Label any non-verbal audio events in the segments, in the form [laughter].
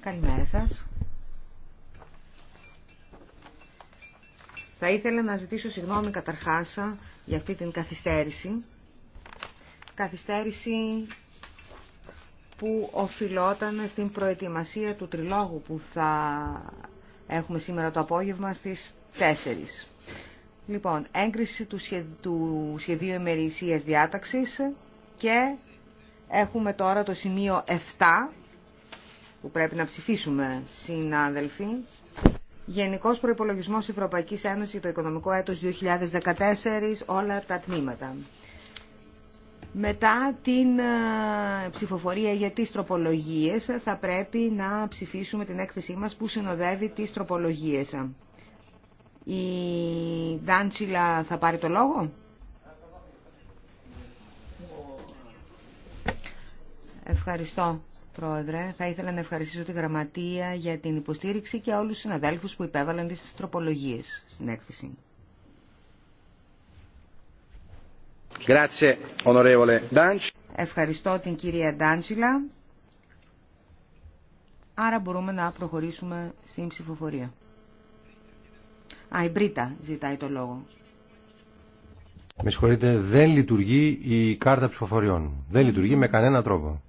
Καλημέρα σας. Θα ήθελα να ζητήσω συγγνώμη καταρχά για αυτή την καθυστέρηση. Καθυστέρηση που οφειλόταν στην προετοιμασία του τριλόγου που θα έχουμε σήμερα το απόγευμα στις 4. Λοιπόν, έγκριση του σχεδίου ημερησίας διάταξης και Έχουμε τώρα το σημείο 7 που πρέπει να ψηφίσουμε, συνάδελφοι. Γενικός Προϋπολογισμός Ευρωπαϊκή Ένωση για το οικονομικό Έτο 2014, όλα τα τμήματα. Μετά την ε, ψηφοφορία για τις τροπολογίες θα πρέπει να ψηφίσουμε την έκθεσή μας που συνοδεύει τις τροπολογίες. Η Ντάντσιλα θα πάρει το λόγο. Ευχαριστώ, Πρόεδρε. Θα ήθελα να ευχαριστήσω τη Γραμματεία για την υποστήριξη και όλους τους συναδέλφους που υπέβαλαν τις τροπολογίες στην έκθεση. Ευχαριστώ την κυρία Ντάντσιλα. Άρα μπορούμε να προχωρήσουμε στην ψηφοφορία. Α, η Μπρίτα ζητάει το λόγο. Με συγχωρείτε, δεν λειτουργεί η κάρτα ψηφοφοριών. Δεν λειτουργεί με κανένα τρόπο.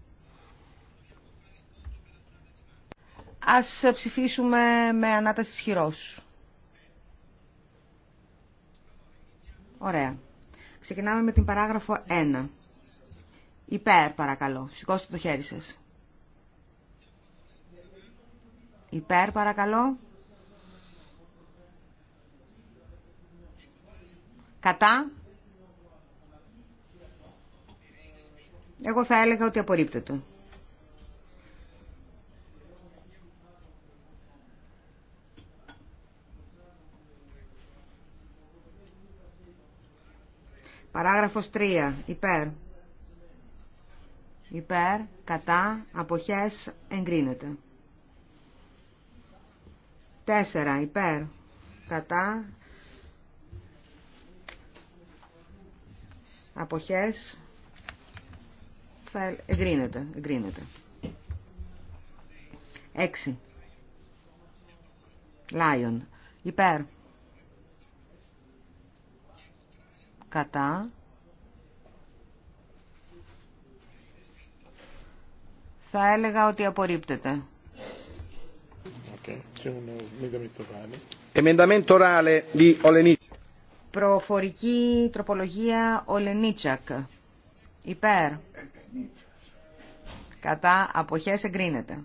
Ας ψηφίσουμε με ανάταση χειρός. Ωραία. Ξεκινάμε με την παράγραφο 1. Υπέρ, παρακαλώ. Σηκώστε το χέρι σας. Υπέρ, παρακαλώ. Κατά. Εγώ θα έλεγα ότι απορρίπτεται. Παράγραφος 3. Υπέρ. Υπέρ, κατά, αποχές, εγκρίνεται. 4. Υπέρ, κατά, αποχές, θα εγκρίνεται, εγκρίνεται. 6. Λάιον. Υπέρ. κατά θα έλεγα ότι απορρίπτεται. Okay. Uh, Προφορική τροπολογία Ολενίτσακ. Υπέρ. Κατά αποχές εγκρίνεται.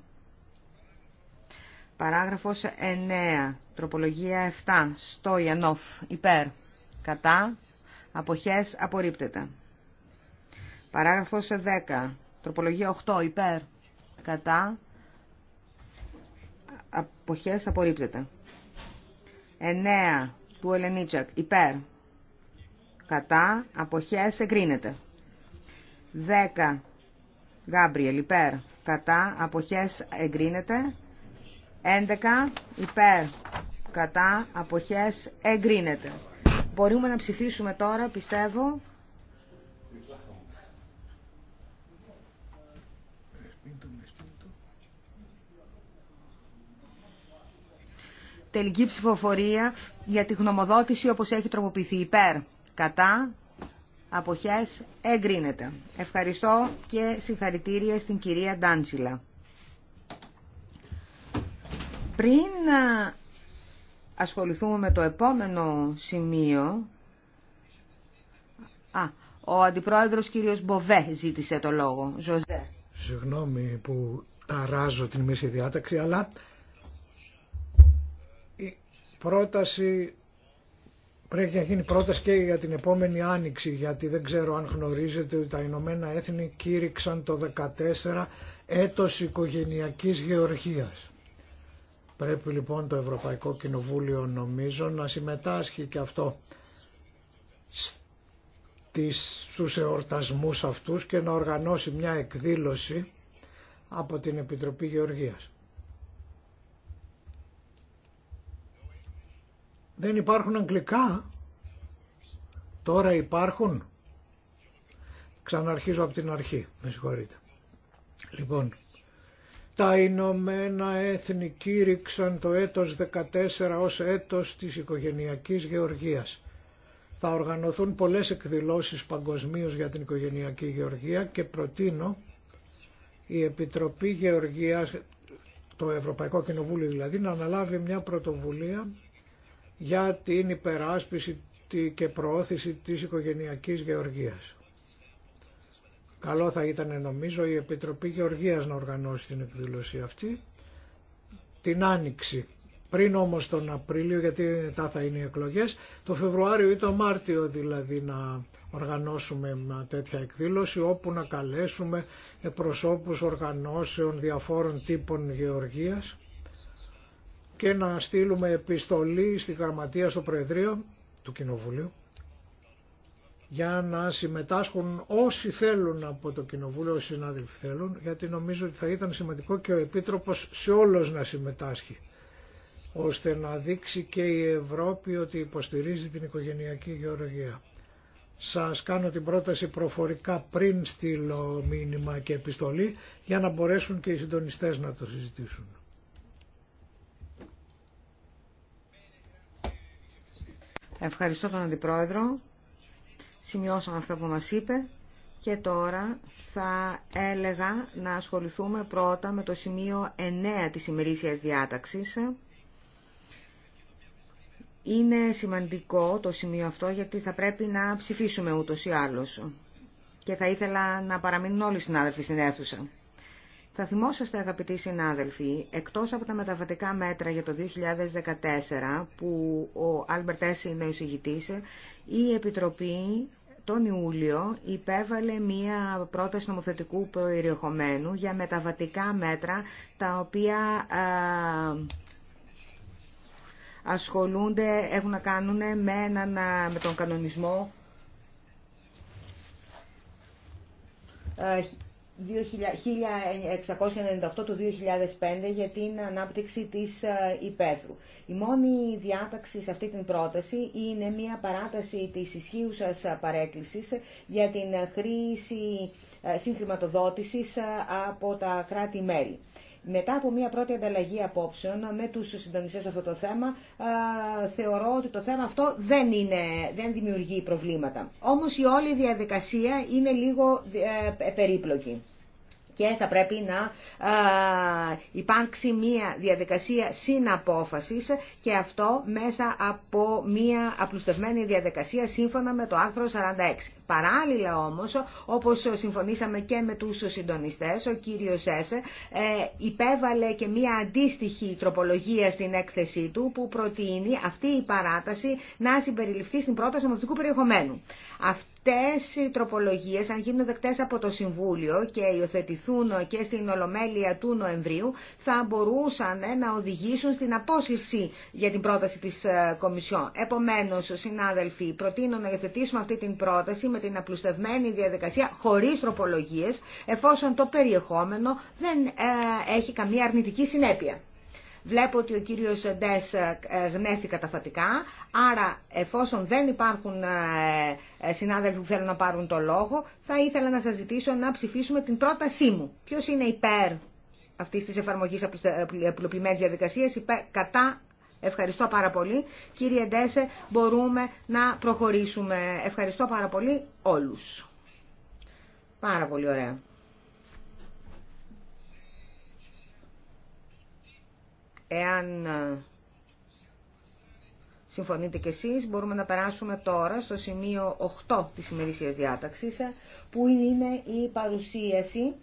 Παράγραφος 9. Τροπολογία 7. Στο Ιανόφ. Υπέρ. Κατά αποχές απορρίπτεται. Παράγραφος 10. Τροπολογία 8 υπέρ κατά αποχές απορρίπτεται. 9 του Ελενίτσακ υπέρ κατά αποχές εγκρίνεται. 10 Γκάμπριελ υπέρ κατά αποχές εγκρίνεται. 11 υπέρ κατά αποχές εγκρίνεται. Μπορούμε να ψηφίσουμε τώρα, πιστεύω. Τελική ψηφοφορία για τη γνωμοδότηση όπως έχει τροποποιηθεί υπέρ. Κατά αποχές εγκρίνεται. Ευχαριστώ και συγχαρητήρια στην κυρία Ντάντσιλα. Πριν ασχοληθούμε με το επόμενο σημείο. Α, ο αντιπρόεδρος κύριος Μποβέ ζήτησε το λόγο. Ζωζέ. Συγγνώμη που ταράζω την μισή διάταξη, αλλά η πρόταση πρέπει να γίνει πρόταση και για την επόμενη άνοιξη, γιατί δεν ξέρω αν γνωρίζετε ότι τα Ηνωμένα Έθνη κήρυξαν το 14 έτος οικογενειακής γεωργίας. Πρέπει λοιπόν το Ευρωπαϊκό Κοινοβούλιο νομίζω να συμμετάσχει και αυτό στους εορτασμούς αυτούς και να οργανώσει μια εκδήλωση από την Επιτροπή Γεωργίας. Δεν υπάρχουν αγγλικά. Τώρα υπάρχουν. Ξαναρχίζω από την αρχή. Με συγχωρείτε. Λοιπόν, τα Ηνωμένα Έθνη κήρυξαν το έτος 14 ως έτος της οικογενειακής γεωργίας. Θα οργανωθούν πολλές εκδηλώσεις παγκοσμίως για την οικογενειακή γεωργία και προτείνω η Επιτροπή Γεωργίας, το Ευρωπαϊκό Κοινοβούλιο δηλαδή, να αναλάβει μια πρωτοβουλία για την υπεράσπιση και προώθηση της οικογενειακής γεωργίας. Καλό θα ήταν νομίζω η Επιτροπή Γεωργίας να οργανώσει την εκδήλωση αυτή την Άνοιξη. Πριν όμως τον Απρίλιο, γιατί μετά θα είναι οι εκλογές, το Φεβρουάριο ή το Μάρτιο δηλαδή να οργανώσουμε μια τέτοια εκδήλωση όπου να καλέσουμε προσώπους οργανώσεων διαφόρων τύπων γεωργίας και να στείλουμε επιστολή στη Γραμματεία στο Προεδρείο του Κοινοβουλίου για να συμμετάσχουν όσοι θέλουν από το Κοινοβούλιο, όσοι συνάδελφοι θέλουν, γιατί νομίζω ότι θα ήταν σημαντικό και ο Επίτροπος σε όλους να συμμετάσχει, ώστε να δείξει και η Ευρώπη ότι υποστηρίζει την οικογενειακή γεωργία. Σας κάνω την πρόταση προφορικά πριν στείλω μήνυμα και επιστολή, για να μπορέσουν και οι συντονιστές να το συζητήσουν. Ευχαριστώ τον Αντιπρόεδρο. Σημειώσαμε αυτά που μας είπε και τώρα θα έλεγα να ασχοληθούμε πρώτα με το σημείο 9 της ημερήσιας διάταξης. Είναι σημαντικό το σημείο αυτό γιατί θα πρέπει να ψηφίσουμε ούτως ή άλλως. Και θα ήθελα να παραμείνουν όλοι οι συνάδελφοι στην αίθουσα. Θα θυμόσαστε αγαπητοί συνάδελφοι, εκτός από τα μεταβατικά μέτρα για το 2014 που ο Άλμπερτ Έσσι είναι ο εισηγητής, η Επιτροπή τον Ιούλιο υπέβαλε μία πρόταση νομοθετικού προϊριοχωμένου για μεταβατικά μέτρα τα οποία ασχολούνται, έχουν να κάνουν με, με τον κανονισμό 1698 του 2005 για την ανάπτυξη της ε, υπαίθρου. Η μόνη διάταξη σε αυτή την πρόταση είναι μια παράταση της ισχύουσας παρέκκλησης για την χρήση ε, συγχρηματοδότησης ε, από τα κράτη-μέλη. Μετά από μια πρώτη ανταλλαγή απόψεων με τους συντονιστές αυτό το θέμα, θεωρώ ότι το θέμα αυτό δεν, είναι, δεν δημιουργεί προβλήματα. Όμως η όλη διαδικασία είναι λίγο ε, περίπλοκη και θα πρέπει να υπάρξει μία διαδικασία συναπόφασης και αυτό μέσα από μία απλουστευμένη διαδικασία σύμφωνα με το άρθρο 46. Παράλληλα όμως, όπως συμφωνήσαμε και με τους συντονιστές, ο κύριος Σέσε υπέβαλε και μία αντίστοιχη τροπολογία στην έκθεσή του που προτείνει αυτή η παράταση να συμπεριληφθεί στην πρόταση νομοθετικού περιεχομένου. Τέσσερις τροπολογίες, αν γίνουν δεκτές από το Συμβούλιο και υιοθετηθούν και στην Ολομέλεια του Νοεμβρίου, θα μπορούσαν να οδηγήσουν στην απόσυρση για την πρόταση της ε, Κομισιόν. Επομένως, συνάδελφοι, προτείνω να υιοθετήσουμε αυτή την πρόταση με την απλουστευμένη διαδικασία χωρίς τροπολογίες, εφόσον το περιεχόμενο δεν ε, έχει καμία αρνητική συνέπεια. Βλέπω ότι ο κύριος Ντές ε, γνέφει καταφατικά, άρα εφόσον δεν υπάρχουν ε, ε, συνάδελφοι που θέλουν να πάρουν το λόγο, θα ήθελα να σας ζητήσω να ψηφίσουμε την πρότασή μου. Ποιος είναι υπέρ αυτή τη εφαρμογή απλοποιημένη διαδικασία, υπέρ, κατά Ευχαριστώ πάρα πολύ. Κύριε Ντέσε, μπορούμε να προχωρήσουμε. Ευχαριστώ πάρα πολύ όλους. Πάρα πολύ ωραία. Εάν ε, συμφωνείτε κι εσείς, μπορούμε να περάσουμε τώρα στο σημείο 8 της ημερήσιας διάταξης, ε, που είναι η παρουσίαση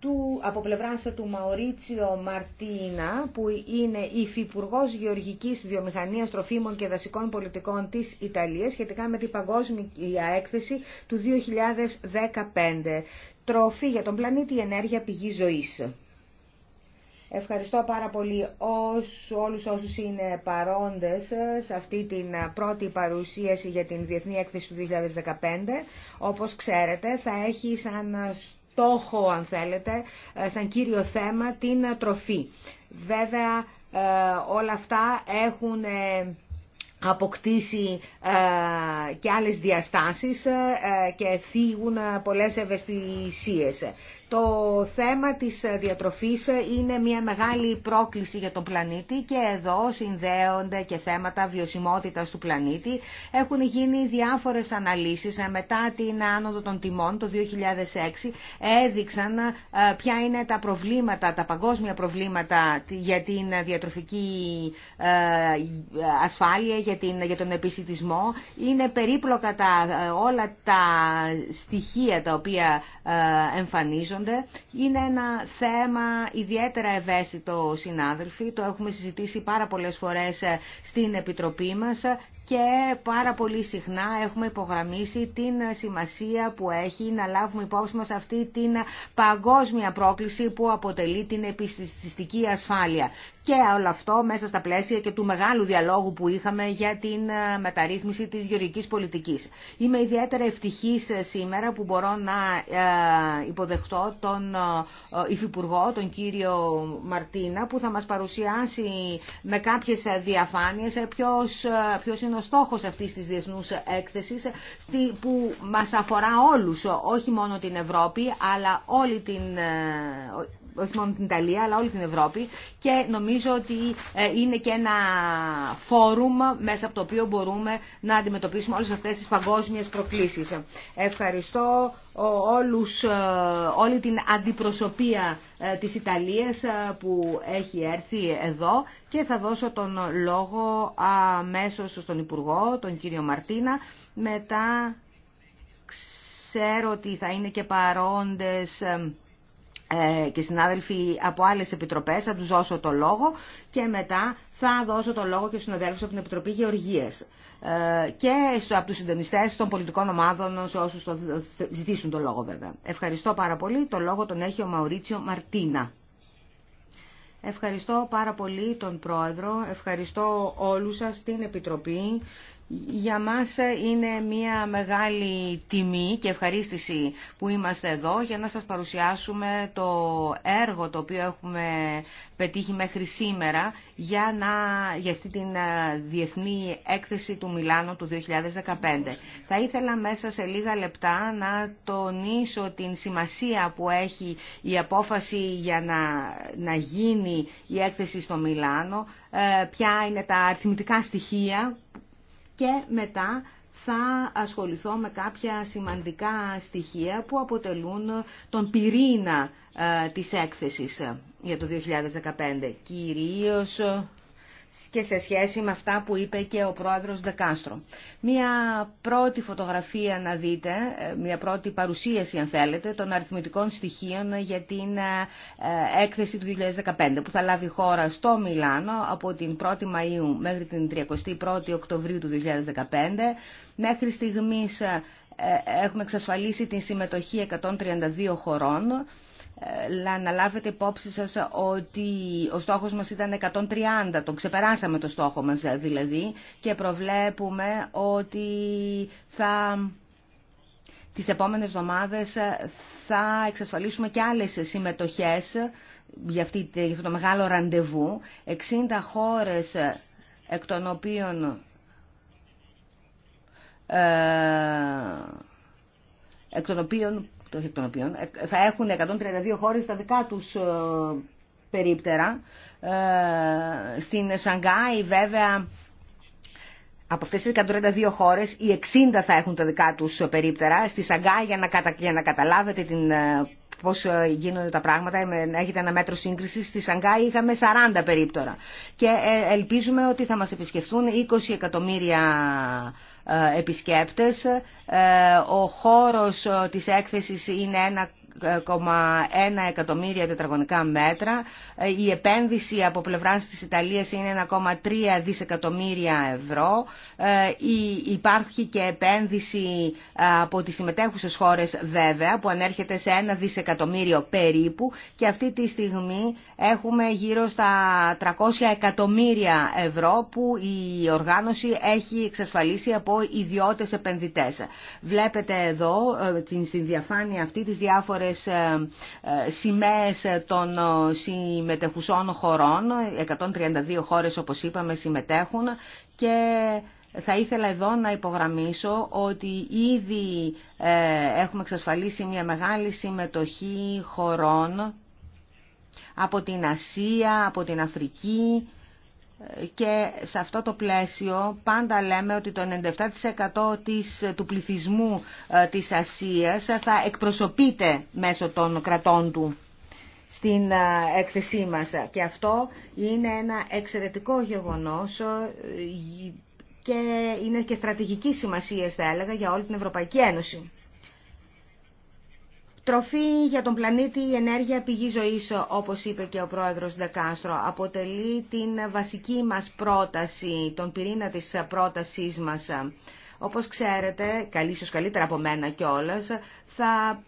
του, από πλευράς του Μαωρίτσιο Μαρτίνα, που είναι υφυπουργό Γεωργικής Βιομηχανίας Τροφίμων και Δασικών Πολιτικών της Ιταλίας, σχετικά με την παγκόσμια έκθεση του 2015. Τροφή για τον πλανήτη ενέργεια πηγή ζωής. Ευχαριστώ πάρα πολύ όσους, όλους όσους είναι παρόντες ε, σε αυτή την ε, πρώτη παρουσίαση για την Διεθνή Έκθεση του 2015. Όπως ξέρετε θα έχει σαν ε, στόχο, αν θέλετε, σαν κύριο θέμα την τροφή. Βέβαια όλα αυτά έχουν αποκτήσει και άλλες διαστάσεις και θίγουν πολλές ευαισθησίες. Το θέμα της διατροφής είναι μια μεγάλη πρόκληση για τον πλανήτη και εδώ συνδέονται και θέματα βιωσιμότητας του πλανήτη. Έχουν γίνει διάφορες αναλύσεις ε, μετά την άνοδο των τιμών το 2006 έδειξαν ε, ποια είναι τα προβλήματα, τα παγκόσμια προβλήματα για την διατροφική ε, ασφάλεια, για, για τον επισητισμό. Είναι περίπλοκα όλα τα στοιχεία τα οποία εμφανίζονται είναι ένα θέμα ιδιαίτερα ευαίσθητο, συνάδελφοι. Το έχουμε συζητήσει πάρα πολλές φορές ε, στην Επιτροπή μας και πάρα πολύ συχνά έχουμε υπογραμμίσει την σημασία που έχει να λάβουμε υπόψη μας αυτή την παγκόσμια πρόκληση που αποτελεί την επιστηστική ασφάλεια. Και όλο αυτό μέσα στα πλαίσια και του μεγάλου διαλόγου που είχαμε για την μεταρρύθμιση της γεωργικής πολιτικής. Είμαι ιδιαίτερα ευτυχής σήμερα που μπορώ να ε, υποδεχτώ τον ε, Υφυπουργό, τον κύριο Μαρτίνα, που θα μας παρουσιάσει με κάποιες διαφάνειες ποιος, ε, είναι ο στόχος αυτής της διεθνούς έκθεσης που μας αφορά όλους, όχι μόνο την Ευρώπη, αλλά όλη την, ε, όχι μόνο την Ιταλία αλλά όλη την Ευρώπη και νομίζω ότι ε, είναι και ένα φόρουμ μέσα από το οποίο μπορούμε να αντιμετωπίσουμε όλες αυτές τις παγκόσμιες προκλήσεις. Ευχαριστώ ε, όλους, ε, όλη την αντιπροσωπεία της Ιταλίας που έχει έρθει εδώ και θα δώσω τον λόγο αμέσως στον Υπουργό, τον κύριο Μαρτίνα, μετά ξέρω ότι θα είναι και παρόντες ε, και συνάδελφοι από άλλες επιτροπές, θα τους δώσω το λόγο και μετά θα δώσω το λόγο και στους συναδέλφους από την Επιτροπή Γεωργίας ε, και από τους συντονιστέ των πολιτικών ομάδων σε όσους ζητήσουν το λόγο βέβαια. Ευχαριστώ πάρα πολύ. Το λόγο τον έχει ο Μαουρίτσιο Μαρτίνα. Ευχαριστώ πάρα πολύ τον Πρόεδρο, ευχαριστώ όλους σας την Επιτροπή για μας είναι μια μεγάλη τιμή και ευχαρίστηση που είμαστε εδώ για να σας παρουσιάσουμε το έργο το οποίο έχουμε πετύχει μέχρι σήμερα για, να, για αυτή την ε, διεθνή έκθεση του Μιλάνου του 2015. Θα ήθελα μέσα σε λίγα λεπτά να τονίσω την σημασία που έχει η απόφαση για να, να γίνει η έκθεση στο Μιλάνο, ε, ποια είναι τα αριθμητικά στοιχεία και μετά θα ασχοληθώ με κάποια σημαντικά στοιχεία που αποτελούν τον πυρήνα ε, της έκθεσης ε, για το 2015. Κυρίως και σε σχέση με αυτά που είπε και ο πρόεδρος Δεκάστρο. Μία πρώτη φωτογραφία να δείτε, ε, μία πρώτη παρουσίαση αν θέλετε, των αριθμητικών στοιχείων για την ε, ε, έκθεση του 2015 που θα λάβει χώρα στο Μιλάνο από την 1η Μαΐου μέχρι την 31η Οκτωβρίου του 2015. Μέχρι στιγμής έχουμε εξασφαλίσει την συμμετοχή 132 χωρών ε, να λάβετε υπόψη σας ότι ο στόχος μας ήταν 130, τον ξεπεράσαμε το στόχο μας ε, δηλαδή και προβλέπουμε ότι θα, τις επόμενες εβδομάδες ε, θα εξασφαλίσουμε και άλλες συμμετοχές για, αυτή, αυτό το μεγάλο ραντεβού. 60 χώρες εκ των οποίων των οποίων θα έχουν 132 χώρες τα δικά τους ε, περίπτερα. Ε, στην Σανγκάη βέβαια από αυτές τις 132 χώρες οι 60 θα έχουν τα δικά τους ε, περίπτερα. Στη Σανγκάη για για να καταλάβετε την Πώ ε, γίνονται τα πράγματα. Έχετε ένα μέτρο σύγκριση. Στη Σανγκάη είχαμε 40 περίπτωρα. Και ε, ελπίζουμε ότι θα μας επισκεφθούν 20 εκατομμύρια ε, επισκέπτες. Ο χώρος της έκθεσης είναι ένα εκατομμύρια τετραγωνικά μέτρα. Η επένδυση από πλευράς της Ιταλίας είναι 1,3 δισεκατομμύρια ευρώ. Ε, υπάρχει και επένδυση ε, από τις συμμετέχουσες χώρες βέβαια που ανέρχεται σε 1 δισεκατομμύριο περίπου και αυτή τη στιγμή έχουμε γύρω στα 300 εκατομμύρια ευρώ που η οργάνωση έχει εξασφαλίσει από ιδιώτες επενδυτές. Βλέπετε εδώ ε, στην διαφάνεια αυτή τις διάφορε διάφορες ε, ε, σημαίες των ε, συμμετεχουσών χωρών. 132 χώρες όπως είπαμε συμμετέχουν και θα ήθελα εδώ να υπογραμμίσω ότι ήδη έχουμε εξασφαλίσει μια μεγάλη συμμετοχή χωρών από την Ασία, από την Αφρική και σε αυτό το πλαίσιο πάντα λέμε ότι το 97% της, του πληθυσμού ε, της Ασίας θα εκπροσωπείται μέσω των κρατών του στην ε, έκθεσή μας. Και αυτό είναι ένα εξαιρετικό γεγονός ε, και είναι και στρατηγική σημασία, θα έλεγα, για όλη την Ευρωπαϊκή Ένωση. Τροφή για τον πλανήτη, η ενέργεια πηγή ζωή, όπως είπε και ο πρόεδρος Ντεκάστρο, αποτελεί την βασική μας πρόταση, τον πυρήνα της πρότασής μας. Όπως ξέρετε, καλή, καλύτερα από μένα κιόλα, θα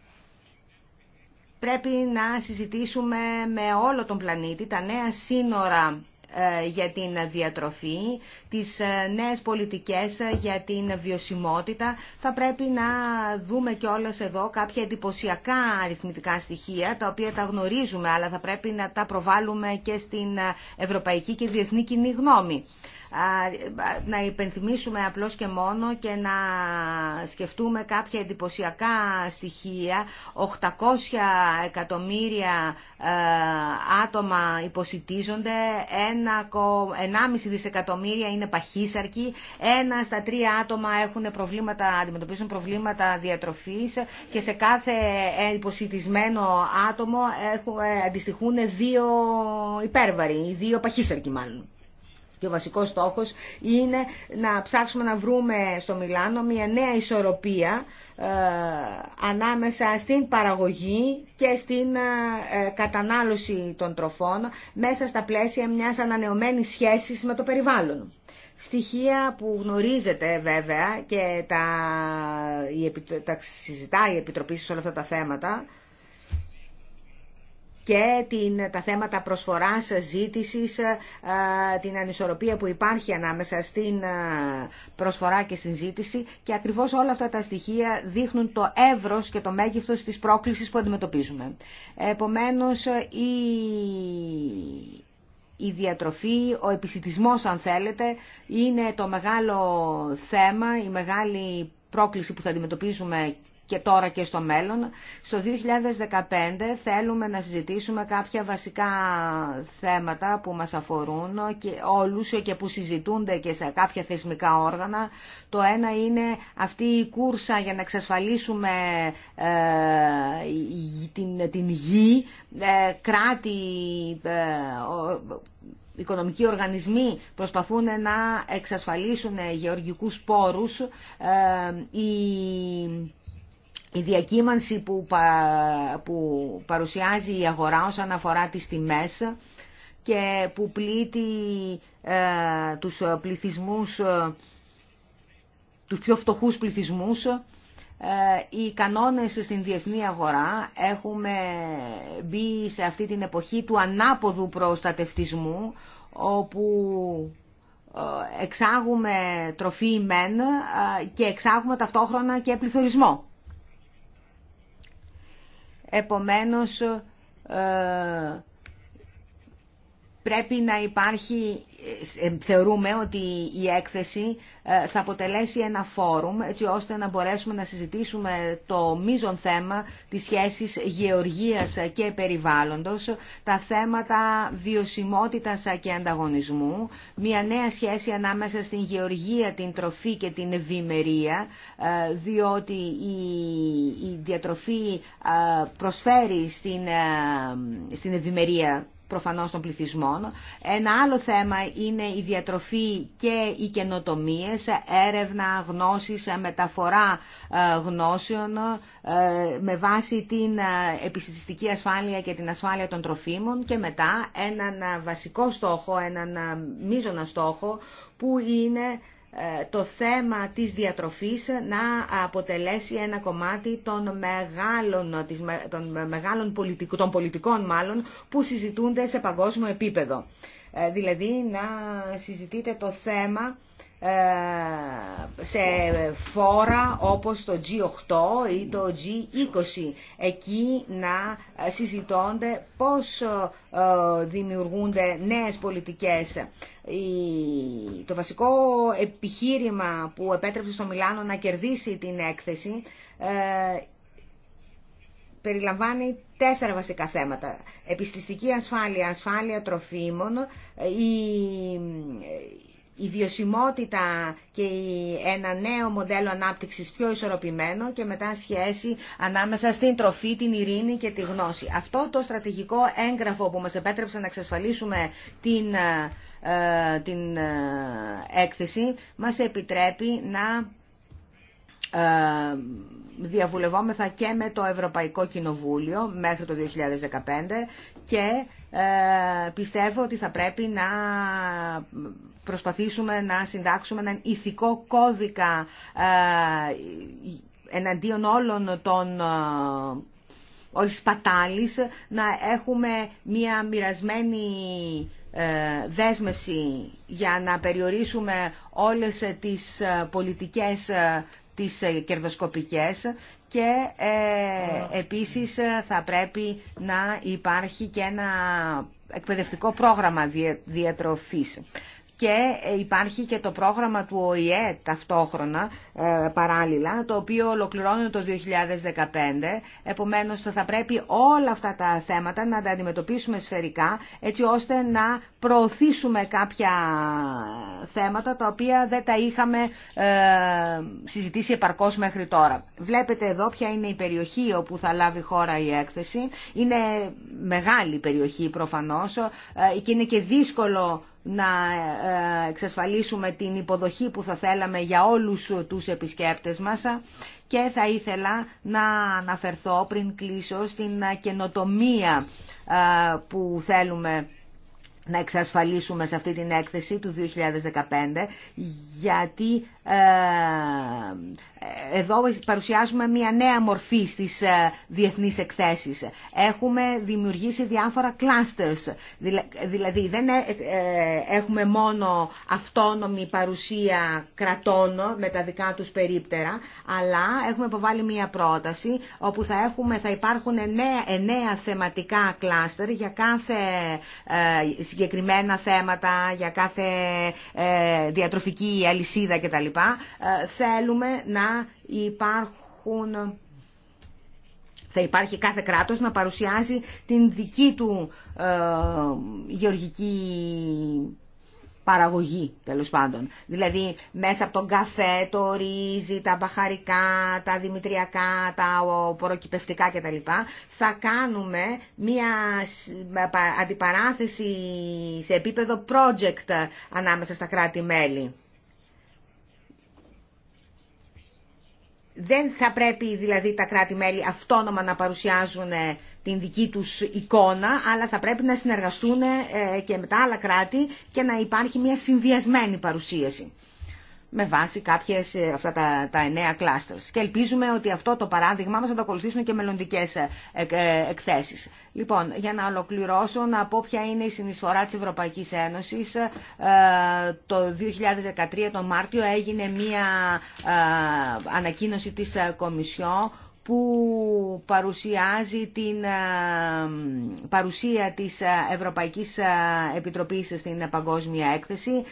πρέπει να συζητήσουμε με όλο τον πλανήτη τα νέα σύνορα ε, για την διατροφή, τις ε, νέες πολιτικές ε, για την βιωσιμότητα. Θα πρέπει να δούμε κιόλας εδώ κάποια εντυπωσιακά αριθμητικά στοιχεία, τα οποία τα γνωρίζουμε, αλλά θα πρέπει να τα προβάλλουμε και στην ευρωπαϊκή και διεθνή κοινή γνώμη να υπενθυμίσουμε απλώς και μόνο και να σκεφτούμε κάποια εντυπωσιακά στοιχεία. 800 εκατομμύρια ε, άτομα υποσυτίζονται, 1,5 δισεκατομμύρια είναι παχύσαρκοι, ένα στα τρία άτομα έχουν προβλήματα, αντιμετωπίζουν προβλήματα διατροφής και σε κάθε υποσυτισμένο άτομο έχουν, ε, αντιστοιχούν δύο υπέρβαροι, δύο παχύσαρκοι μάλλον και ο βασικός στόχος είναι να ψάξουμε να βρούμε στο Μιλάνο μια νέα ισορροπία ε, ανάμεσα στην παραγωγή και στην ε, κατανάλωση των τροφών μέσα στα πλαίσια μιας ανανεωμένης σχέσης με το περιβάλλον. Στοιχεία που γνωρίζετε βέβαια και τα, τα συζητάει η Επιτροπή σε όλα αυτά τα θέματα και τα θέματα προσφοράς, ζήτησης, ε, την ανισορροπία που υπάρχει ανάμεσα στην ε, προσφορά και στην ζήτηση και ακριβώς όλα αυτά τα στοιχεία δείχνουν το εύρος και το μέγεθος της πρόκλησης που αντιμετωπίζουμε. Επομένως, η, η διατροφή, ο επισητισμός αν θέλετε, είναι το μεγάλο θέμα, η μεγάλη πρόκληση που θα αντιμετωπίζουμε και τώρα και στο μέλλον. Στο 2015 θέλουμε να συζητήσουμε κάποια βασικά θέματα που μας αφορούν και όλους και που συζητούνται και σε κάποια θεσμικά όργανα. Το ένα είναι αυτή η κούρσα για να εξασφαλίσουμε ε, την, την γη, ε, κράτη, ε, οικονομικοί οργανισμοί προσπαθούν να εξασφαλίσουν γεωργικούς πόρους. Η η διακύμανση που, που παρουσιάζει η αγορά όσον αφορά τις τιμές και που πλήττει ε, τους πληθυσμούς, ε, τους πιο φτωχούς πληθυσμούς, ε, οι κανόνες στην διεθνή αγορά έχουμε μπει σε αυτή την εποχή του ανάποδου προστατευτισμού όπου εξάγουμε τροφή μεν και εξάγουμε ταυτόχρονα και πληθωρισμό. Επομένως, ε, πρέπει να υπάρχει, ε, ε, θεωρούμε ότι η έκθεση ε, θα αποτελέσει ένα φόρουμ έτσι ώστε να μπορέσουμε να συζητήσουμε το μείζον θέμα της σχέσης γεωργίας και περιβάλλοντος, τα θέματα βιωσιμότητας και ανταγωνισμού, μια νέα σχέση ανάμεσα στην γεωργία, την τροφή και την ευημερία, διότι η διατροφή προσφέρει στην ευημερία προφανώς των πληθυσμών. Ένα άλλο θέμα είναι η διατροφή και οι καινοτομίες, έρευνα γνώσης, μεταφορά ε, γνώσεων ε, με βάση την ε, επιστημιστική ασφάλεια και την ασφάλεια των τροφίμων και μετά έναν βασικό στόχο, έναν μείζωνα στόχο που είναι ε, το θέμα της διατροφής να αποτελέσει ένα κομμάτι των μεγάλων, των, μεγάλων πολιτικών, των πολιτικών μάλλον που συζητούνται σε παγκόσμιο επίπεδο. Ε, δηλαδή να συζητείτε το θέμα ε, σε φόρα όπως το G8 ή το G20 εκεί να συζητώνται πώς δημιουργούνται νέες πολιτικές το βασικό επιχείρημα που επέτρεψε στο Μιλάνο να κερδίσει την έκθεση ε, περιλαμβάνει τέσσερα βασικά θέματα. Επιστηστική ασφάλεια, ασφάλεια τροφίμων, η, η βιωσιμότητα και ένα νέο μοντέλο ανάπτυξης πιο ισορροπημένο και μετά σχέση ανάμεσα στην τροφή, την ειρήνη και τη γνώση. Αυτό το στρατηγικό έγγραφο που μας επέτρεψε να εξασφαλίσουμε την ε, ε, την ε, έκθεση μας επιτρέπει να ε, διαβουλευόμεθα και με το Ευρωπαϊκό Κοινοβούλιο μέχρι το 2015 και πιστεύω ότι θα πρέπει να προσπαθήσουμε να συντάξουμε έναν ηθικό κώδικα εναντίον όλων των όλης να έχουμε μια μοιρασμένη ε, δέσμευση για να περιορίσουμε όλες τις ε, πολιτικές ε, τις κερδοσκοπικές και ε, επίσης θα πρέπει να υπάρχει και ένα εκπαιδευτικό πρόγραμμα διατροφής και υπάρχει και το πρόγραμμα του ΟΗΕ ταυτόχρονα ε, παράλληλα, το οποίο ολοκληρώνει το 2015. Επομένως θα πρέπει όλα αυτά τα θέματα να τα αντιμετωπίσουμε σφαιρικά, έτσι ώστε να προωθήσουμε κάποια θέματα τα οποία δεν τα είχαμε ε, συζητήσει επαρκώς μέχρι τώρα. Βλέπετε εδώ ποια είναι η περιοχή όπου θα λάβει χώρα η έκθεση. Είναι μεγάλη περιοχή προφανώς ε, και είναι και δύσκολο να ε, εξασφαλίσουμε την υποδοχή που θα θέλαμε για όλους τους επισκέπτες μας και θα ήθελα να αναφερθώ πριν κλείσω στην καινοτομία ε, που θέλουμε να εξασφαλίσουμε σε αυτή την έκθεση του 2015, γιατί ε, εδώ παρουσιάζουμε μια νέα μορφή στις ε, διεθνείς εκθέσεις. Έχουμε δημιουργήσει διάφορα clusters, δηλαδή δεν ε, έχουμε μόνο αυτόνομη παρουσία κρατών με τα δικά τους περίπτερα, αλλά έχουμε υποβάλει μια πρόταση όπου θα, έχουμε, θα υπάρχουν εννέα, νέα θεματικά κλάστερ για κάθε συγκεκριμένα θέματα για κάθε ε, διατροφική αλυσίδα κτλ. Ε, θέλουμε να υπάρχουν θα υπάρχει κάθε κράτος να παρουσιάζει την δική του ε, γεωργική παραγωγή τέλο πάντων. Δηλαδή μέσα από τον καφέ, το ρύζι, τα μπαχαρικά, τα δημητριακά, τα προκυπευτικά κτλ. Θα κάνουμε μια αντιπαράθεση σε επίπεδο project ανάμεσα στα κράτη-μέλη. Δεν θα πρέπει δηλαδή τα κράτη-μέλη αυτόνομα να παρουσιάζουν την δική τους εικόνα, αλλά θα πρέπει να συνεργαστούν ε, και με τα άλλα κράτη και να υπάρχει μια συνδυασμένη παρουσίαση με βάση κάποιες ε, αυτά τα, τα εννέα κλάστερς. Και ελπίζουμε ότι αυτό το παράδειγμά μας θα το ακολουθήσουν και μελλοντικέ ε, εκθέσεις. Λοιπόν, για να ολοκληρώσω, να πω ποια είναι η συνεισφορά της Ευρωπαϊκής Ένωσης. το 2013, τον Μάρτιο, έγινε μία ανακοίνωση της Κομισιόν που παρουσιάζει την ε, παρουσία της ε, Ευρωπαϊκής ε, Επιτροπής στην Παγκόσμια Έκθεση.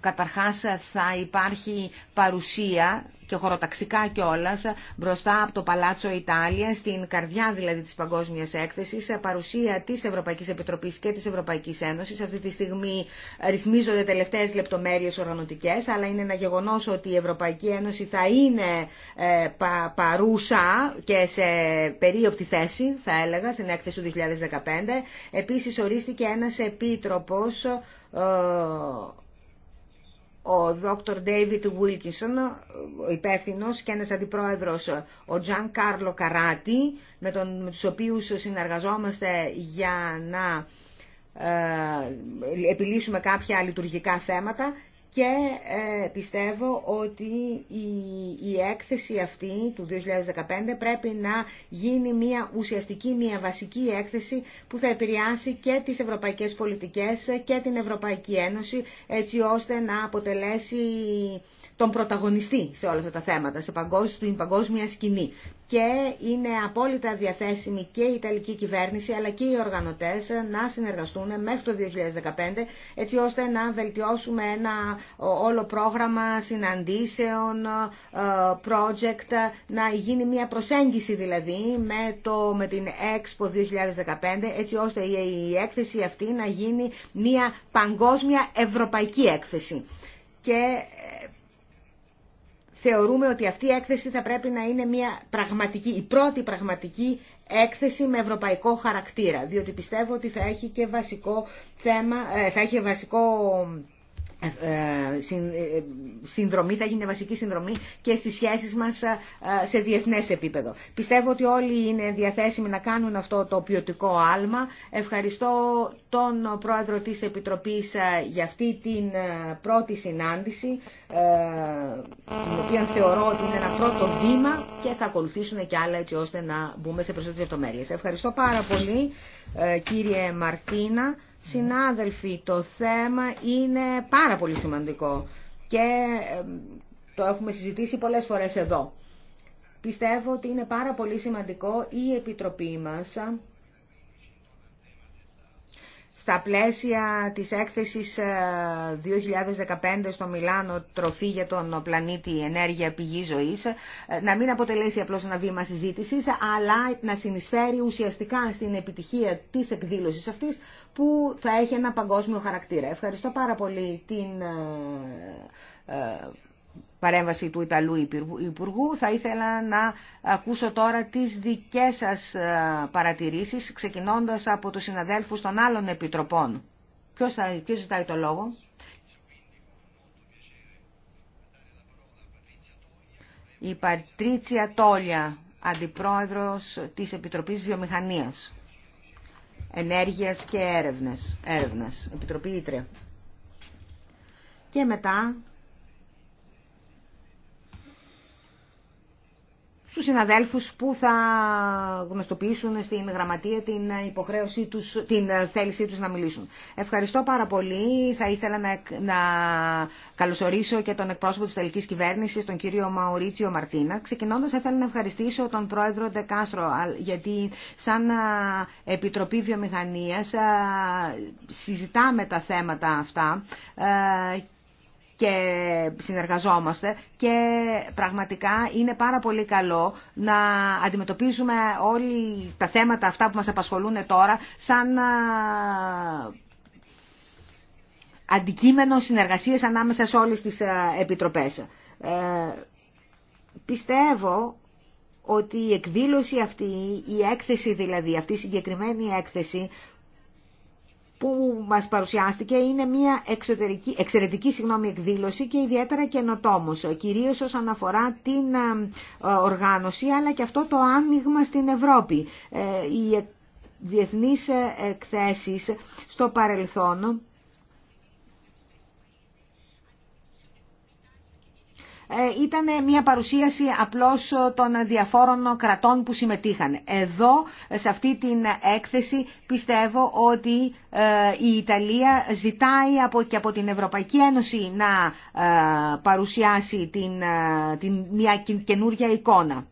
Καταρχάς θα υπάρχει παρουσία και χωροταξικά κιόλα μπροστά από το Παλάτσο Ιτάλια, στην καρδιά δηλαδή τη Παγκόσμια Έκθεση, σε παρουσία τη Ευρωπαϊκή Επιτροπή και της Ευρωπαϊκής Ένωσης. Αυτή τη στιγμή ρυθμίζονται τελευταίε λεπτομέρειε οργανωτικέ, αλλά είναι ένα γεγονό ότι η Ευρωπαϊκή Ένωση θα είναι ε, παρούσα και σε περίοπτη θέση, θα έλεγα, στην έκθεση του 2015. Επίση, ορίστηκε ένας επίτροπος ε, ο Δόκτωρ Ντέιβιτ Wilkinson, ο υπεύθυνο και ένας αντιπρόεδρος, ο Τζαν Κάρλο Καράτη, με, τον, με τους οποίους συνεργαζόμαστε για να ε, επιλύσουμε κάποια λειτουργικά θέματα και ε, πιστεύω ότι η, έκθεση αυτή του 2015 πρέπει να γίνει μια ουσιαστική, μια βασική έκθεση που θα επηρεάσει και τις ευρωπαϊκές πολιτικές και την Ευρωπαϊκή Ένωση έτσι ώστε να αποτελέσει τον πρωταγωνιστή σε όλα αυτά τα θέματα, σε παγκόσμια, παγκόσμια σκηνή. Και είναι απόλυτα διαθέσιμη και η Ιταλική κυβέρνηση αλλά και οι οργανωτές να συνεργαστούν μέχρι το 2015 έτσι ώστε να βελτιώσουμε ένα όλο πρόγραμμα συναντήσεων, ε, project, να γίνει μια προσέγγιση δηλαδή με, το, με την Expo 2015 έτσι ώστε η έκθεση αυτή να γίνει μια παγκόσμια ευρωπαϊκή έκθεση. Και θεωρούμε ότι αυτή η έκθεση θα πρέπει να είναι μια πραγματική, η πρώτη πραγματική έκθεση με ευρωπαϊκό χαρακτήρα, διότι πιστεύω ότι θα έχει και βασικό θέμα, ε, θα έχει βασικό ε, συνδρομή, θα γίνει βασική συνδρομή και στις σχέσεις μας ε, σε διεθνές επίπεδο. Πιστεύω ότι όλοι είναι διαθέσιμοι να κάνουν αυτό το ποιοτικό άλμα. Ευχαριστώ τον Πρόεδρο της Επιτροπής ε, για αυτή την πρώτη συνάντηση, την οποία θεωρώ ότι είναι ένα πρώτο βήμα και θα ακολουθήσουν και άλλα έτσι ώστε να μπούμε σε περισσότερες Ευχαριστώ πάρα πολύ κύριε Μαρτίνα. Συνάδελφοι, το θέμα είναι πάρα πολύ σημαντικό και το έχουμε συζητήσει πολλές φορές εδώ. Πιστεύω ότι είναι πάρα πολύ σημαντικό η Επιτροπή μας στα πλαίσια της έκθεσης 2015 ε, στο Μιλάνο «Τροφή για τον πλανήτη ενέργεια πηγή ζωής» ε, να μην αποτελέσει απλώς ένα βήμα συζήτησης, αλλά να συνεισφέρει ουσιαστικά στην επιτυχία της εκδήλωσης αυτής που θα έχει ένα παγκόσμιο χαρακτήρα. Ευχαριστώ πάρα πολύ την ε, ε, παρέμβαση του Ιταλού Υπουργού. Θα ήθελα να ακούσω τώρα τις δικές σας ε, παρατηρήσεις, ξεκινώντας από τους συναδέλφους των άλλων επιτροπών. Ποιος, θα, ζητάει το λόγο? Η Πατρίτσια Τόλια, Αντιπρόεδρος της Επιτροπής Βιομηχανίας ενέργειας και έρευνας. έρευνας. Επιτροπή Ήτρε. Και μετά στους συναδέλφους που θα γνωστοποιήσουν στην γραμματεία την υποχρέωσή τους, την ε, θέλησή τους να μιλήσουν. Ευχαριστώ πάρα πολύ. Θα ήθελα να, να καλωσορίσω και τον εκπρόσωπο της τελικής Κυβέρνησης, τον κύριο Μαουρίτσιο Μαρτίνα. Ξεκινώντας, θα ήθελα να ευχαριστήσω τον πρόεδρο Ντεκάστρο, γιατί σαν ε, Επιτροπή Βιομηχανίας ε, συζητάμε τα θέματα αυτά και συνεργαζόμαστε και πραγματικά είναι πάρα πολύ καλό να αντιμετωπίζουμε όλοι τα θέματα αυτά που μας απασχολούν τώρα σαν αντικείμενο συνεργασίες ανάμεσα σε όλες τις επιτροπές. Ε, πιστεύω ότι η εκδήλωση αυτή, η έκθεση δηλαδή, αυτή η συγκεκριμένη έκθεση που μας παρουσιάστηκε είναι μια εξωτερική, εξαιρετική συγγνώμη, εκδήλωση και ιδιαίτερα καινοτόμος, κυρίως όσον αφορά την ε, οργάνωση αλλά και αυτό το άνοιγμα στην Ευρώπη. Ε, οι διεθνείς ε, εκθέσεις στο παρελθόν Ε, ήταν μια παρουσίαση απλώς ε, των διαφόρων κρατών που συμμετείχαν. Εδώ, σε αυτή την έκθεση, πιστεύω ότι ε, η Ιταλία ζητάει από, και από την Ευρωπαϊκή Ένωση να παρουσιάσει την, μια καινούργια εικόνα.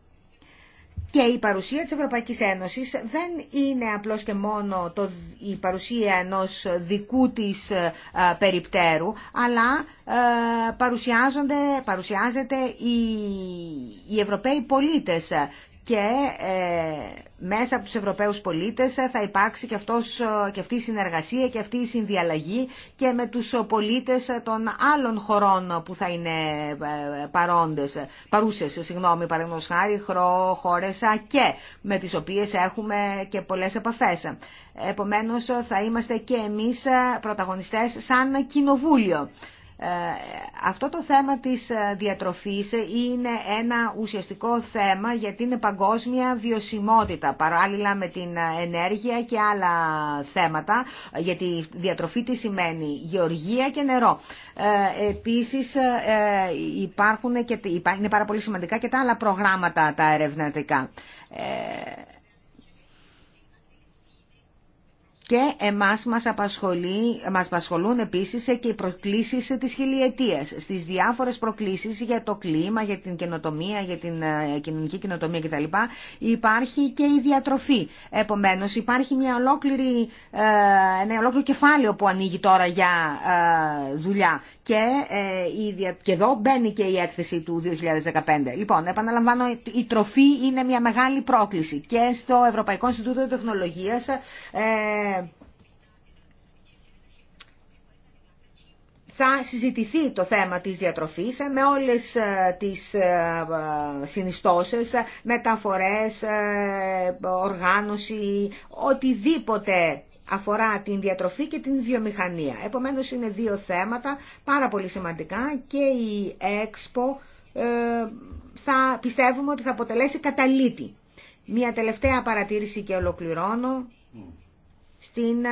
Και η παρουσία της Ευρωπαϊκής Ένωσης δεν είναι απλώς και μόνο το, η παρουσία ενός δικού της ε, περιπτέρου, αλλά ε, παρουσιάζονται, παρουσιάζεται οι, οι Ευρωπαίοι πολίτες και ε, μέσα από τους Ευρωπαίους πολίτες ε, θα υπάρξει και, αυτός, ε, και αυτή η συνεργασία και αυτή η συνδιαλλαγή και με τους πολίτες των άλλων χωρών που θα είναι παρόντες, παρούσες, συγγνώμη, παραδείγματος χάρη, χώρες και με τις οποίες έχουμε και πολλές επαφές. Επομένως θα είμαστε και εμείς πρωταγωνιστές σαν κοινοβούλιο. Ε, αυτό το θέμα της ε, διατροφής είναι ένα ουσιαστικό θέμα γιατί είναι παγκόσμια βιωσιμότητα παράλληλα με την ε, ενέργεια και άλλα θέματα γιατί η διατροφή τι σημαίνει γεωργία και νερό. Επίσης υπάρχουν και, είναι πάρα πολύ σημαντικά και τα άλλα προγράμματα τα ερευνητικά. και εμάς μας, απασχολεί, μας απασχολούν επίσης και οι προκλήσεις της χιλιετίας, στις διάφορες προκλήσεις για το κλίμα, για την καινοτομία, για την ε, κοινωνική καινοτομία κτλ. Υπάρχει και η διατροφή. Επομένως υπάρχει μια ολόκληρη, ε, ένα ολόκληρο κεφάλαιο που ανοίγει τώρα για ε, δουλειά και, και εδώ μπαίνει και η έκθεση του 2015. Λοιπόν, επαναλαμβάνω, η τροφή είναι μια μεγάλη πρόκληση και στο Ευρωπαϊκό Ινστιτούτο Τεχνολογίας θα συζητηθεί το θέμα της διατροφής με όλες ε, τις ε, συνιστώσεις, μεταφορές, ε, οργάνωση, οτιδήποτε αφορά την διατροφή και την βιομηχανία. Επομένως είναι δύο θέματα πάρα πολύ σημαντικά και η ΕΞΠΟ θα πιστεύουμε ότι θα αποτελέσει καταλήτη. Μια τελευταία παρατήρηση και ολοκληρώνω mm. στην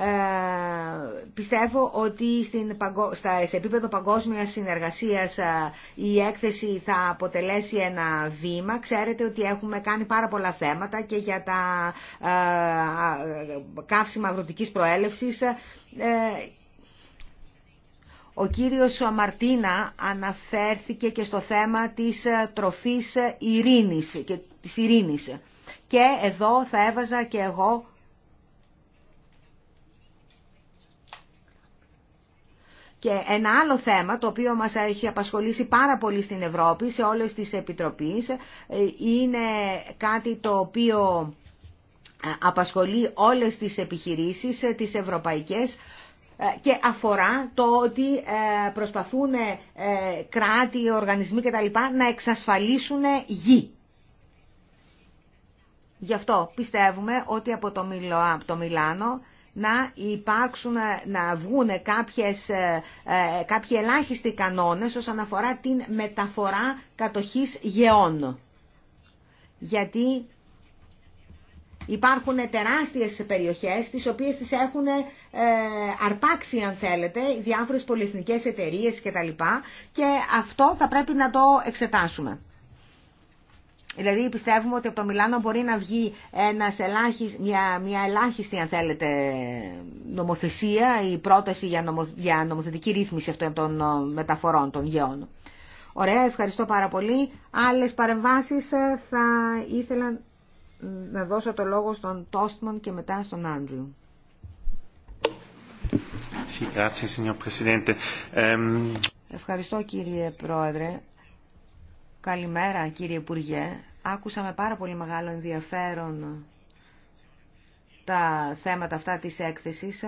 ε, πιστεύω ότι στην, στα, σε επίπεδο παγκόσμιας συνεργασίας ε, η έκθεση θα αποτελέσει ένα βήμα. Ξέρετε ότι έχουμε κάνει πάρα πολλά θέματα και για τα ε, καύσιμα αγροτικής προέλευσης ο κύριος Μαρτίνα αναφέρθηκε και στο θέμα της τροφής ειρήνης και της ειρήνης. Και εδώ θα έβαζα και εγώ Και ένα άλλο θέμα το οποίο μας έχει απασχολήσει πάρα πολύ στην Ευρώπη, σε όλες τις επιτροπές, ε, είναι κάτι το οποίο ε, απασχολεί όλες τις επιχειρήσεις, ε, τις ευρωπαϊκές, και αφορά το ότι προσπαθούν κράτη, οργανισμοί κτλ. να εξασφαλίσουν γη. Γι' αυτό πιστεύουμε ότι από το Μιλάνο να υπάρξουν, να βγουν κάποιες, ε, ε, κάποιοι ελάχιστοι κανόνες όσον αφορά την μεταφορά κατοχής γεών. Γιατί υπάρχουν τεράστιες περιοχές τις οποίες τις έχουν ε, αρπάξει αν θέλετε διάφορες πολυεθνικές εταιρείες κτλ. Και αυτό θα πρέπει να το εξετάσουμε. Δηλαδή πιστεύουμε ότι από το Μιλάνο μπορεί να βγει μια, ελάχιστη αν θέλετε νομοθεσία ή πρόταση για, νομοθετική ρύθμιση αυτών των ε, μεταφορών των γεών. Ωραία, ευχαριστώ πάρα πολύ. Άλλες παρεμβάσεις ε, θα ήθελα να δώσω το λόγο στον Τόστμαν και μετά στον Άντριου. Ehm, ευχαριστώ κύριε Πρόεδρε. Καλημέρα κύριε Υπουργέ. Άκουσα με πάρα πολύ μεγάλο ενδιαφέρον τα θέματα αυτά της έκθεσης.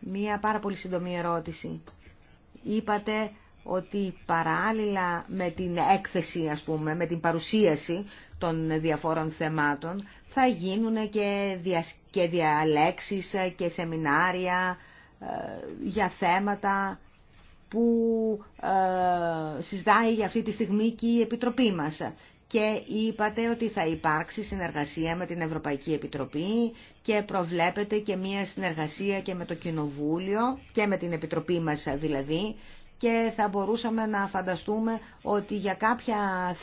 Μία πάρα πολύ σύντομη ερώτηση. Είπατε ότι παράλληλα με την έκθεση, ας πούμε, με την παρουσίαση των διαφόρων θεμάτων, θα γίνουν και, και διαλέξεις και σεμινάρια ε, για θέματα που ε, συζητάει για αυτή τη στιγμή και η Επιτροπή μας και είπατε ότι θα υπάρξει συνεργασία με την Ευρωπαϊκή Επιτροπή και προβλέπετε και μία συνεργασία και με το Κοινοβούλιο και με την Επιτροπή μας δηλαδή και θα μπορούσαμε να φανταστούμε ότι για κάποια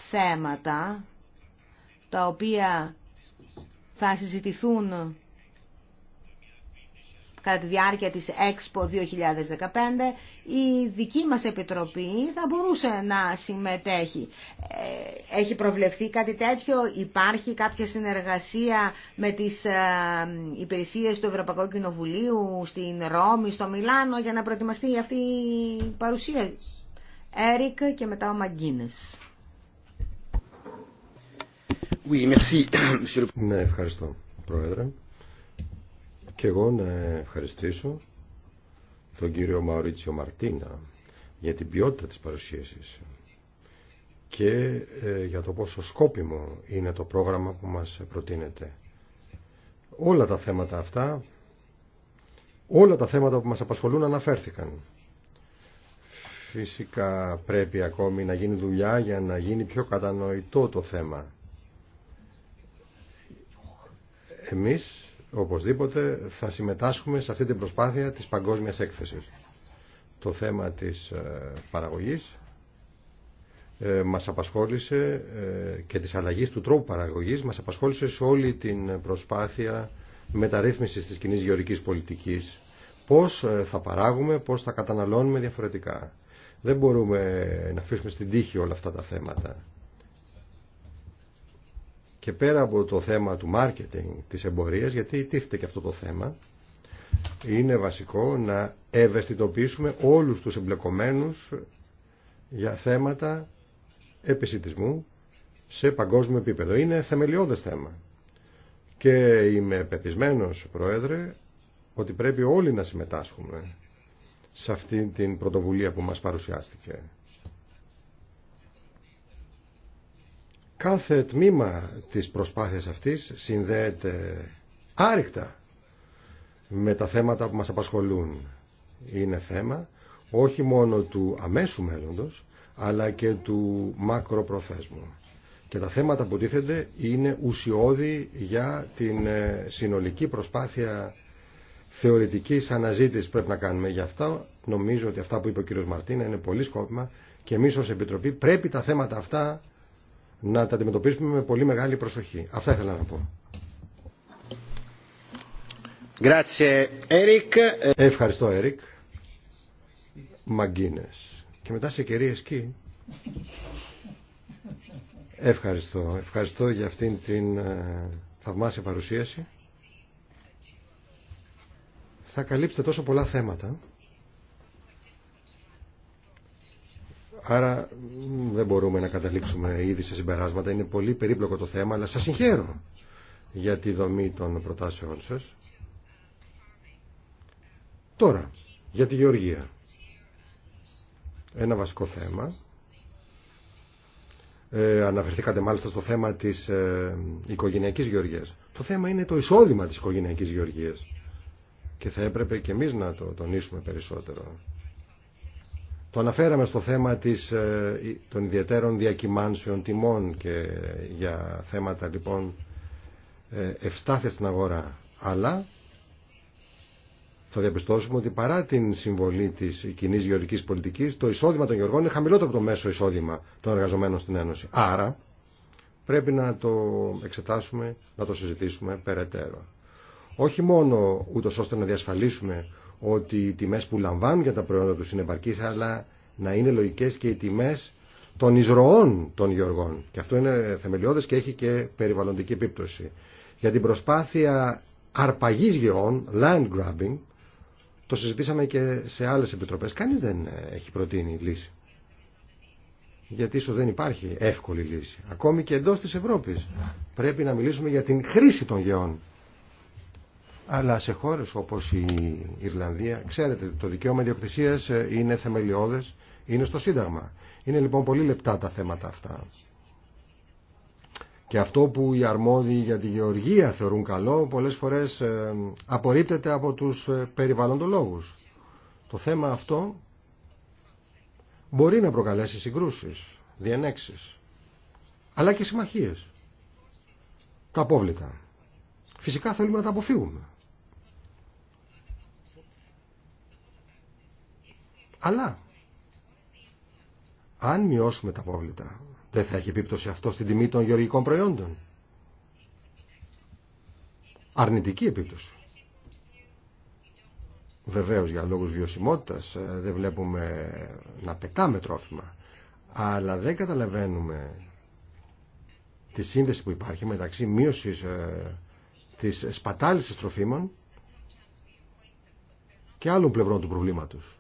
θέματα τα οποία θα συζητηθούν κατά τη διάρκεια της Expo 2015 η δική μας επιτροπή θα μπορούσε να συμμετέχει. Ε, έχει προβλεφθεί κάτι τέτοιο, υπάρχει κάποια συνεργασία με τις ε, υπηρεσίες του Ευρωπαϊκού Κοινοβουλίου στην Ρώμη, στο Μιλάνο για να προετοιμαστεί αυτή η παρουσία. Έρικ και μετά ο Μαγκίνες. [coughs] Ναι, ευχαριστώ, Πρόεδρε και εγώ να ευχαριστήσω τον κύριο Μαωρίτσιο Μαρτίνα για την ποιότητα της παρουσίασης και ε, για το πόσο σκόπιμο είναι το πρόγραμμα που μας προτείνεται. Όλα τα θέματα αυτά, όλα τα θέματα που μας απασχολούν αναφέρθηκαν. Φυσικά πρέπει ακόμη να γίνει δουλειά για να γίνει πιο κατανοητό το θέμα. Εμείς Οπωσδήποτε θα συμμετάσχουμε σε αυτή την προσπάθεια της παγκόσμιας έκθεσης. Το θέμα της ε, παραγωγής ε, μας απασχόλησε ε, και της αλλαγής του τρόπου παραγωγής μας απασχόλησε σε όλη την προσπάθεια μεταρρύθμισης της κοινή γεωρικής πολιτικής. Πώς θα παράγουμε, πώς θα καταναλώνουμε διαφορετικά. Δεν μπορούμε να αφήσουμε στην τύχη όλα αυτά τα θέματα και πέρα από το θέμα του μάρκετινγκ της εμπορίας, γιατί τίθεται και αυτό το θέμα, είναι βασικό να ευαισθητοποιήσουμε όλους τους εμπλεκομένους για θέματα επισητισμού σε παγκόσμιο επίπεδο. Είναι θεμελιώδες θέμα. Και είμαι πεπισμένος, Πρόεδρε, ότι πρέπει όλοι να συμμετάσχουμε σε αυτή την πρωτοβουλία που μας παρουσιάστηκε. Κάθε τμήμα της προσπάθειας αυτής συνδέεται άρρηκτα με τα θέματα που μας απασχολούν. Είναι θέμα όχι μόνο του αμέσου μέλλοντος, αλλά και του μακροπροθέσμου. Και τα θέματα που τίθενται είναι ουσιώδη για την ε, συνολική προσπάθεια θεωρητικής αναζήτησης πρέπει να κάνουμε. Γι' αυτό νομίζω ότι αυτά που είπε ο κύριος Μαρτίνα είναι πολύ σκόπιμα και εμείς ως Επιτροπή πρέπει τα θέματα αυτά να τα αντιμετωπίσουμε με πολύ μεγάλη προσοχή. Αυτά ήθελα να πω. Ευχαριστώ, Έρικ. Μαγκίνες. Και μετά σε κυρίες και Ευχαριστώ. Ευχαριστώ για αυτήν την ε, θαυμάσια παρουσίαση. Θα καλύψετε τόσο πολλά θέματα. Άρα δεν μπορούμε να καταλήξουμε ήδη σε συμπεράσματα. Είναι πολύ περίπλοκο το θέμα, αλλά σας συγχαίρω για τη δομή των προτάσεών σας. Τώρα, για τη γεωργία. Ένα βασικό θέμα. Ε, αναφερθήκατε μάλιστα στο θέμα της ε, οικογενειακής Το θέμα είναι το εισόδημα της οικογενειακής γεωργίας. Και θα έπρεπε και εμείς να το τονίσουμε περισσότερο. Το αναφέραμε στο θέμα της, ε, των ιδιαίτερων διακυμάνσεων τιμών και για θέματα λοιπόν ε, ευστάθεια στην αγορά. Αλλά θα διαπιστώσουμε ότι παρά την συμβολή της κοινή γεωργικής πολιτικής το εισόδημα των γεωργών είναι χαμηλότερο από το μέσο εισόδημα των εργαζομένων στην Ένωση. Άρα πρέπει να το εξετάσουμε, να το συζητήσουμε περαιτέρω. Όχι μόνο ούτως ώστε να διασφαλίσουμε ότι οι τιμές που λαμβάνουν για τα προϊόντα του είναι επαρκεί, αλλά να είναι λογικέ και οι τιμέ των εισρωών των γεωργών. Και αυτό είναι θεμελιώδες και έχει και περιβαλλοντική επίπτωση. Για την προσπάθεια αρπαγής γεών, land grabbing, το συζητήσαμε και σε άλλες επιτροπές. Κανείς δεν έχει προτείνει λύση. Γιατί ίσω δεν υπάρχει εύκολη λύση. Ακόμη και εντό τη Ευρώπη. πρέπει να μιλήσουμε για την χρήση των γεών. Αλλά σε χώρες όπως η Ιρλανδία, ξέρετε, το δικαίωμα ιδιοκτησίας ε, είναι θεμελιώδες, είναι στο Σύνταγμα. Είναι λοιπόν πολύ λεπτά τα θέματα αυτά. Και αυτό που οι αρμόδιοι για τη γεωργία θεωρούν καλό, πολλές φορές ε, απορρίπτεται από τους ε, περιβαλλοντολόγους. Το θέμα αυτό μπορεί να προκαλέσει συγκρούσεις, διενέξεις, αλλά και συμμαχίες. Τα απόβλητα. Φυσικά θέλουμε να τα αποφύγουμε. Αλλά αν μειώσουμε τα απόβλητα, δεν θα έχει επίπτωση αυτό στην τιμή των γεωργικών προϊόντων. Αρνητική επίπτωση. Βεβαίως για λόγους βιωσιμότητας ε, δεν βλέπουμε να πετάμε τρόφιμα. Αλλά δεν καταλαβαίνουμε τη σύνδεση που υπάρχει μεταξύ μείωσης ε, της σπατάλησης τροφίμων και άλλων πλευρών του προβλήματος.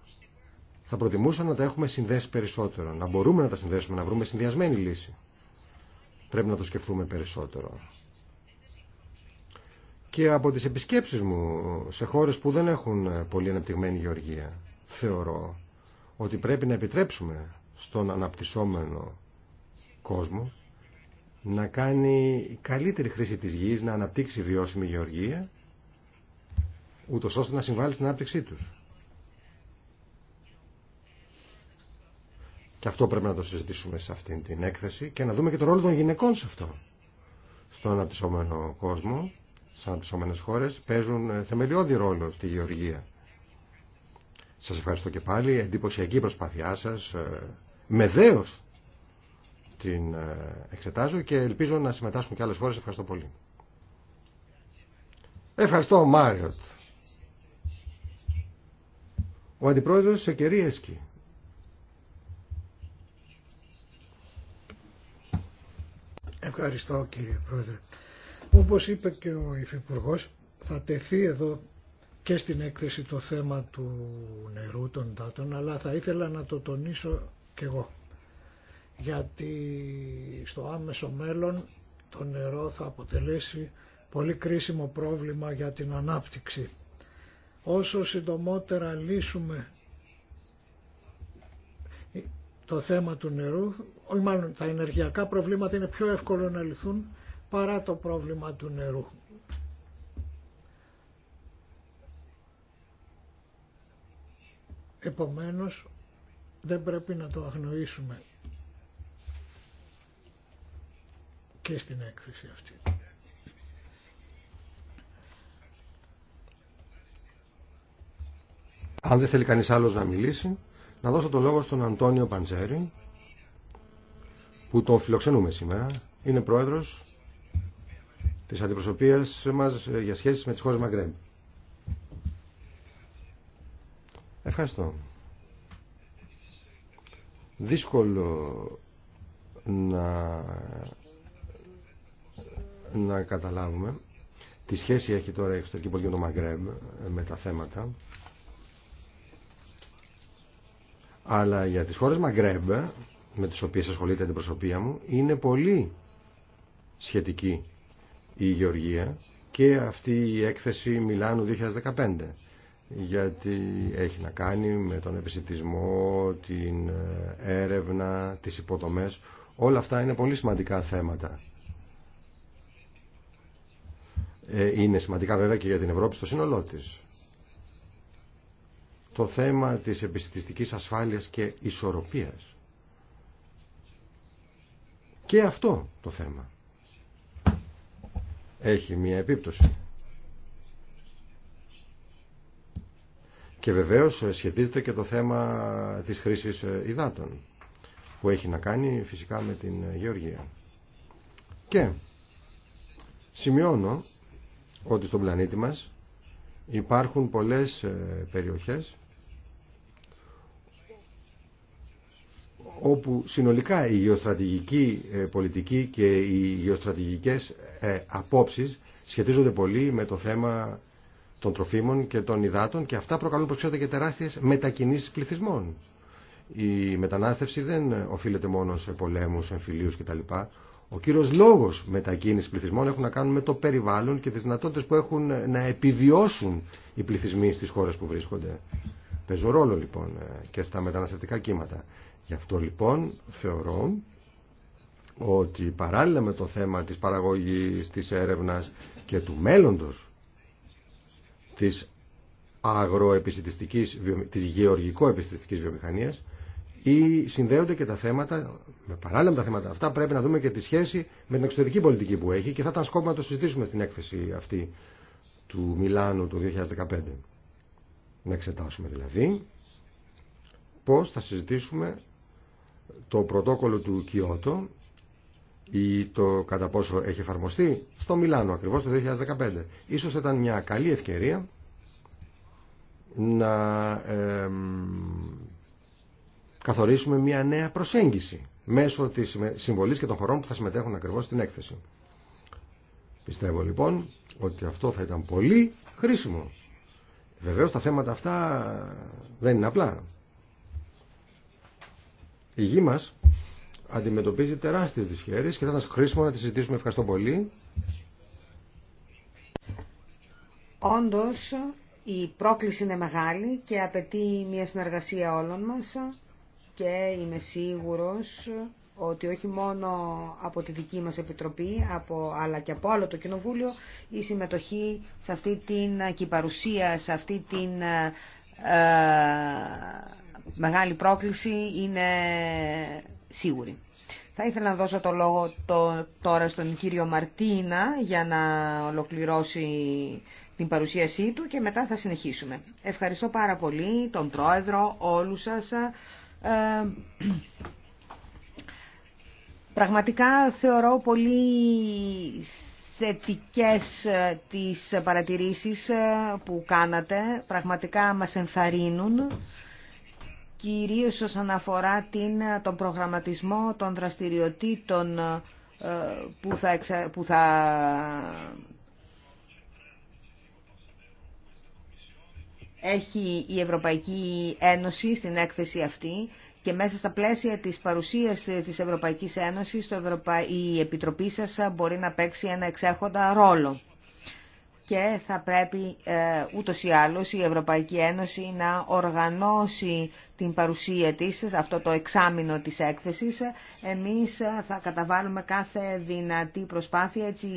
Θα προτιμούσα να τα έχουμε συνδέσει περισσότερο, να μπορούμε να τα συνδέσουμε, να βρούμε συνδυασμένη λύση. Πρέπει να το σκεφτούμε περισσότερο. Και από τις επισκέψεις μου σε χώρες που δεν έχουν ε, πολύ αναπτυγμένη γεωργία, θεωρώ ότι πρέπει να επιτρέψουμε στον αναπτυσσόμενο κόσμο να κάνει καλύτερη χρήση της γης, να αναπτύξει βιώσιμη γεωργία, ούτως ώστε να συμβάλλει στην ανάπτυξή τους. Και αυτό πρέπει να το συζητήσουμε σε αυτήν την έκθεση και να δούμε και τον ρόλο των γυναικών σε αυτό. Στον αναπτυσσόμενο κόσμο, στι αναπτυσσόμενε χώρε, παίζουν ε, θεμελιώδη ρόλο στη γεωργία. Σας ευχαριστώ και πάλι. Εντυπωσιακή προσπάθειά σα ε, Με δέος την ε, εξετάζω και ελπίζω να συμμετάσχουν και άλλε χώρε. Ευχαριστώ πολύ. Ευχαριστώ, Μάριοτ. Ο Αντιπρόεδρος Σεκερίεσκη. Ευχαριστώ κύριε Πρόεδρε. Όπως είπε και ο Υφυπουργό, θα τεθεί εδώ και στην έκθεση το θέμα του νερού των δάτων, αλλά θα ήθελα να το τονίσω κι εγώ. Γιατί στο άμεσο μέλλον το νερό θα αποτελέσει πολύ κρίσιμο πρόβλημα για την ανάπτυξη. Όσο συντομότερα λύσουμε το θέμα του νερού, μάλλον τα ενεργειακά προβλήματα είναι πιο εύκολο να λυθούν παρά το πρόβλημα του νερού. Επομένως δεν πρέπει να το αγνοήσουμε και στην έκθεση αυτή. Αν δεν θέλει κανείς άλλος να μιλήσει, να δώσω το λόγο στον Αντώνιο Παντζέρη που τον φιλοξενούμε σήμερα. Είναι πρόεδρος της αντιπροσωπείας μας για σχέσεις με τις χώρες Μαγκρέμ. Ευχαριστώ. Δύσκολο να, να καταλάβουμε τη σχέση έχει τώρα η εξωτερική πολιτική με το Μαγκρέμ ε, με τα θέματα αλλά για τις χώρες Μαγκρέμπ, με τις οποίες ασχολείται την προσωπία μου, είναι πολύ σχετική η Γεωργία και αυτή η έκθεση Μιλάνου 2015 γιατί έχει να κάνει με τον επιστημισμό, την ε, έρευνα, τις υποδομές. Όλα αυτά είναι πολύ σημαντικά θέματα. Ε, είναι σημαντικά βέβαια και για την Ευρώπη στο σύνολό της το θέμα της επιστημιστικής ασφάλειας και ισορροπίας. Και αυτό το θέμα έχει μία επίπτωση. Και βεβαίως σχετίζεται και το θέμα της χρήσης υδάτων που έχει να κάνει φυσικά με την γεωργία. Και σημειώνω ότι στον πλανήτη μας υπάρχουν πολλές περιοχές όπου συνολικά η γεωστρατηγική ε, πολιτική και οι γεωστρατηγικές ε, απόψεις σχετίζονται πολύ με το θέμα των τροφίμων και των υδάτων και αυτά προκαλούν, όπως ξέρετε, και τεράστιες μετακινήσεις πληθυσμών. Η μετανάστευση δεν οφείλεται μόνο σε πολέμους, εμφυλίους κτλ. Ο κύριος λόγος μετακίνησης πληθυσμών έχουν να κάνουν με το περιβάλλον και τις δυνατότητες που έχουν να επιβιώσουν οι πληθυσμοί στις χώρες που βρίσκονται. Παίζουν ρόλο λοιπόν ε, και στα μεταναστευτικά κύματα. Γι' αυτό λοιπόν θεωρώ ότι παράλληλα με το θέμα της παραγωγής, της έρευνας και του μέλλοντος της αγροεπιστητικής, της γεωργικο-επιστητικής βιομηχανίας ή συνδέονται και τα θέματα, με παράλληλα με τα θέματα αυτά πρέπει να δούμε και τη σχέση με την εξωτερική πολιτική που έχει και θα ήταν σκόπιμο να το συζητήσουμε στην έκθεση αυτή του Μιλάνου του 2015. Να εξετάσουμε δηλαδή πώς θα συζητήσουμε το πρωτόκολλο του Κιώτο ή το κατά πόσο έχει εφαρμοστεί στο Μιλάνο ακριβώς το 2015. Ίσως ήταν μια καλή ευκαιρία να καθορίσουμε μια νέα προσέγγιση μέσω της συμβολής και των χωρών που θα συμμετέχουν ακριβώς στην έκθεση. Πιστεύω λοιπόν ότι αυτό θα ήταν πολύ χρήσιμο. Βεβαίως τα θέματα αυτά δεν είναι απλά. Η γη μας αντιμετωπίζει τεράστιες δυσχέρειες και θα ήταν χρήσιμο να τη συζητήσουμε. Ευχαριστώ πολύ. Όντως, η πρόκληση είναι μεγάλη και απαιτεί μια συνεργασία όλων μας και είμαι σίγουρος ότι όχι μόνο από τη δική μας Επιτροπή, από, αλλά και από άλλο το Κοινοβούλιο, η συμμετοχή σε αυτή την, και η παρουσία σε αυτή την ε, μεγάλη πρόκληση είναι σίγουρη. Θα ήθελα να δώσω το λόγο τώρα στον κύριο Μαρτίνα για να ολοκληρώσει την παρουσίασή του και μετά θα συνεχίσουμε. Ευχαριστώ πάρα πολύ τον Πρόεδρο, όλους σας. Ε, πραγματικά θεωρώ πολύ θετικές ε, τις παρατηρήσεις ε, που κάνατε. Πραγματικά μας ενθαρρύνουν κυρίως όσον αφορά την, τον προγραμματισμό των δραστηριοτήτων ε, που θα, που θα έχει η Ευρωπαϊκή Ένωση στην έκθεση αυτή και μέσα στα πλαίσια της παρουσίας της Ευρωπαϊκής Ένωσης Ευρωπα... η Επιτροπή σας μπορεί να παίξει ένα εξέχοντα ρόλο και θα πρέπει ε, ούτως ή άλλως η Ευρωπαϊκή Ένωση να οργανώσει την παρουσία της, αυτό το εξάμεινο της έκθεσης. Εμείς ε, θα καταβάλουμε κάθε δυνατή προσπάθεια έτσι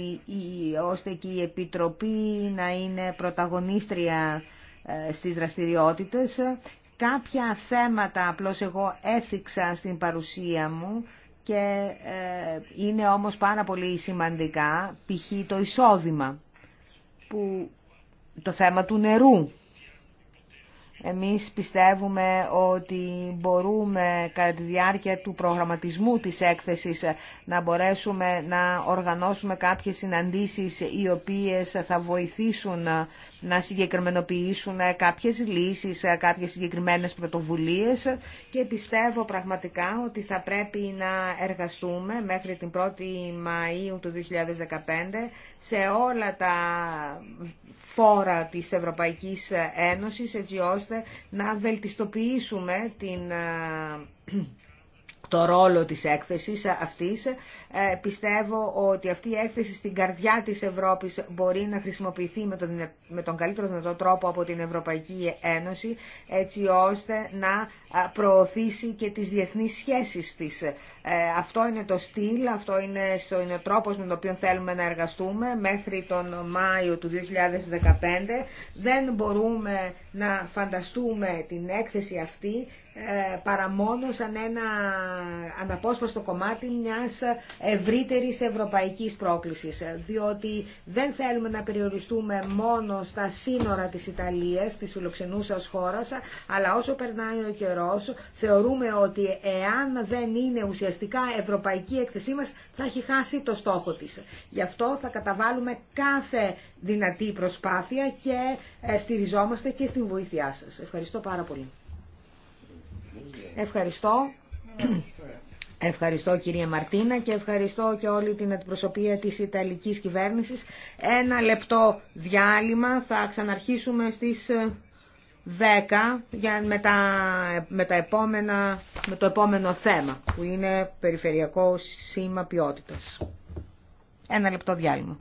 ώστε και η Επιτροπή να είναι πρωταγωνίστρια ε, στις δραστηριότητες. Κάποια θέματα απλώς εγώ έθιξα στην παρουσία μου και ε, είναι όμως πάρα πολύ σημαντικά, π.χ. το εισόδημα που, το θέμα του νερού. Εμείς πιστεύουμε ότι μπορούμε κατά τη διάρκεια του προγραμματισμού της έκθεσης να μπορέσουμε να οργανώσουμε κάποιες συναντήσεις οι οποίες θα βοηθήσουν να συγκεκριμενοποιήσουν κάποιες λύσεις, κάποιες συγκεκριμένες πρωτοβουλίες και πιστεύω πραγματικά ότι θα πρέπει να εργαστούμε μέχρι την 1η Μαΐου του 2015 σε όλα τα φόρα της Ευρωπαϊκής Ένωσης έτσι ώστε να βελτιστοποιήσουμε την το ρόλο της έκθεσης αυτής. Ε, πιστεύω ότι αυτή η έκθεση στην καρδιά της Ευρώπης μπορεί να χρησιμοποιηθεί με τον, καλύτερο δυνατό τρόπο από την Ευρωπαϊκή Ένωση, έτσι ώστε να προωθήσει και τις διεθνείς σχέσεις της. Ε, ε, αυτό είναι το στυλ, αυτό είναι, ο τρόπος με τον οποίο θέλουμε να εργαστούμε μέχρι τον Μάιο του 2015. Δεν μπορούμε να φανταστούμε την έκθεση αυτή ε, παρά μόνο σαν ένα αναπόσπαστο κομμάτι μιας ευρύτερης ευρωπαϊκής πρόκλησης. Διότι δεν θέλουμε να περιοριστούμε μόνο στα σύνορα της Ιταλίας, της φιλοξενούσας χώρας, αλλά όσο περνάει ο καιρός θεωρούμε ότι εάν δεν είναι ουσιαστικά ουσιαστικά ευρωπαϊκή έκθεσή μας θα έχει χάσει το στόχο της. Γι' αυτό θα καταβάλουμε κάθε δυνατή προσπάθεια και ε, στηριζόμαστε και στην βοήθειά σας. Ευχαριστώ πάρα πολύ. Ευχαριστώ. Ευχαριστώ κυρία Μαρτίνα και ευχαριστώ και όλη την αντιπροσωπεία της Ιταλικής κυβέρνησης. Ένα λεπτό διάλειμμα, θα ξαναρχίσουμε στις... Ε, 10 για, με, τα, με, τα επόμενα, με το επόμενο θέμα που είναι περιφερειακό σήμα ποιότητας. Ένα λεπτό διάλειμμα.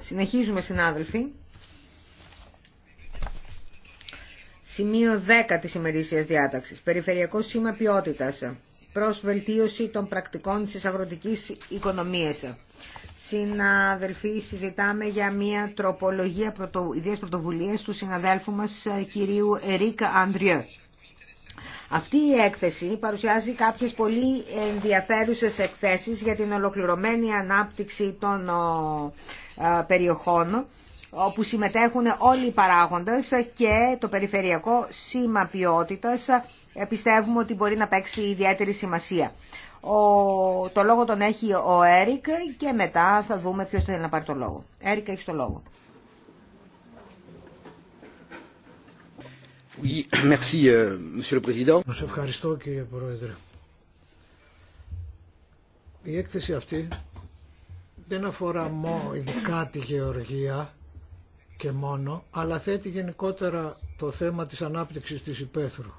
Συνεχίζουμε συνάδελφοι. Σημείο 10 της ημερήσιας διάταξης. Περιφερειακό σήμα ποιότητας προς βελτίωση των πρακτικών της αγροτικής οικονομίας. Συναδελφοί, συζητάμε για μια τροπολογία πρωτο, ιδέες πρωτοβουλίες, του συναδέλφου μας ε, κυρίου Ερίκα Ανδριέ. Αυτή η έκθεση παρουσιάζει κάποιες πολύ ενδιαφέρουσες εκθέσεις για την ολοκληρωμένη ανάπτυξη των ε, περιοχών όπου συμμετέχουν όλοι οι παράγοντες και το περιφερειακό σήμα ποιότητας ε, πιστεύουμε ότι μπορεί να παίξει ιδιαίτερη σημασία. Ο, το λόγο τον έχει ο Έρικ και μετά θα δούμε ποιος θέλει να πάρει το λόγο. Έρικ, έχει το λόγο. [clears throat] Euh, ευχαριστώ κύριε Πρόεδρε. Η έκθεση αυτή δεν αφορά μόνο ειδικά τη γεωργία και μόνο, αλλά θέτει γενικότερα το θέμα της ανάπτυξης της υπαίθρου.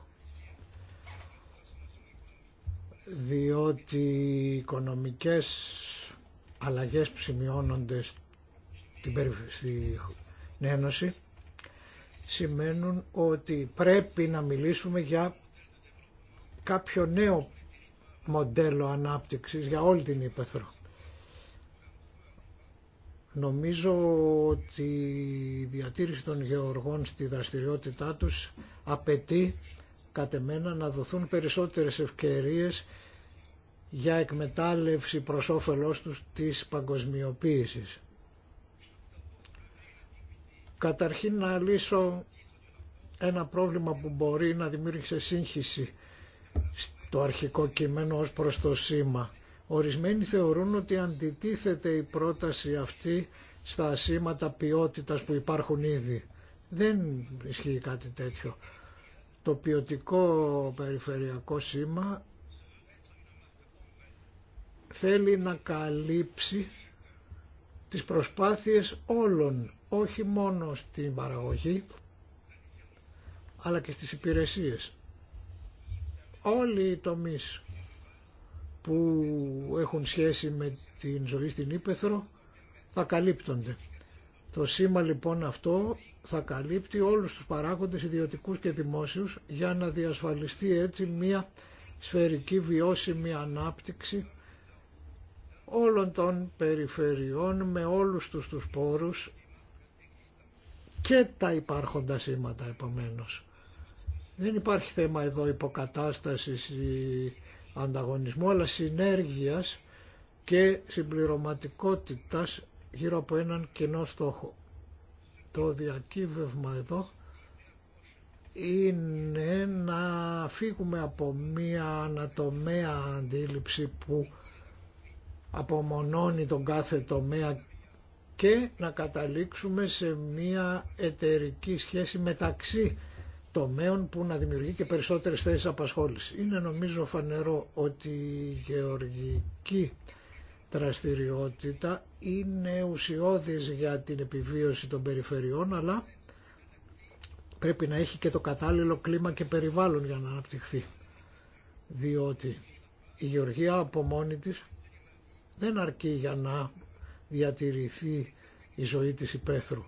Διότι οι οικονομικές αλλαγές που σημειώνονται στην Ένωση σημαίνουν ότι πρέπει να μιλήσουμε για κάποιο νέο μοντέλο ανάπτυξης για όλη την Ήπεθρο. Νομίζω ότι η διατήρηση των γεωργών στη δραστηριότητά τους απαιτεί κατ' εμένα να δοθούν περισσότερες ευκαιρίες για εκμετάλλευση προς όφελός τους της παγκοσμιοποίησης. Καταρχήν να λύσω ένα πρόβλημα που μπορεί να δημιούργησε σύγχυση στο αρχικό κείμενο ως προς το σήμα. Ορισμένοι θεωρούν ότι αντιτίθεται η πρόταση αυτή στα σήματα ποιότητας που υπάρχουν ήδη. Δεν ισχύει κάτι τέτοιο. Το ποιοτικό περιφερειακό σήμα θέλει να καλύψει τις προσπάθειες όλων όχι μόνο στην παραγωγή αλλά και στις υπηρεσίες. Όλοι οι τομείς που έχουν σχέση με την ζωή στην Ήπεθρο θα καλύπτονται. Το σήμα λοιπόν αυτό θα καλύπτει όλους τους παράγοντες ιδιωτικούς και δημόσιους για να διασφαλιστεί έτσι μία σφαιρική βιώσιμη ανάπτυξη όλων των περιφερειών με όλους τους τους πόρους και τα υπάρχοντα σήματα επομένως. Δεν υπάρχει θέμα εδώ υποκατάστασης ή ανταγωνισμού, αλλά συνέργειας και συμπληρωματικότητας γύρω από έναν κοινό στόχο. Το διακύβευμα εδώ είναι να φύγουμε από μία ανατομέα αντίληψη που απομονώνει τον κάθε τομέα και να καταλήξουμε σε μια εταιρική σχέση μεταξύ τομέων που να δημιουργεί και περισσότερες θέσεις απασχόλησης. Είναι νομίζω φανερό ότι η γεωργική δραστηριότητα είναι ουσιώδης για την επιβίωση των περιφερειών αλλά πρέπει να έχει και το κατάλληλο κλίμα και περιβάλλον για να αναπτυχθεί διότι η γεωργία από μόνη της δεν αρκεί για να διατηρηθεί η ζωή της υπαίθρου.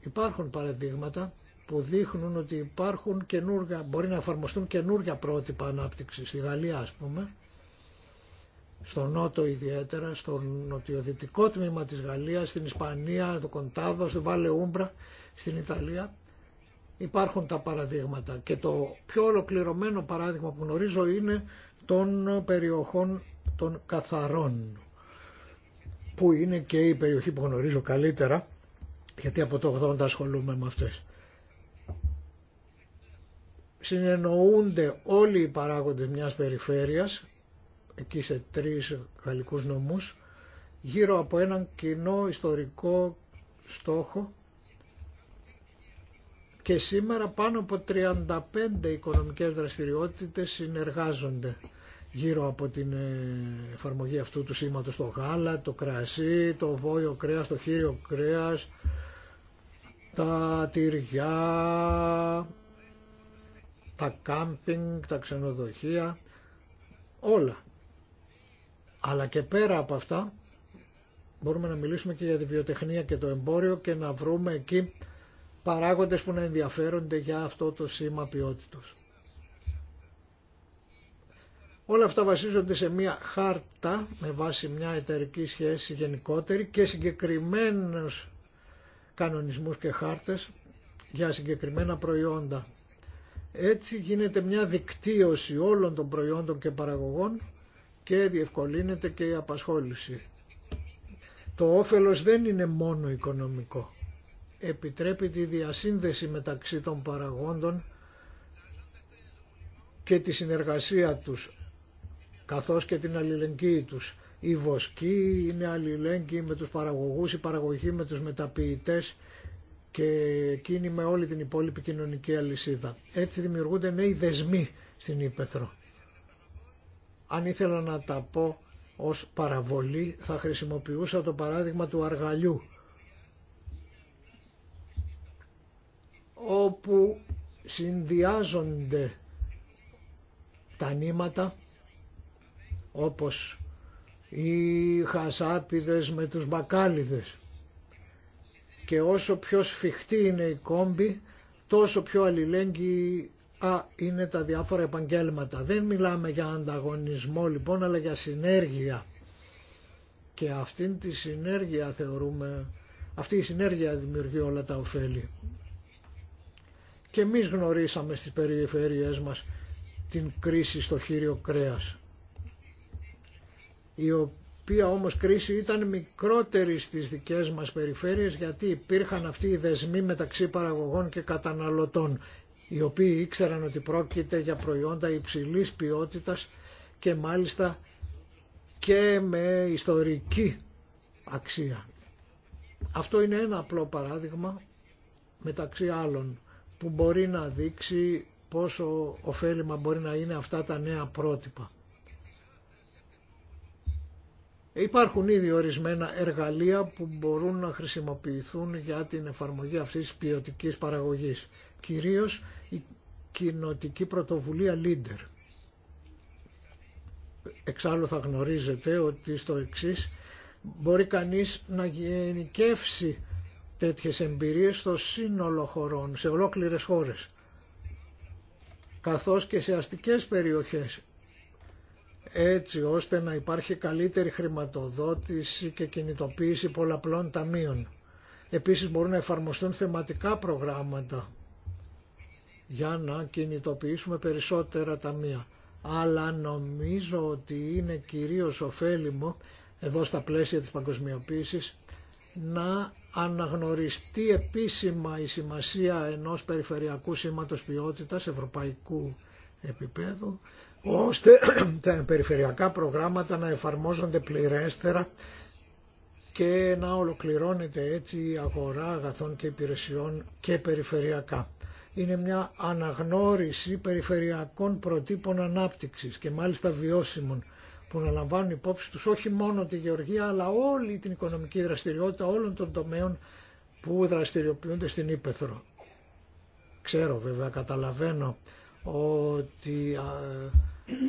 Υπάρχουν παραδείγματα που δείχνουν ότι υπάρχουν καινούργια, μπορεί να εφαρμοστούν καινούργια πρότυπα ανάπτυξη στη Γαλλία ας πούμε, στο νότο ιδιαίτερα, στο νοτιοδυτικό τμήμα της Γαλλίας, στην Ισπανία, το Κοντάδο, στη Βάλε Ούμπρα, στην Ιταλία. Υπάρχουν τα παραδείγματα και το πιο ολοκληρωμένο παράδειγμα που γνωρίζω είναι των περιοχών των καθαρών που είναι και η περιοχή που γνωρίζω καλύτερα, γιατί από το 80 ασχολούμαι με αυτές. Συνεννοούνται όλοι οι παράγοντες μιας περιφέρειας, εκεί σε τρεις γαλλικούς νομούς, γύρω από έναν κοινό ιστορικό στόχο και σήμερα πάνω από 35 οικονομικές δραστηριότητες συνεργάζονται γύρω από την ε, εφαρμογή αυτού του σήματος το γάλα, το κρασί, το βόλιο κρέας, το χείριο κρέας, τα τυριά, τα κάμπινγκ, τα ξενοδοχεία, όλα. Αλλά και πέρα από αυτά μπορούμε να μιλήσουμε και για τη βιοτεχνία και το εμπόριο και να βρούμε εκεί παράγοντες που να ενδιαφέρονται για αυτό το σήμα ποιότητος. Όλα αυτά βασίζονται σε μια χάρτα με βάση μια εταιρική σχέση γενικότερη και συγκεκριμένους κανονισμούς και χάρτες για συγκεκριμένα προϊόντα. Έτσι γίνεται μια δικτύωση όλων των προϊόντων και παραγωγών και διευκολύνεται και η απασχόληση. Το όφελος δεν είναι μόνο οικονομικό. Επιτρέπει τη διασύνδεση μεταξύ των παραγόντων και τη συνεργασία τους καθώς και την αλληλεγγύη τους. Η βοσκή είναι αλληλέγγυη με τους παραγωγούς, η παραγωγή με τους μεταποιητές και εκείνη με όλη την υπόλοιπη κοινωνική αλυσίδα. Έτσι δημιουργούνται νέοι δεσμοί στην Ήπεθρο. Αν ήθελα να τα πω ως παραβολή θα χρησιμοποιούσα το παράδειγμα του αργαλιού όπου συνδυάζονται τα νήματα όπως οι χασάπιδες με τους μπακάλιδες. Και όσο πιο σφιχτή είναι η κόμπη, τόσο πιο αλληλέγγυη είναι τα διάφορα επαγγέλματα. Δεν μιλάμε για ανταγωνισμό λοιπόν, αλλά για συνέργεια. Και αυτήν τη συνέργεια θεωρούμε, αυτή η συνέργεια δημιουργεί όλα τα ωφέλη. Και εμείς γνωρίσαμε στις περιφέρειές μας την κρίση στο χείριο κρέας η οποία όμως κρίση ήταν μικρότερη στις δικές μας περιφέρειες γιατί υπήρχαν αυτοί οι δεσμοί μεταξύ παραγωγών και καταναλωτών οι οποίοι ήξεραν ότι πρόκειται για προϊόντα υψηλής ποιότητας και μάλιστα και με ιστορική αξία. Αυτό είναι ένα απλό παράδειγμα μεταξύ άλλων που μπορεί να δείξει πόσο ωφέλιμα μπορεί να είναι αυτά τα νέα πρότυπα. Υπάρχουν ήδη ορισμένα εργαλεία που μπορούν να χρησιμοποιηθούν για την εφαρμογή αυτής της ποιοτικής παραγωγής. Κυρίως η κοινοτική πρωτοβουλία Leader. Εξάλλου θα γνωρίζετε ότι στο εξής μπορεί κανείς να γενικεύσει τέτοιες εμπειρίες στο σύνολο χωρών, σε ολόκληρες χώρες, καθώς και σε αστικές περιοχές έτσι ώστε να υπάρχει καλύτερη χρηματοδότηση και κινητοποίηση πολλαπλών ταμείων. Επίσης μπορούν να εφαρμοστούν θεματικά προγράμματα για να κινητοποιήσουμε περισσότερα ταμεία. Αλλά νομίζω ότι είναι κυρίως ωφέλιμο εδώ στα πλαίσια της παγκοσμιοποίησης να αναγνωριστεί επίσημα η σημασία ενός περιφερειακού σήματος ποιότητας ευρωπαϊκού επίπεδου ώστε [clears throat] τα περιφερειακά προγράμματα να εφαρμόζονται πληρέστερα και να ολοκληρώνεται έτσι η αγορά αγαθών και υπηρεσιών και περιφερειακά. Είναι μια αναγνώριση περιφερειακών προτύπων ανάπτυξης και μάλιστα βιώσιμων που να λαμβάνουν υπόψη τους όχι μόνο τη γεωργία αλλά όλη την οικονομική δραστηριότητα όλων των τομέων που δραστηριοποιούνται στην Ήπεθρο. Ξέρω βέβαια, καταλαβαίνω ότι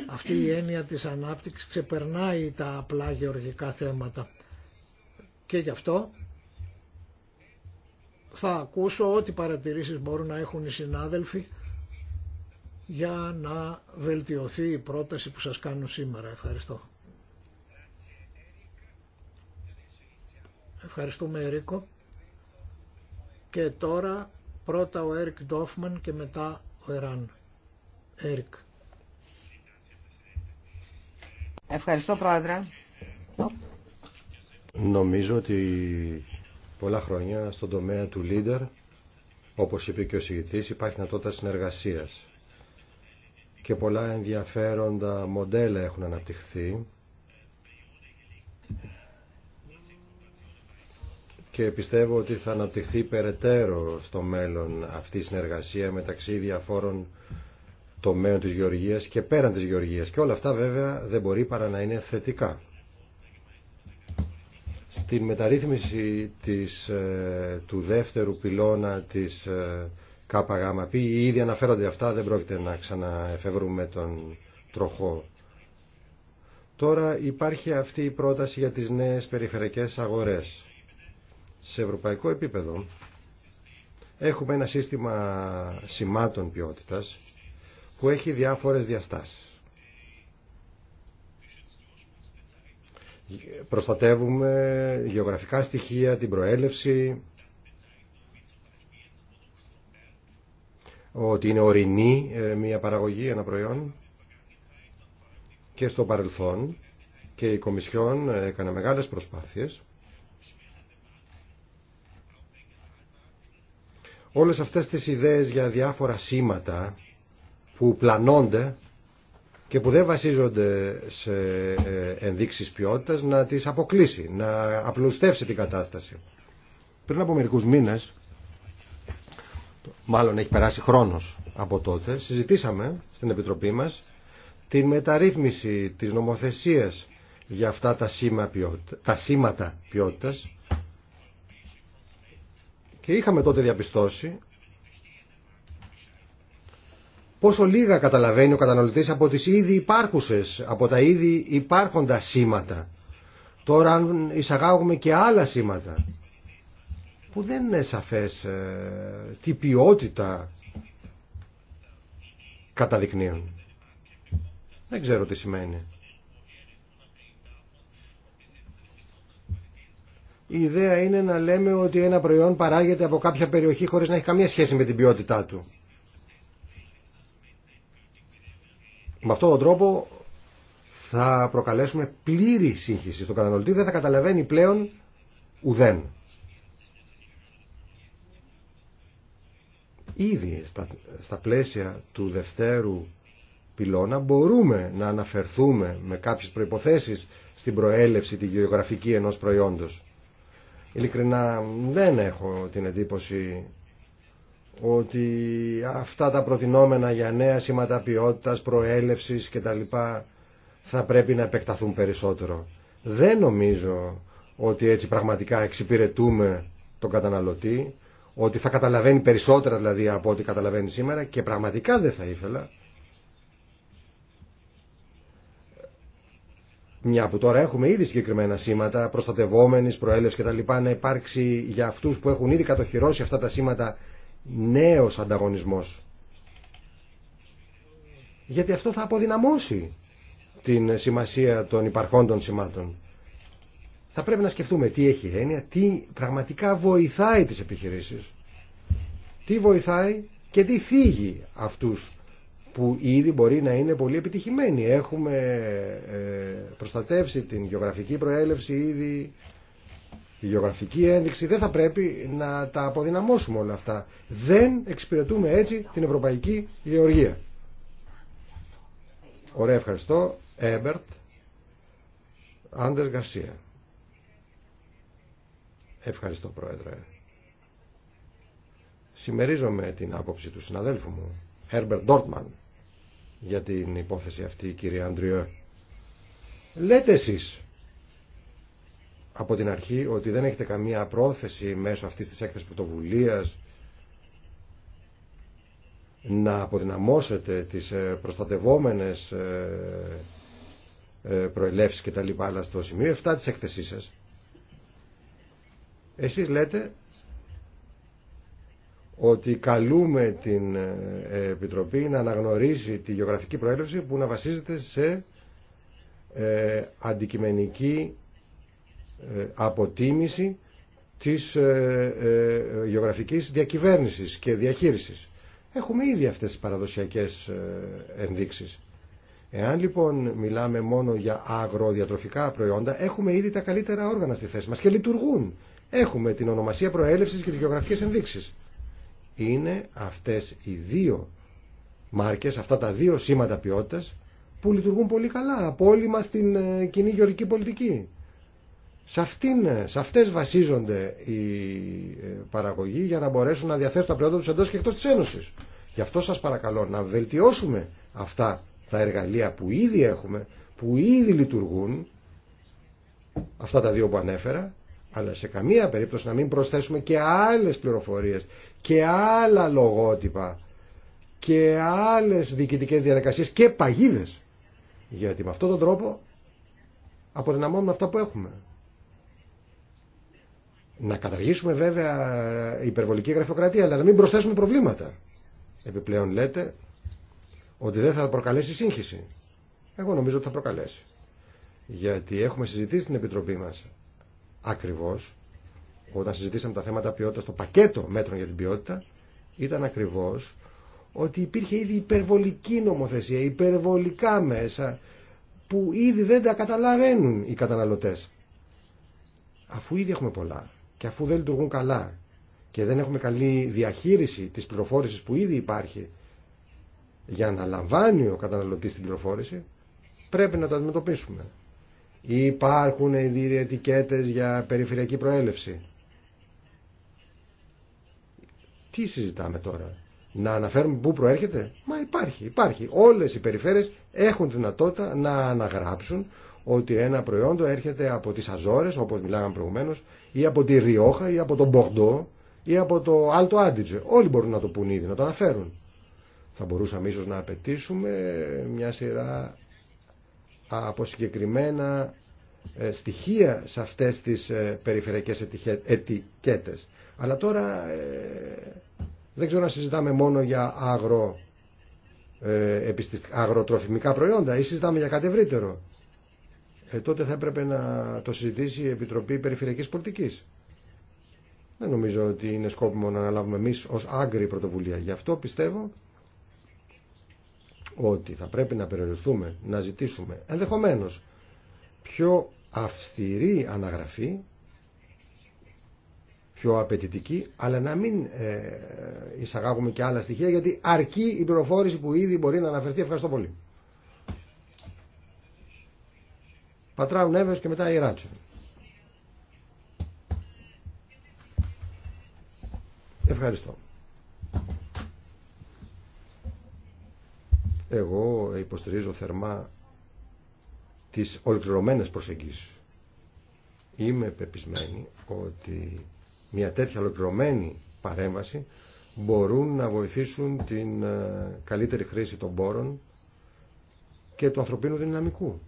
αυτή η έννοια της ανάπτυξης ξεπερνάει τα απλά γεωργικά θέματα. Και γι' αυτό θα ακούσω ό,τι παρατηρήσεις μπορούν να έχουν οι συνάδελφοι για να βελτιωθεί η πρόταση που σας κάνω σήμερα. Ευχαριστώ. Ευχαριστούμε Ερίκο. Και τώρα πρώτα ο Έρικ Ντόφμαν και μετά ο Εράν. Ευχαριστώ Πρόεδρε. Νομίζω ότι πολλά χρόνια στον τομέα του Λίντερ, όπως είπε και ο συγητής, υπάρχει δυνατότητα συνεργασίας και πολλά ενδιαφέροντα μοντέλα έχουν αναπτυχθεί και πιστεύω ότι θα αναπτυχθεί περαιτέρω στο μέλλον αυτή η συνεργασία μεταξύ διαφόρων τομέων της γεωργίας και πέραν της γεωργίας. Και όλα αυτά βέβαια δεν μπορεί παρά να είναι θετικά. Στην μεταρρύθμιση της, ε, του δεύτερου πυλώνα της ε, ΚΓΠ ήδη αναφέρονται αυτά, δεν πρόκειται να ξαναεφεύρουμε τον τροχό. Τώρα υπάρχει αυτή η πρόταση για τις νέες περιφερειακές αγορές. Σε ευρωπαϊκό επίπεδο έχουμε ένα σύστημα σημάτων ποιότητας που έχει διάφορες διαστάσεις. Προστατεύουμε γεωγραφικά στοιχεία, την προέλευση, ότι είναι ορεινή ε, μια παραγωγή, ένα προϊόν και στο παρελθόν και η Κομισιόν ε, έκανε μεγάλες προσπάθειες όλες αυτές τις ιδέες για διάφορα σήματα που πλανώνται και που δεν βασίζονται σε ε, ενδείξεις ποιότητας να τις αποκλείσει, να απλουστεύσει την κατάσταση. Πριν από μερικούς μήνες, μάλλον έχει περάσει χρόνος από τότε, συζητήσαμε στην Επιτροπή μας την μεταρρύθμιση της νομοθεσίας για αυτά τα, σήμα ποιότητα, τα σήματα ποιότητας και είχαμε τότε διαπιστώσει πόσο λίγα καταλαβαίνει ο καταναλωτής από τις ήδη υπάρχουσες, από τα ήδη υπάρχοντα σήματα. Τώρα αν εισαγάγουμε και άλλα σήματα που δεν είναι σαφές ε, τι ποιότητα καταδεικνύουν. Δεν ξέρω τι σημαίνει. Η ιδέα είναι να λέμε ότι ένα προϊόν παράγεται από κάποια περιοχή χωρίς να έχει καμία σχέση με την ποιότητά του. Με αυτόν τον τρόπο θα προκαλέσουμε πλήρη σύγχυση στον καταναλωτή, δεν θα καταλαβαίνει πλέον ουδέν. Ήδη στα, στα πλαίσια του δευτέρου πυλώνα μπορούμε να αναφερθούμε με κάποιες προϋποθέσεις στην προέλευση, τη γεωγραφική ενός προϊόντος. Ειλικρινά δεν έχω την εντύπωση ότι αυτά τα προτινόμενα για νέα σήματα ποιότητας, προέλευσης κτλ. θα πρέπει να επεκταθούν περισσότερο. Δεν νομίζω ότι έτσι πραγματικά εξυπηρετούμε τον καταναλωτή, ότι θα καταλαβαίνει περισσότερα δηλαδή από ό,τι καταλαβαίνει σήμερα και πραγματικά δεν θα ήθελα μια που τώρα έχουμε ήδη συγκεκριμένα σήματα προστατευόμενης, προέλευση κτλ. να υπάρξει για αυτούς που έχουν ήδη κατοχυρώσει αυτά τα σήματα νέος ανταγωνισμός. Γιατί αυτό θα αποδυναμώσει την σημασία των υπαρχόντων σημάτων. Θα πρέπει να σκεφτούμε τι έχει έννοια, τι πραγματικά βοηθάει τις επιχειρήσεις, τι βοηθάει και τι θίγει αυτούς που ήδη μπορεί να είναι πολύ επιτυχημένοι. Έχουμε ε, προστατεύσει την γεωγραφική προέλευση ήδη, η γεωγραφική ένδειξη, δεν θα πρέπει να τα αποδυναμώσουμε όλα αυτά. Δεν εξυπηρετούμε έτσι την ευρωπαϊκή γεωργία. Ωραία, ευχαριστώ. Έμπερτ, Άντερ Γκαρσία. Ευχαριστώ, Πρόεδρε. Συμμερίζομαι την άποψη του συναδέλφου μου, Herbert Ντόρτμαν, για την υπόθεση αυτή, κύριε Άντριο. Λέτε εσείς από την αρχή ότι δεν έχετε καμία πρόθεση μέσω αυτής της έκθεσης πρωτοβουλία να αποδυναμώσετε τις ε, προστατευόμενες ε, ε, προελεύσεις και τα λοιπά, αλλά στο σημείο 7 της έκθεσής σας εσείς λέτε ότι καλούμε την Επιτροπή να αναγνωρίσει τη γεωγραφική προέλευση που να βασίζεται σε αντικειμενική ε, αποτίμηση της ε, ε, γεωγραφικής διακυβέρνησης και διαχείρισης. Έχουμε ήδη αυτές τις παραδοσιακές ενδείξεις. Εάν λοιπόν μιλάμε μόνο για αγροδιατροφικά προϊόντα, έχουμε ήδη τα καλύτερα όργανα στη θέση μας και λειτουργούν. Έχουμε την ονομασία προέλευσης και τις γεωγραφικές ενδείξεις. Είναι αυτές οι δύο μάρκες, αυτά τα δύο σήματα ποιότητας, που λειτουργούν πολύ καλά από όλη μας την κοινή γεωργική πολιτική. Σε, αυτήν, αυτές βασίζονται οι ε, παραγωγοί για να μπορέσουν να διαθέσουν τα προϊόντα τους εντός και εκτός της Ένωσης. Γι' αυτό σας παρακαλώ να βελτιώσουμε αυτά τα εργαλεία που ήδη έχουμε, που ήδη λειτουργούν, αυτά τα δύο που ανέφερα, αλλά σε καμία περίπτωση να μην προσθέσουμε και άλλες πληροφορίες και άλλα λογότυπα και άλλες διοικητικές διαδικασίες και παγίδες. Γιατί με αυτόν τον τρόπο αποδυναμώνουμε αυτά που έχουμε. Να καταργήσουμε βέβαια υπερβολική γραφειοκρατία, αλλά να μην προσθέσουμε προβλήματα. Επιπλέον λέτε ότι δεν θα προκαλέσει σύγχυση. Εγώ νομίζω ότι θα προκαλέσει. Γιατί έχουμε συζητήσει στην Επιτροπή μας ακριβώς όταν συζητήσαμε τα θέματα ποιότητα το πακέτο μέτρων για την ποιότητα, ήταν ακριβώ ότι υπήρχε ήδη υπερβολική νομοθεσία, υπερβολικά μέσα, που ήδη δεν τα καταλαβαίνουν οι καταναλωτές. Αφού ήδη έχουμε πολλά και αφού δεν λειτουργούν καλά και δεν έχουμε καλή διαχείριση της πληροφόρησης που ήδη υπάρχει για να λαμβάνει ο καταναλωτής την πληροφόρηση, πρέπει να το αντιμετωπίσουμε. Υπάρχουν ειδήρια ετικέτες για περιφερειακή προέλευση. Τι συζητάμε τώρα. Να αναφέρουμε πού προέρχεται. Μα υπάρχει, υπάρχει. Όλες οι περιφέρειες έχουν δυνατότητα να αναγράψουν ότι ένα προϊόντο έρχεται από τις Αζόρες, όπως μιλάγαμε προηγουμένως, ή από τη Ριόχα, ή από τον Μπορντό, ή από το Άλτο Άντιτζε. Όλοι μπορούν να το πούν ήδη, να το αναφέρουν. Θα μπορούσαμε ίσως να απαιτήσουμε μια σειρά από συγκεκριμένα ε, στοιχεία σε αυτές τις ε, περιφερειακές ετικέτες. Αλλά τώρα ε, δεν ξέρω να συζητάμε μόνο για αγροτροφημικά προϊόντα ή συζητάμε για κάτι ευρύτερο ε, τότε θα έπρεπε να το συζητήσει η Επιτροπή Περιφερειακής Πολιτικής. Δεν νομίζω ότι είναι σκόπιμο να αναλάβουμε εμείς ως άγκρη πρωτοβουλία. Γι' αυτό πιστεύω ότι θα πρέπει να περιοριστούμε, να ζητήσουμε ενδεχομένως πιο αυστηρή αναγραφή, πιο απαιτητική, αλλά να μην ε, εισαγάγουμε και άλλα στοιχεία, γιατί αρκεί η πληροφόρηση που ήδη μπορεί να αναφερθεί. Ευχαριστώ πολύ. Πατράου Νέβες και μετά η Ευχαριστώ. Εγώ υποστηρίζω θερμά τις ολοκληρωμένες προσεγγίσεις. Είμαι πεπισμένη ότι μια τέτοια ολοκληρωμένη παρέμβαση μπορούν να βοηθήσουν την ε, καλύτερη χρήση των πόρων και του ανθρωπίνου δυναμικού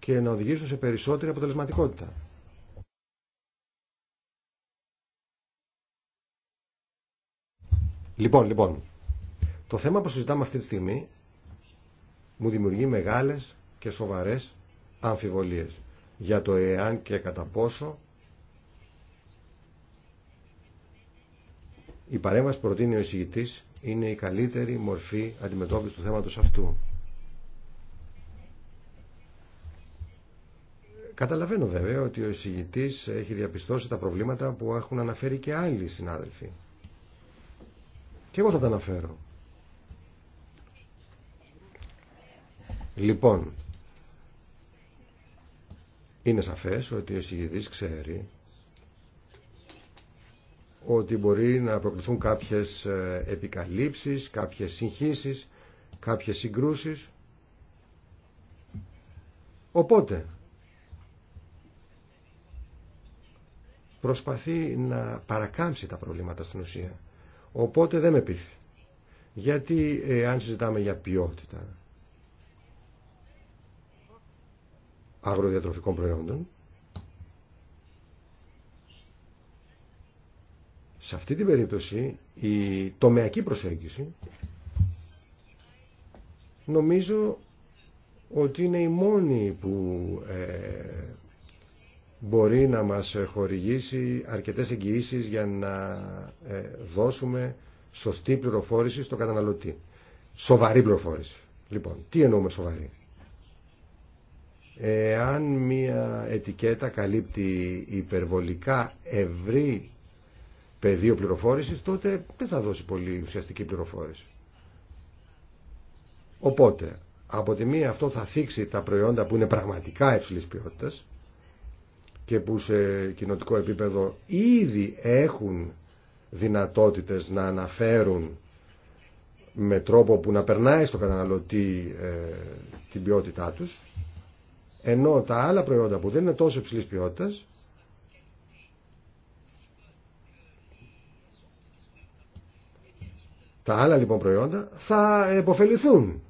και να οδηγήσουν σε περισσότερη αποτελεσματικότητα. Λοιπόν, λοιπόν, το θέμα που συζητάμε αυτή τη στιγμή μου δημιουργεί μεγάλες και σοβαρές αμφιβολίες για το εάν και κατά πόσο η παρέμβαση που προτείνει ο εισηγητής είναι η καλύτερη μορφή αντιμετώπισης του θέματος αυτού. Καταλαβαίνω βέβαια ότι ο εισηγητής έχει διαπιστώσει τα προβλήματα που έχουν αναφέρει και άλλοι συνάδελφοι. Και εγώ θα τα αναφέρω. Λοιπόν, είναι σαφές ότι ο εισηγητής ξέρει ότι μπορεί να προκληθούν κάποιες ε, επικαλύψεις, κάποιες συγχύσεις, κάποιες συγκρούσεις. Οπότε, προσπαθεί να παρακάμψει τα προβλήματα στην ουσία. Οπότε δεν με πείθει. Γιατί ε, αν συζητάμε για ποιότητα αγροδιατροφικών προϊόντων, σε αυτή την περίπτωση η τομεακή προσέγγιση νομίζω ότι είναι η μόνη που ε, μπορεί να μας χορηγήσει αρκετές εγγυήσεις για να ε, δώσουμε σωστή πληροφόρηση στο καταναλωτή. Σοβαρή πληροφόρηση. Λοιπόν, τι εννοούμε σοβαρή. Εάν μία ετικέτα καλύπτει υπερβολικά ευρύ πεδίο πληροφόρησης, τότε δεν θα δώσει πολύ ουσιαστική πληροφόρηση. Οπότε, από τη μία αυτό θα θίξει τα προϊόντα που είναι πραγματικά υψηλής ποιότητας, και που σε κοινοτικό επίπεδο ήδη έχουν δυνατότητες να αναφέρουν με τρόπο που να περνάει στο καταναλωτή ε, την ποιότητά τους ενώ τα άλλα προϊόντα που δεν είναι τόσο υψηλής ποιότητας τα άλλα λοιπόν προϊόντα θα επωφεληθούν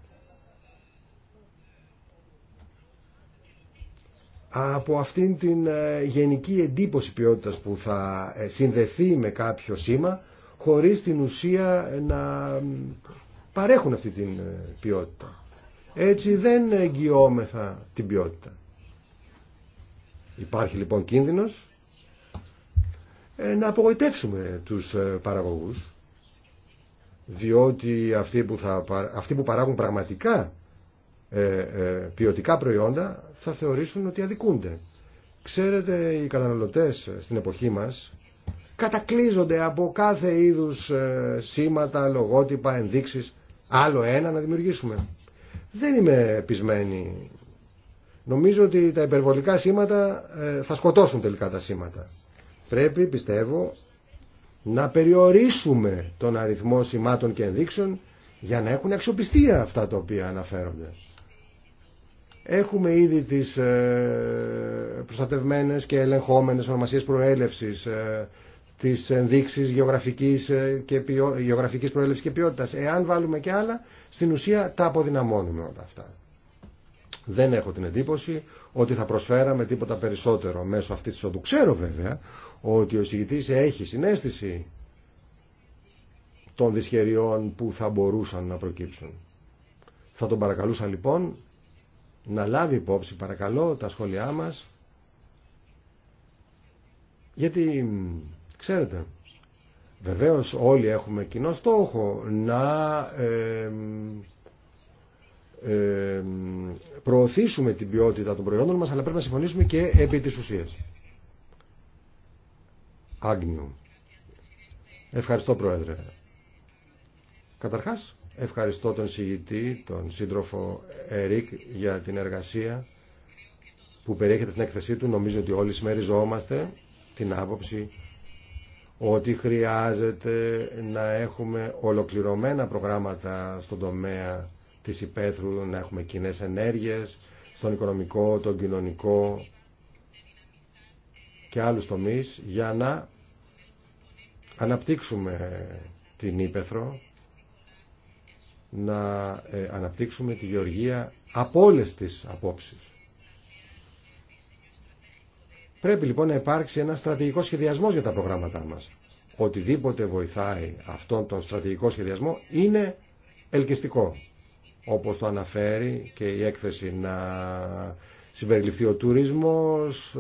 από αυτήν την ε, γενική εντύπωση ποιότητας που θα ε, συνδεθεί με κάποιο σήμα χωρίς την ουσία να παρέχουν αυτή την ε, ποιότητα. Έτσι δεν εγγυόμεθα την ποιότητα. Υπάρχει λοιπόν κίνδυνος να απογοητεύσουμε τους παραγωγούς διότι αυτοί που, θα, αυτοί που παράγουν πραγματικά ε, ε, ποιοτικά προϊόντα θα θεωρήσουν ότι αδικούνται. Ξέρετε, οι καταναλωτές στην εποχή μας κατακλείζονται από κάθε είδους ε, σήματα, λογότυπα, ενδείξεις. Άλλο ένα να δημιουργήσουμε. Δεν είμαι πεισμένη. Νομίζω ότι τα υπερβολικά σήματα θα σκοτώσουν τελικά τα σήματα. Πρέπει, πιστεύω, να περιορίσουμε τον αριθμό σημάτων και ενδείξεων για να έχουν αξιοπιστία αυτά τα οποία αναφέρονται. Έχουμε ήδη τις ε, προστατευμένες και ελεγχόμενες ονομασίες προέλευσης, ε, τις ενδείξεις γεωγραφικής, ε, και ποιο... γεωγραφικής προέλευσης και ποιότητας. Εάν βάλουμε και άλλα, στην ουσία τα αποδυναμώνουμε όλα αυτά. Δεν έχω την εντύπωση ότι θα προσφέραμε τίποτα περισσότερο μέσω αυτής της οδού. Ξέρω βέβαια ότι ο εισηγητής έχει συνέστηση των δυσχεριών που θα μπορούσαν να προκύψουν. Θα τον παρακαλούσα λοιπόν να λάβει υπόψη παρακαλώ τα σχόλιά μας γιατί ξέρετε βεβαίως όλοι έχουμε κοινό στόχο να προωθήσουμε την ποιότητα των προϊόντων μας αλλά πρέπει να συμφωνήσουμε και επί της ουσίας. Άγνιου. Ευχαριστώ Πρόεδρε. Καταρχάς Ευχαριστώ τον συγητή, τον σύντροφο Ερικ για την εργασία που περιέχεται στην έκθεσή του. Νομίζω ότι όλοι συμμεριζόμαστε την άποψη ότι χρειάζεται να έχουμε ολοκληρωμένα προγράμματα στον τομέα της υπαίθρου, να έχουμε κοινέ ενέργειες στον οικονομικό, τον κοινωνικό και άλλους τομείς για να αναπτύξουμε την Ήπεθρο να ε, αναπτύξουμε τη γεωργία από όλε τι απόψεις. Πρέπει λοιπόν να υπάρξει ένα στρατηγικό σχεδιασμό για τα προγράμματά μας. Οτιδήποτε βοηθάει αυτόν τον στρατηγικό σχεδιασμό είναι ελκυστικό. Όπως το αναφέρει και η έκθεση να συμπεριληφθεί ο τουρισμός,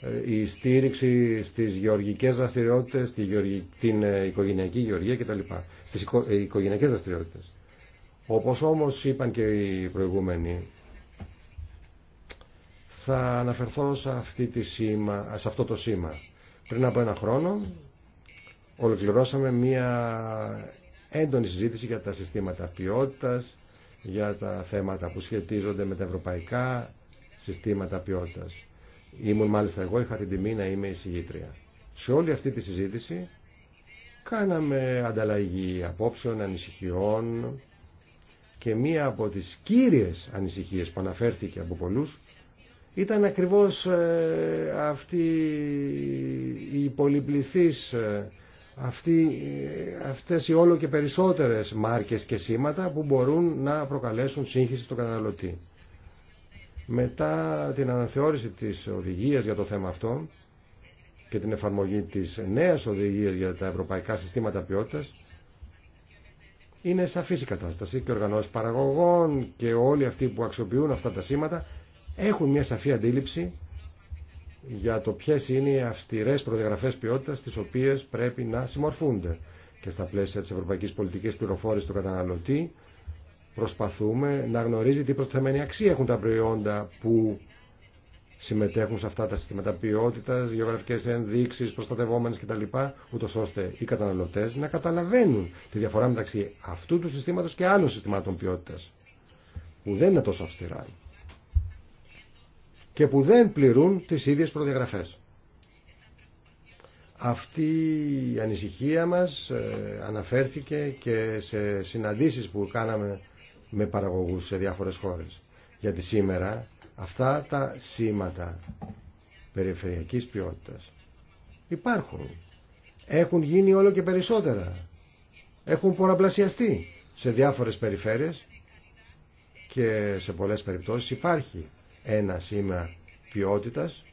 ε, η στήριξη στις γεωργικές δραστηριότητες, την ε, οικογενειακή γεωργία κτλ. Στις οικογενειακές δραστηριότητες. Όπως όμως είπαν και οι προηγούμενοι, θα αναφερθώ σε, αυτή τη σήμα, σε αυτό το σήμα. Πριν από ένα χρόνο ολοκληρώσαμε μία έντονη συζήτηση για τα συστήματα ποιότητας, για τα θέματα που σχετίζονται με τα ευρωπαϊκά συστήματα ποιότητας. Ήμουν μάλιστα εγώ, είχα την τιμή να είμαι εισηγήτρια. Σε όλη αυτή τη συζήτηση κάναμε ανταλλαγή απόψεων, ανησυχιών, και μία από τις κύριες ανησυχίες που αναφέρθηκε από πολλούς ήταν ακριβώς ε, αυτή η πολυπληθής, ε, αυτή, ε, αυτές οι όλο και περισσότερες μάρκες και σήματα που μπορούν να προκαλέσουν σύγχυση στον καταναλωτή. Μετά την αναθεώρηση της οδηγίας για το θέμα αυτό και την εφαρμογή της νέας οδηγίας για τα ευρωπαϊκά συστήματα ποιότητας, είναι σαφή η κατάσταση και οργανώσεις παραγωγών και όλοι αυτοί που αξιοποιούν αυτά τα σήματα έχουν μια σαφή αντίληψη για το ποιε είναι οι αυστηρές προδιαγραφέ ποιότητας τις οποίες πρέπει να συμμορφούνται. Και στα πλαίσια της Ευρωπαϊκής Πολιτικής πληροφόρηση του καταναλωτή προσπαθούμε να γνωρίζει τι προσθεμένη αξία έχουν τα προϊόντα που συμμετέχουν σε αυτά τα συστήματα ποιότητα, γεωγραφικέ ενδείξει, προστατευόμενε κτλ. Ούτω ώστε οι καταναλωτέ να καταλαβαίνουν τη διαφορά μεταξύ αυτού του συστήματο και άλλων συστημάτων ποιότητα που δεν είναι τόσο αυστηρά και που δεν πληρούν τις ίδιε προδιαγραφές. Αυτή η ανησυχία μας ε, αναφέρθηκε και σε συναντήσεις που κάναμε με παραγωγούς σε διάφορες χώρες. Γιατί σήμερα Αυτά τα σήματα περιφερειακής ποιότητας υπάρχουν. Έχουν γίνει όλο και περισσότερα. Έχουν πολλαπλασιαστεί σε διάφορες περιφέρειες και σε πολλές περιπτώσεις υπάρχει ένα σήμα ποιότητας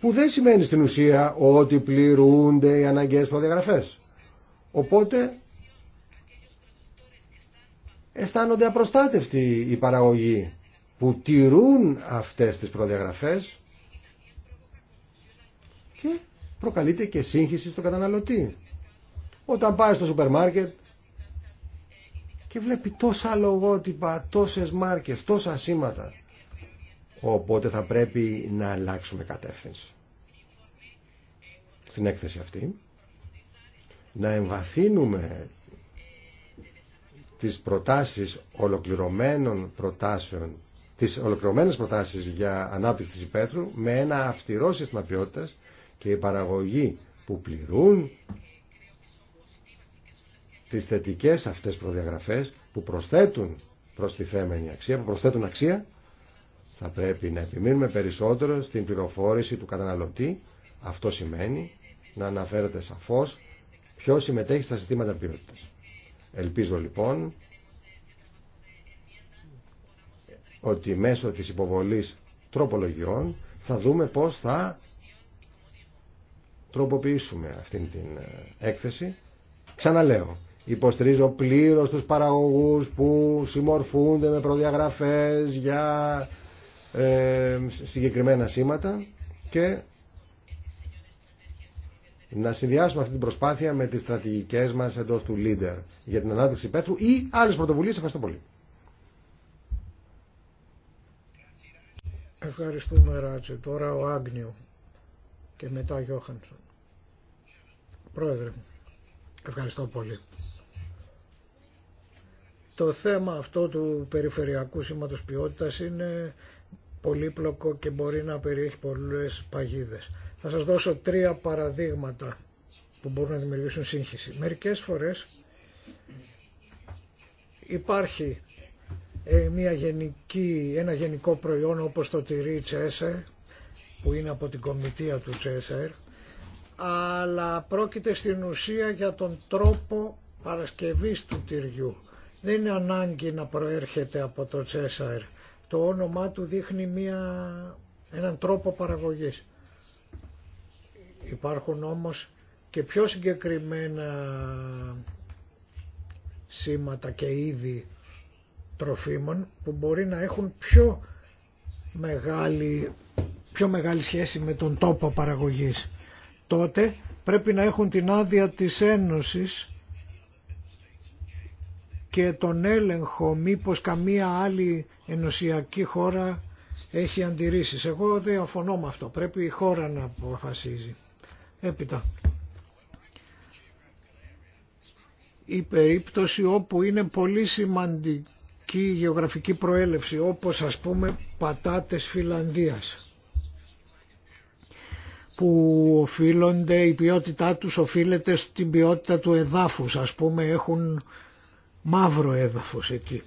που δεν σημαίνει στην ουσία ότι πληρούνται οι αναγκαίες προδιαγραφές. Οπότε αισθάνονται απροστάτευτοι οι παραγωγοί που τηρούν αυτές τις προδιαγραφές και προκαλείται και σύγχυση στον καταναλωτή. Όταν πάει στο σούπερ μάρκετ και βλέπει τόσα λογότυπα, τόσες μάρκες, τόσα σήματα. Οπότε θα πρέπει να αλλάξουμε κατεύθυνση. Στην έκθεση αυτή να εμβαθύνουμε τις προτάσεις ολοκληρωμένων προτάσεων τις ολοκληρωμένες προτάσεις για ανάπτυξη της υπαίθρου με ένα αυστηρό σύστημα ποιότητας και η παραγωγή που πληρούν τις θετικές αυτές προδιαγραφές που προσθέτουν προστιθέμενη αξία, που προσθέτουν αξία, θα πρέπει να επιμείνουμε περισσότερο στην πληροφόρηση του καταναλωτή. Αυτό σημαίνει να αναφέρεται σαφώς ποιό συμμετέχει στα συστήματα ποιότητας. Ελπίζω λοιπόν ότι μέσω της υποβολής τροπολογιών θα δούμε πώς θα τροποποιήσουμε αυτήν την ε, έκθεση. Ξαναλέω, υποστηρίζω πλήρως τους παραγωγούς που συμμορφούνται με προδιαγραφές για ε, συγκεκριμένα σήματα και να συνδυάσουμε αυτή την προσπάθεια με τις στρατηγικές μας εντός του Leader για την ανάπτυξη πέτρου ή άλλες πρωτοβουλίες. Ευχαριστώ πολύ. Ευχαριστούμε Ράτσε. Τώρα ο Άγνιο και μετά Γιώχανσον. Πρόεδρε, ευχαριστώ πολύ. Το θέμα αυτό του περιφερειακού σήματος ποιότητας είναι πολύπλοκο και μπορεί να περιέχει πολλές παγίδες. Θα σας δώσω τρία παραδείγματα που μπορούν να δημιουργήσουν σύγχυση. Μερικές φορές υπάρχει ε, μια γενική, ένα γενικό προϊόν όπως το τυρί Τσέσερ που είναι από την κομιτεία του Τσέσερ αλλά πρόκειται στην ουσία για τον τρόπο παρασκευής του τυριού. Δεν είναι ανάγκη να προέρχεται από το Τσέσαρ. Το όνομά του δείχνει μια, έναν τρόπο παραγωγής. Υπάρχουν όμως και πιο συγκεκριμένα σήματα και είδη τροφίμων που μπορεί να έχουν πιο μεγάλη, πιο μεγάλη σχέση με τον τόπο παραγωγής. Τότε πρέπει να έχουν την άδεια της Ένωσης και τον έλεγχο μήπως καμία άλλη ενωσιακή χώρα έχει αντιρρήσεις. Εγώ δεν αφωνώ με αυτό. Πρέπει η χώρα να αποφασίζει. Έπειτα. Η περίπτωση όπου είναι πολύ σημαντική ιστορική γεωγραφική προέλευση όπως ας πούμε πατάτες Φιλανδίας που οφείλονται, η ποιότητά τους οφείλεται στην ποιότητα του εδάφους ας πούμε έχουν μαύρο έδαφος εκεί.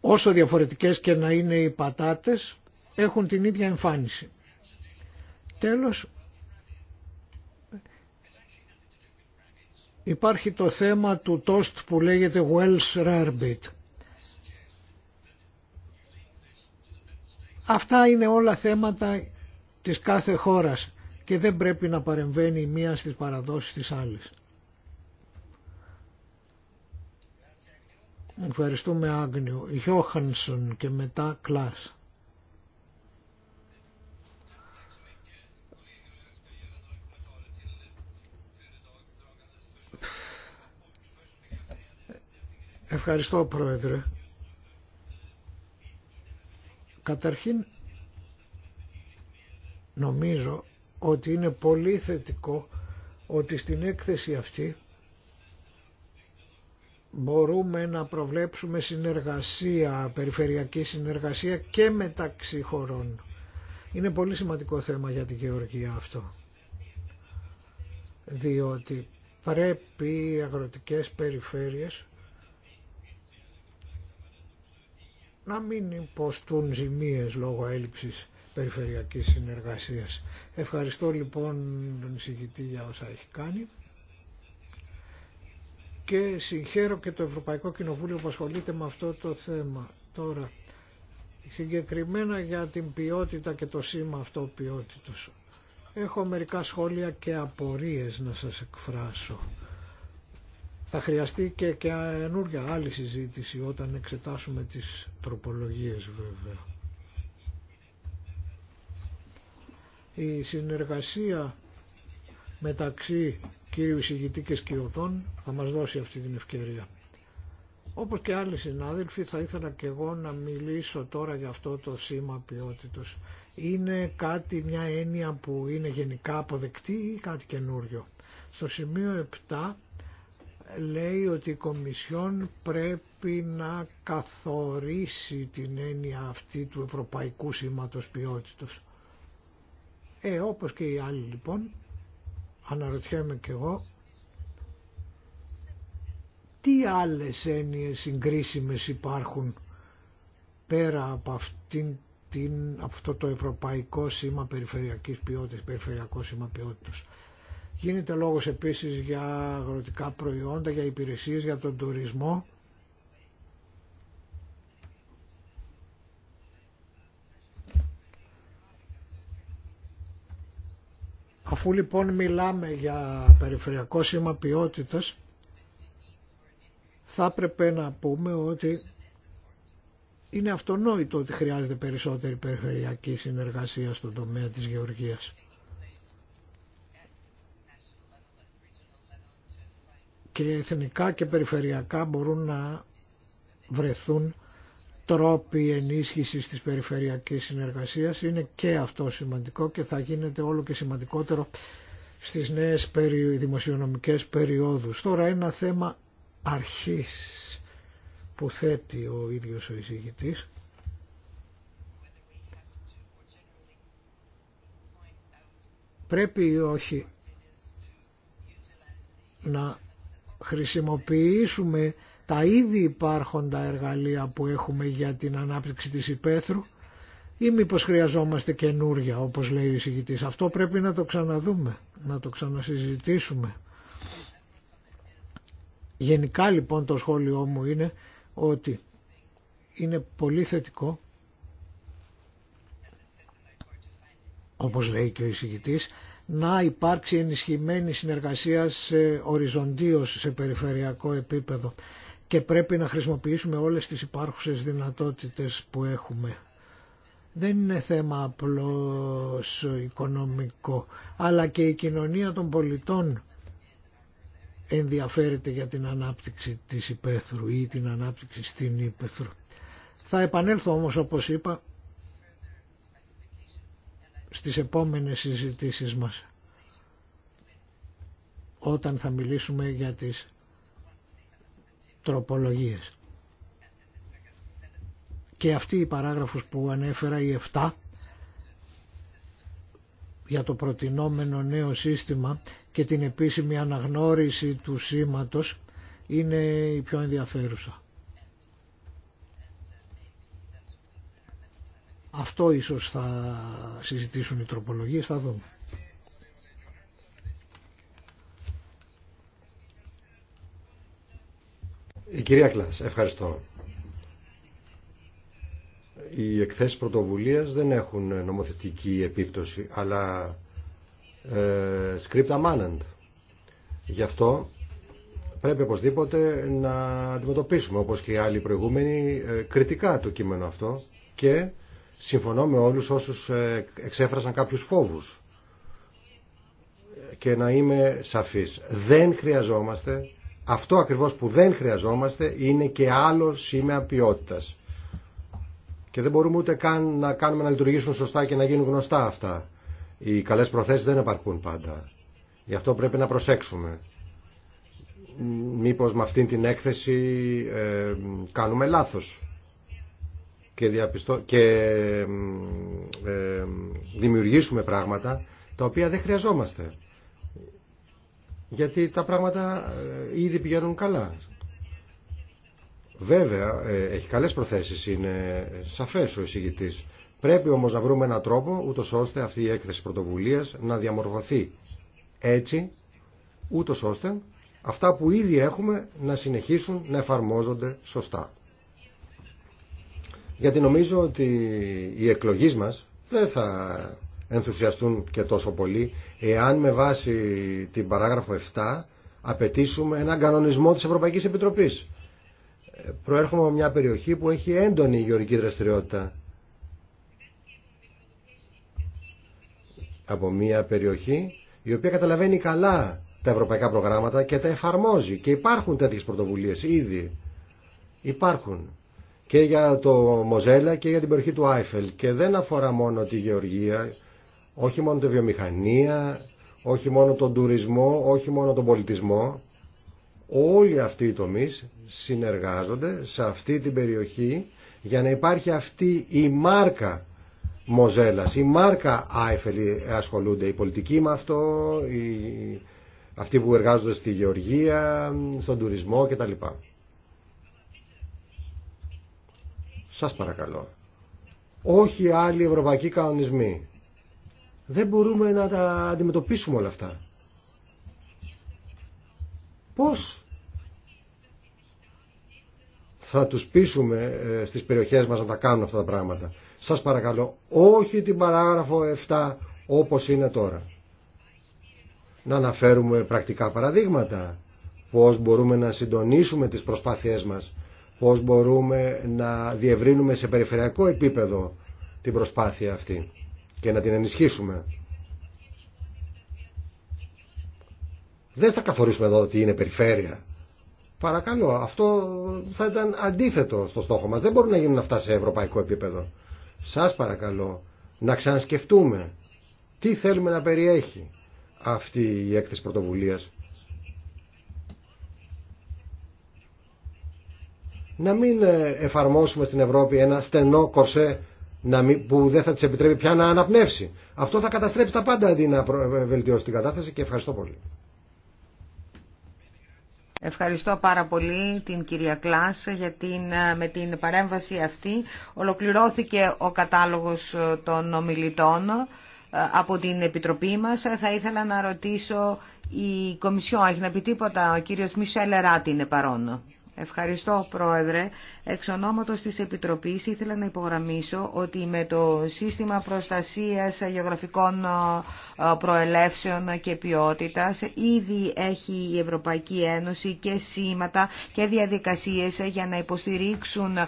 Όσο διαφορετικές και να είναι οι πατάτες έχουν την ίδια εμφάνιση. Τέλος Υπάρχει το θέμα του τόστ που λέγεται Wells Rarebit. Αυτά είναι όλα θέματα της κάθε χώρας και δεν πρέπει να παρεμβαίνει η μία στις παραδόσεις της άλλης. Ευχαριστούμε Άγνιο, Γιώχανσον και μετά Κλάς. Ευχαριστώ Πρόεδρε. Καταρχήν νομίζω ότι είναι πολύ θετικό ότι στην έκθεση αυτή μπορούμε να προβλέψουμε συνεργασία, περιφερειακή συνεργασία και μεταξύ χωρών. Είναι πολύ σημαντικό θέμα για τη Γεωργία αυτό. Διότι πρέπει οι αγροτικές περιφέρειες να μην υποστούν ζημίες λόγω έλλειψης περιφερειακής συνεργασίας. Ευχαριστώ λοιπόν τον συγκητή για όσα έχει κάνει και συγχαίρω και το Ευρωπαϊκό Κοινοβούλιο που ασχολείται με αυτό το θέμα. Τώρα, συγκεκριμένα για την ποιότητα και το σήμα αυτό ποιότητος. Έχω μερικά σχόλια και απορίες να σας εκφράσω θα χρειαστεί και ενούργια άλλη συζήτηση όταν εξετάσουμε τις τροπολογίες βέβαια. Η συνεργασία μεταξύ κύριου εισηγητή και σκιωτών θα μας δώσει αυτή την ευκαιρία. Όπως και άλλοι συνάδελφοι θα ήθελα και εγώ να μιλήσω τώρα για αυτό το σήμα ποιότητος. Είναι κάτι, μια έννοια που είναι γενικά αποδεκτή ή κάτι καινούριο. Στο σημείο 7 λέει ότι η Κομισιόν πρέπει να καθορίσει την έννοια αυτή του Ευρωπαϊκού Σήματος Ποιότητος. Ε, όπως και οι άλλοι λοιπόν, αναρωτιέμαι και εγώ, τι άλλες έννοιες συγκρίσιμες υπάρχουν πέρα από αυτήν την, αυτό το Ευρωπαϊκό Σήμα Περιφερειακής Ποιότητας, Περιφερειακό Σήμα Ποιότητας. Γίνεται λόγος επίσης για αγροτικά προϊόντα, για υπηρεσίες, για τον τουρισμό. Αφού λοιπόν μιλάμε για περιφερειακό σήμα ποιότητας, θα έπρεπε να πούμε ότι είναι αυτονόητο ότι χρειάζεται περισσότερη περιφερειακή συνεργασία στον τομέα της γεωργίας. και εθνικά και περιφερειακά μπορούν να βρεθούν τρόποι ενίσχυσης της περιφερειακής συνεργασίας είναι και αυτό σημαντικό και θα γίνεται όλο και σημαντικότερο στις νέες δημοσιονομικές περιόδους. Τώρα ένα θέμα αρχής που θέτει ο ίδιος ο εισηγητής πρέπει όχι να χρησιμοποιήσουμε τα ήδη υπάρχοντα εργαλεία που έχουμε για την ανάπτυξη της υπαίθρου ή μήπω χρειαζόμαστε καινούρια όπως λέει ο εισηγητής. Αυτό πρέπει να το ξαναδούμε, να το ξανασυζητήσουμε. Γενικά λοιπόν το σχόλιο μου είναι ότι είναι πολύ θετικό όπως λέει και ο εισηγητής να υπάρξει ενισχυμένη συνεργασία σε οριζοντίως σε περιφερειακό επίπεδο και πρέπει να χρησιμοποιήσουμε όλες τις υπάρχουσες δυνατότητες που έχουμε. Δεν είναι θέμα απλώς οικονομικό, αλλά και η κοινωνία των πολιτών ενδιαφέρεται για την ανάπτυξη της υπαίθρου ή την ανάπτυξη στην υπαίθρου. Θα επανέλθω όμως όπως είπα στις επόμενες συζητήσεις μας όταν θα μιλήσουμε για τις τροπολογίες. Και αυτή η παράγραφος που ανέφερα, η 7, για το προτινόμενο νέο σύστημα και την επίσημη αναγνώριση του σήματος είναι η πιο ενδιαφέρουσα. Αυτό ίσως θα συζητήσουν οι τροπολογίες, θα δούμε. Η κυρία Κλάς, ευχαριστώ. Οι εκθέσεις πρωτοβουλίας δεν έχουν νομοθετική επίπτωση, αλλά ε, scripta Γι' αυτό πρέπει οπωσδήποτε να αντιμετωπίσουμε, όπως και οι άλλοι προηγούμενοι, ε, κριτικά το κείμενο αυτό και συμφωνώ με όλους όσους ε, εξέφρασαν κάποιους φόβους και να είμαι σαφής. Δεν χρειαζόμαστε, αυτό ακριβώς που δεν χρειαζόμαστε είναι και άλλο σήμα ποιότητας. Και δεν μπορούμε ούτε καν να κάνουμε να λειτουργήσουν σωστά και να γίνουν γνωστά αυτά. Οι καλές προθέσεις δεν επαρκούν πάντα. Γι' αυτό πρέπει να προσέξουμε. Μήπως με αυτήν την έκθεση ε, κάνουμε λάθος και, και ε, δημιουργήσουμε πράγματα τα οποία δεν χρειαζόμαστε. Γιατί τα πράγματα ε, ήδη πηγαίνουν καλά. Βέβαια, ε, έχει καλές προθέσεις, είναι σαφές ο εισηγητής. Πρέπει όμως να βρούμε έναν τρόπο, ούτω ώστε αυτή η έκθεση πρωτοβουλίας να διαμορφωθεί έτσι, ούτω ώστε αυτά που ήδη έχουμε να συνεχίσουν να εφαρμόζονται σωστά γιατί νομίζω ότι οι εκλογείς μας δεν θα ενθουσιαστούν και τόσο πολύ εάν με βάση την παράγραφο 7 απαιτήσουμε έναν κανονισμό της Ευρωπαϊκής Επιτροπής. Ε, προέρχομαι από μια περιοχή που έχει έντονη γεωργική δραστηριότητα. Από μια περιοχή η οποία καταλαβαίνει καλά τα ευρωπαϊκά προγράμματα και τα εφαρμόζει. Και υπάρχουν τέτοιες πρωτοβουλίες ήδη. Υπάρχουν και για το Μοζέλα και για την περιοχή του Άιφελ και δεν αφορά μόνο τη γεωργία, όχι μόνο τη βιομηχανία, όχι μόνο τον τουρισμό, όχι μόνο τον πολιτισμό. Όλοι αυτοί οι τομείς συνεργάζονται σε αυτή την περιοχή για να υπάρχει αυτή η μάρκα Μοζέλα, η μάρκα Άιφελ ασχολούνται, η πολιτικοί με αυτό, οι... αυτοί που εργάζονται στη γεωργία, στον τουρισμό κτλ. Σας παρακαλώ. Όχι άλλοι ευρωπαϊκοί κανονισμοί. Δεν μπορούμε να τα αντιμετωπίσουμε όλα αυτά. Πώς θα τους πείσουμε ε, στις περιοχές μας να τα κάνουν αυτά τα πράγματα. Σας παρακαλώ, όχι την παράγραφο 7 όπως είναι τώρα. Να αναφέρουμε πρακτικά παραδείγματα, πώς μπορούμε να συντονίσουμε τις προσπάθειές μας πώς μπορούμε να διευρύνουμε σε περιφερειακό επίπεδο την προσπάθεια αυτή και να την ενισχύσουμε. Δεν θα καθορίσουμε εδώ ότι είναι περιφέρεια. Παρακαλώ, αυτό θα ήταν αντίθετο στο στόχο μας. Δεν μπορούν να γίνουν αυτά σε ευρωπαϊκό επίπεδο. Σας παρακαλώ να ξανασκεφτούμε τι θέλουμε να περιέχει αυτή η έκθεση πρωτοβουλίας να μην ε, εφαρμόσουμε στην Ευρώπη ένα στενό κορσέ που δεν θα τη επιτρέπει πια να αναπνεύσει. Αυτό θα καταστρέψει τα πάντα αντί να ε, βελτιώσει την κατάσταση και ευχαριστώ πολύ. Ευχαριστώ πάρα πολύ την κυρία Κλάς για την, ε, με την παρέμβαση αυτή. Ολοκληρώθηκε ο κατάλογος των ομιλητών από την Επιτροπή μας. Θα ήθελα να ρωτήσω η Κομισιόν, έχει να πει τίποτα, ο κύριος Μισελ Εράτη είναι παρόν. Ευχαριστώ Πρόεδρε. Εξ ονόματος της Επιτροπής ήθελα να υπογραμμίσω ότι με το σύστημα προστασίας γεωγραφικών ε, προελεύσεων και ποιότητας ήδη έχει η Ευρωπαϊκή Ένωση και σήματα και διαδικασίες για να υποστηρίξουν, ε,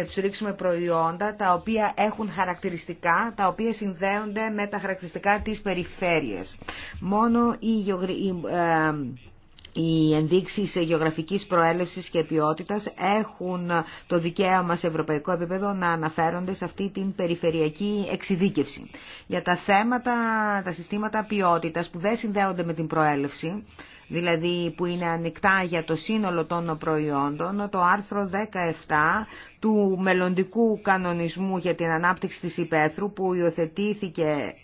υποστηρίξουμε προϊόντα τα οποία έχουν χαρακτηριστικά, τα οποία συνδέονται με τα χαρακτηριστικά της περιφέρειας. Μόνο η ε, οι ενδείξεις γεωγραφικής προέλευσης και ποιότητας έχουν το δικαίωμα σε ευρωπαϊκό επίπεδο να αναφέρονται σε αυτή την περιφερειακή εξειδίκευση. Για τα θέματα, τα συστήματα ποιότητας που δεν συνδέονται με την προέλευση, δηλαδή που είναι ανοιχτά για το σύνολο των προϊόντων, το άρθρο 17 του μελλοντικού κανονισμού για την ανάπτυξη της υπαίθρου που υιοθετήθηκε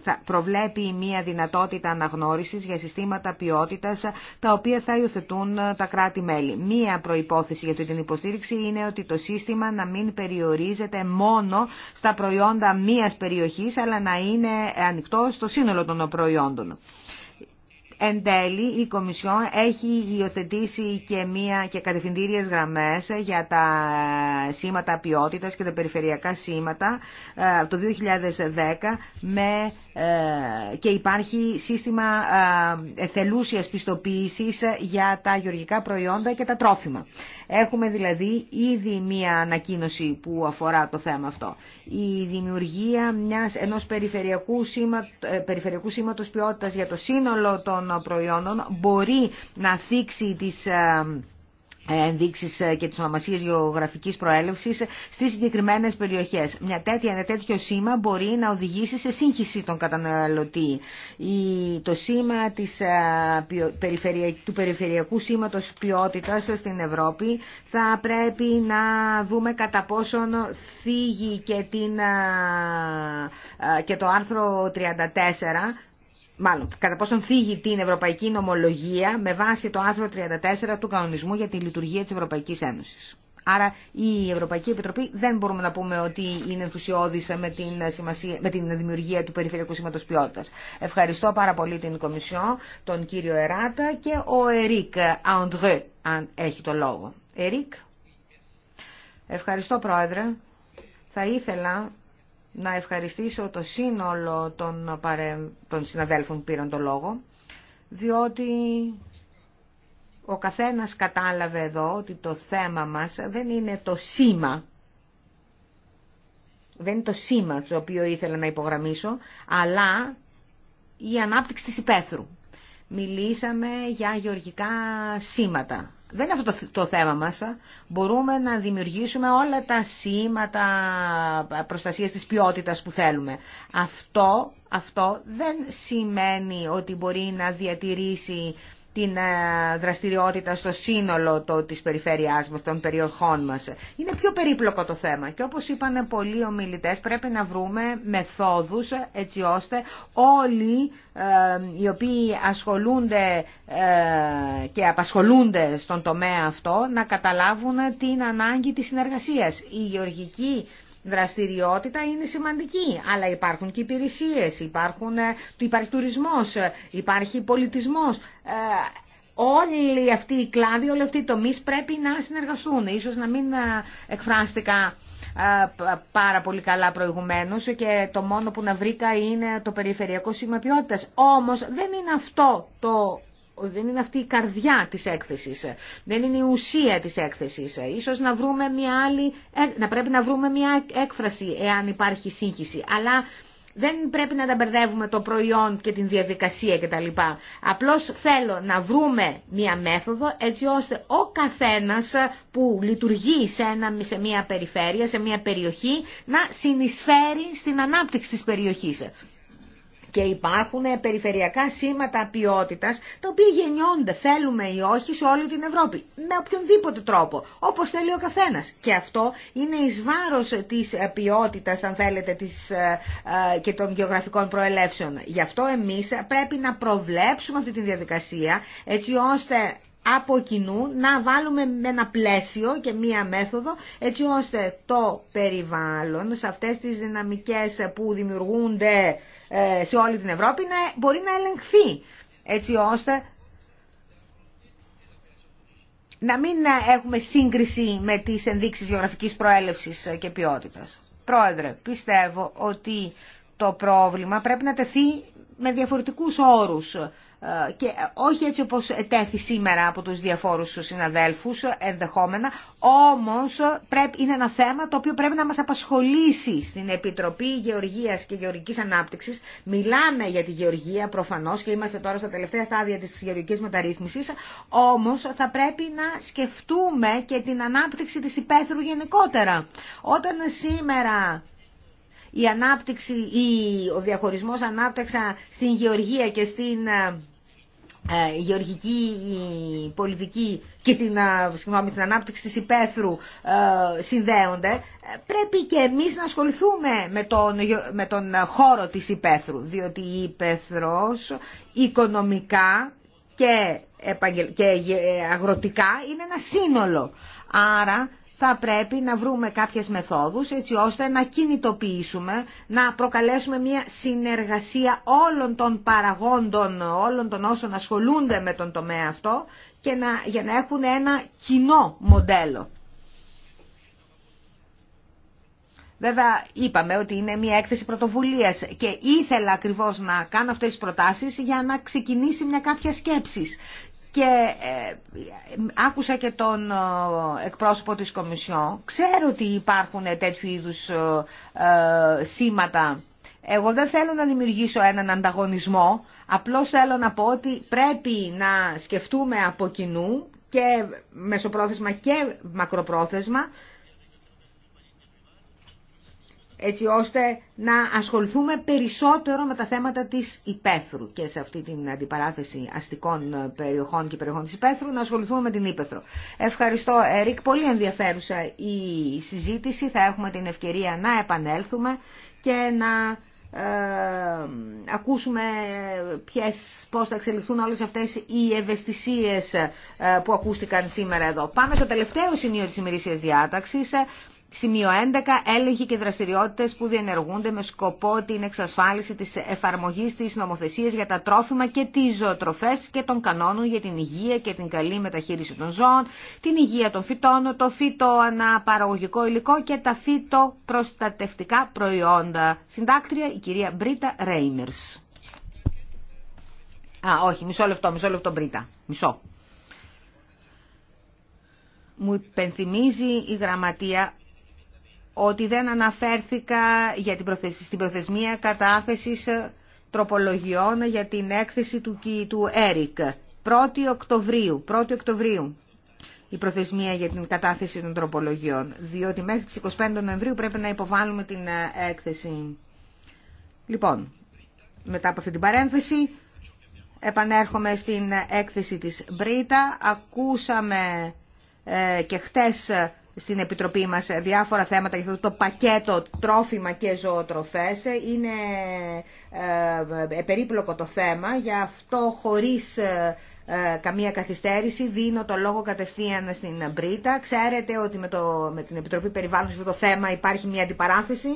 θα προβλέπει μια δυνατότητα αναγνώρισης για συστήματα ποιότητας τα οποία θα υιοθετούν ε, τα κράτη-μέλη. Μία προϋπόθεση για την υποστήριξη είναι ότι το σύστημα να μην περιορίζεται μόνο στα προϊόντα μίας περιοχής αλλά να είναι ανοιχτό στο σύνολο των προϊόντων. Εν τέλει, η Κομισιόν έχει υιοθετήσει και, μία, και κατευθυντήριες γραμμές για τα σήματα ποιότητας και τα περιφερειακά σήματα ε, από το 2010 με, ε, και υπάρχει σύστημα ε, εθελούσιας πιστοποίησης για τα γεωργικά προϊόντα και τα τρόφιμα. Έχουμε δηλαδή ήδη μία ανακοίνωση που αφορά το θέμα αυτό. Η δημιουργία μιας, ενός περιφερειακού, σήμα, ε, περιφερειακού σήματος ποιότητας για το σύνολο των προϊόντων μπορεί να θίξει τις ε, Ενδείξει ε, και τις ονομασίες γεωγραφικής προέλευση στις συγκεκριμένε περιοχές. Μια τέτοια, ένα τέτοιο σήμα μπορεί να οδηγήσει σε σύγχυση των καταναλωτή. το σήμα της, ε, του περιφερειακού σήματο Ποιότητα στην Ευρώπη θα πρέπει να δούμε κατά πόσον θίγει και, την, ε, και το άρθρο 34 μάλλον κατά πόσον θίγει την Ευρωπαϊκή Νομολογία με βάση το άρθρο 34 του κανονισμού για τη λειτουργία της Ευρωπαϊκής Ένωσης. Άρα η Ευρωπαϊκή Επιτροπή δεν μπορούμε να πούμε ότι είναι ενθουσιώδης με την, σημασία, με την δημιουργία του Περιφερειακού Σήματος Ποιότητας. Ευχαριστώ πάρα πολύ την Κομισιό, τον κύριο Εράτα και ο Ερίκ Αντρέ, αν έχει το λόγο. Ερίκ. Ευχαριστώ Πρόεδρε. Θα ήθελα να ευχαριστήσω το σύνολο των, συναδέλφων που πήραν το λόγο, διότι ο καθένας κατάλαβε εδώ ότι το θέμα μας δεν είναι το σήμα, δεν είναι το σήμα το οποίο ήθελα να υπογραμμίσω, αλλά η ανάπτυξη της υπαίθρου. Μιλήσαμε για γεωργικά σήματα, δεν είναι αυτό το, θέμα μας. Μπορούμε να δημιουργήσουμε όλα τα σήματα προστασίας της ποιότητας που θέλουμε. Αυτό, αυτό δεν σημαίνει ότι μπορεί να διατηρήσει την ε, δραστηριότητα στο σύνολο το, της περιφέρειάς μας, των περιοχών μας. Είναι πιο περίπλοκο το θέμα και όπως είπαν πολλοί ομιλητές πρέπει να βρούμε μεθόδους έτσι ώστε όλοι ε, οι οποίοι ασχολούνται ε, και απασχολούνται στον τομέα αυτό να καταλάβουν την ανάγκη της συνεργασίας. Η γεωργική δραστηριότητα είναι σημαντική, αλλά υπάρχουν και υπηρεσίες, υπάρχουν, ε, υπάρχει τουρισμός, ε, υπάρχει πολιτισμός. Ε, όλοι αυτοί οι κλάδοι, όλοι αυτοί οι τομείς πρέπει να συνεργαστούν. Ίσως να μην εκφράστηκα πάρα πολύ καλά προηγουμένω και το μόνο που να βρήκα είναι το περιφερειακό σήμα ποιότητα. Όμω δεν είναι αυτό το δεν είναι αυτή η καρδιά της έκθεσης, δεν είναι η ουσία της έκθεσης. Ίσως να, βρούμε μια άλλη, να πρέπει να βρούμε μια έκφραση εάν υπάρχει σύγχυση, αλλά δεν πρέπει να τα μπερδεύουμε το προϊόν και την διαδικασία κτλ. Απλώς θέλω να βρούμε μια μέθοδο έτσι ώστε ο καθένας που λειτουργεί σε, ένα, σε μια περιφέρεια, σε μια περιοχή να συνεισφέρει στην ανάπτυξη της περιοχής και υπάρχουν περιφερειακά σήματα ποιότητα τα οποία γεννιόνται θέλουμε ή όχι σε όλη την Ευρώπη με οποιονδήποτε τρόπο όπως θέλει ο καθένας και αυτό είναι ει βάρο της ε, ποιότητα, αν θέλετε ε, ε, και των γεωγραφικών προελεύσεων γι' αυτό εμείς πρέπει να προβλέψουμε αυτή τη διαδικασία έτσι ώστε από κοινού να βάλουμε με ένα πλαίσιο και μία μέθοδο έτσι ώστε το περιβάλλον σε αυτές τις δυναμικές που δημιουργούνται ε, σε όλη την Ευρώπη να μπορεί να ελεγχθεί έτσι ώστε να μην έχουμε σύγκριση με τις ενδείξεις γεωγραφικής προέλευσης και ποιότητας. Πρόεδρε, πιστεύω ότι το πρόβλημα πρέπει να τεθεί με διαφορετικούς όρους ε, και όχι έτσι όπως ετέθη σήμερα από τους διαφόρους συναδέλφους ε, ενδεχόμενα, όμως πρέπει, είναι ένα θέμα το οποίο πρέπει να μας απασχολήσει στην Επιτροπή Γεωργίας και Γεωργικής Ανάπτυξης. Μιλάμε για τη γεωργία προφανώς και είμαστε τώρα στα τελευταία στάδια της γεωργικής μεταρρύθμισης, όμως θα πρέπει να σκεφτούμε και την ανάπτυξη της υπαίθρου γενικότερα. Όταν σήμερα η ανάπτυξη, η, ο διαχωρισμός ανάπτυξα στην γεωργία και στην ε, ε, γεωργική πολιτική και στην, ε, συγγνώμη, στην ανάπτυξη της υπαίθρου συνδέονται, πρέπει και εμείς να ασχοληθούμε με τον, με χώρο της υπαίθρου, διότι η υπαίθρος οικονομικά και, και αγροτικά είναι ένα σύνολο. Άρα θα πρέπει να βρούμε κάποιες μεθόδους έτσι ώστε να κινητοποιήσουμε, να προκαλέσουμε μια συνεργασία όλων των παραγόντων, όλων των όσων ασχολούνται με τον τομέα αυτό και να, για να έχουν ένα κοινό μοντέλο. Βέβαια είπαμε ότι είναι μια έκθεση πρωτοβουλίας και ήθελα ακριβώς να κάνω αυτές τις προτάσεις για να ξεκινήσει μια κάποια σκέψη και ε, άκουσα και τον ε, εκπρόσωπο της Κομισιόν. Ξέρω ότι υπάρχουν τέτοιου είδους ε, σήματα. Εγώ δεν θέλω να δημιουργήσω έναν ανταγωνισμό, απλώς θέλω να πω ότι πρέπει να σκεφτούμε από κοινού και μεσοπρόθεσμα και μακροπρόθεσμα έτσι ώστε να ασχοληθούμε περισσότερο με τα θέματα της υπαίθρου και σε αυτή την αντιπαράθεση αστικών περιοχών και περιοχών της υπαίθρου να ασχοληθούμε με την υπαίθρο. Ευχαριστώ Ερικ, πολύ ενδιαφέρουσα η συζήτηση, θα έχουμε την ευκαιρία να επανέλθουμε και να ε, ακούσουμε ποιες, πώς θα εξελιχθούν όλες αυτές οι ευαισθησίες ε, που ακούστηκαν σήμερα εδώ. Πάμε στο τελευταίο σημείο της ημερήσιας διάταξης Σημείο 11. Έλεγχοι και δραστηριότητε που διενεργούνται με σκοπό την εξασφάλιση της εφαρμογής τη νομοθεσία για τα τρόφιμα και τις ζωοτροφές και των κανόνων για την υγεία και την καλή μεταχείριση των ζώων, την υγεία των φυτών, το αναπαραγωγικό υλικό και τα φυτοπροστατευτικά προϊόντα. Συντάκτρια η κυρία Μπρίτα Ρέιμερ. Α, όχι, μισό λεπτό, μισό λεπτό Μπρίτα. Μισό. Μου υπενθυμίζει η γραμματεία ότι δεν αναφέρθηκα για την στην προθεσμία κατάθεσης ε, τροπολογιών για την έκθεση του, του ΕΡΙΚ. 1η Οκτωβρίου, 1η Οκτωβρίου η προθεσμία για την κατάθεση των τροπολογιών, διότι μέχρι τις 25 Νοεμβρίου πρέπει να υποβάλουμε την ε, έκθεση. Λοιπόν, μετά από αυτή την παρένθεση, επανέρχομαι στην ε, έκθεση της Μπρίτα. Ακούσαμε και χτες στην Επιτροπή μας διάφορα θέματα για αυτό το πακέτο τρόφιμα και ζωοτροφές. Είναι ε, ε περίπλοκο το θέμα, γι' αυτό χωρίς ε, ε, καμία καθυστέρηση δίνω το λόγο κατευθείαν στην Μπρίτα. Ξέρετε ότι με, το, με την Επιτροπή Περιβάλλοντος αυτό το θέμα υπάρχει μια αντιπαράθεση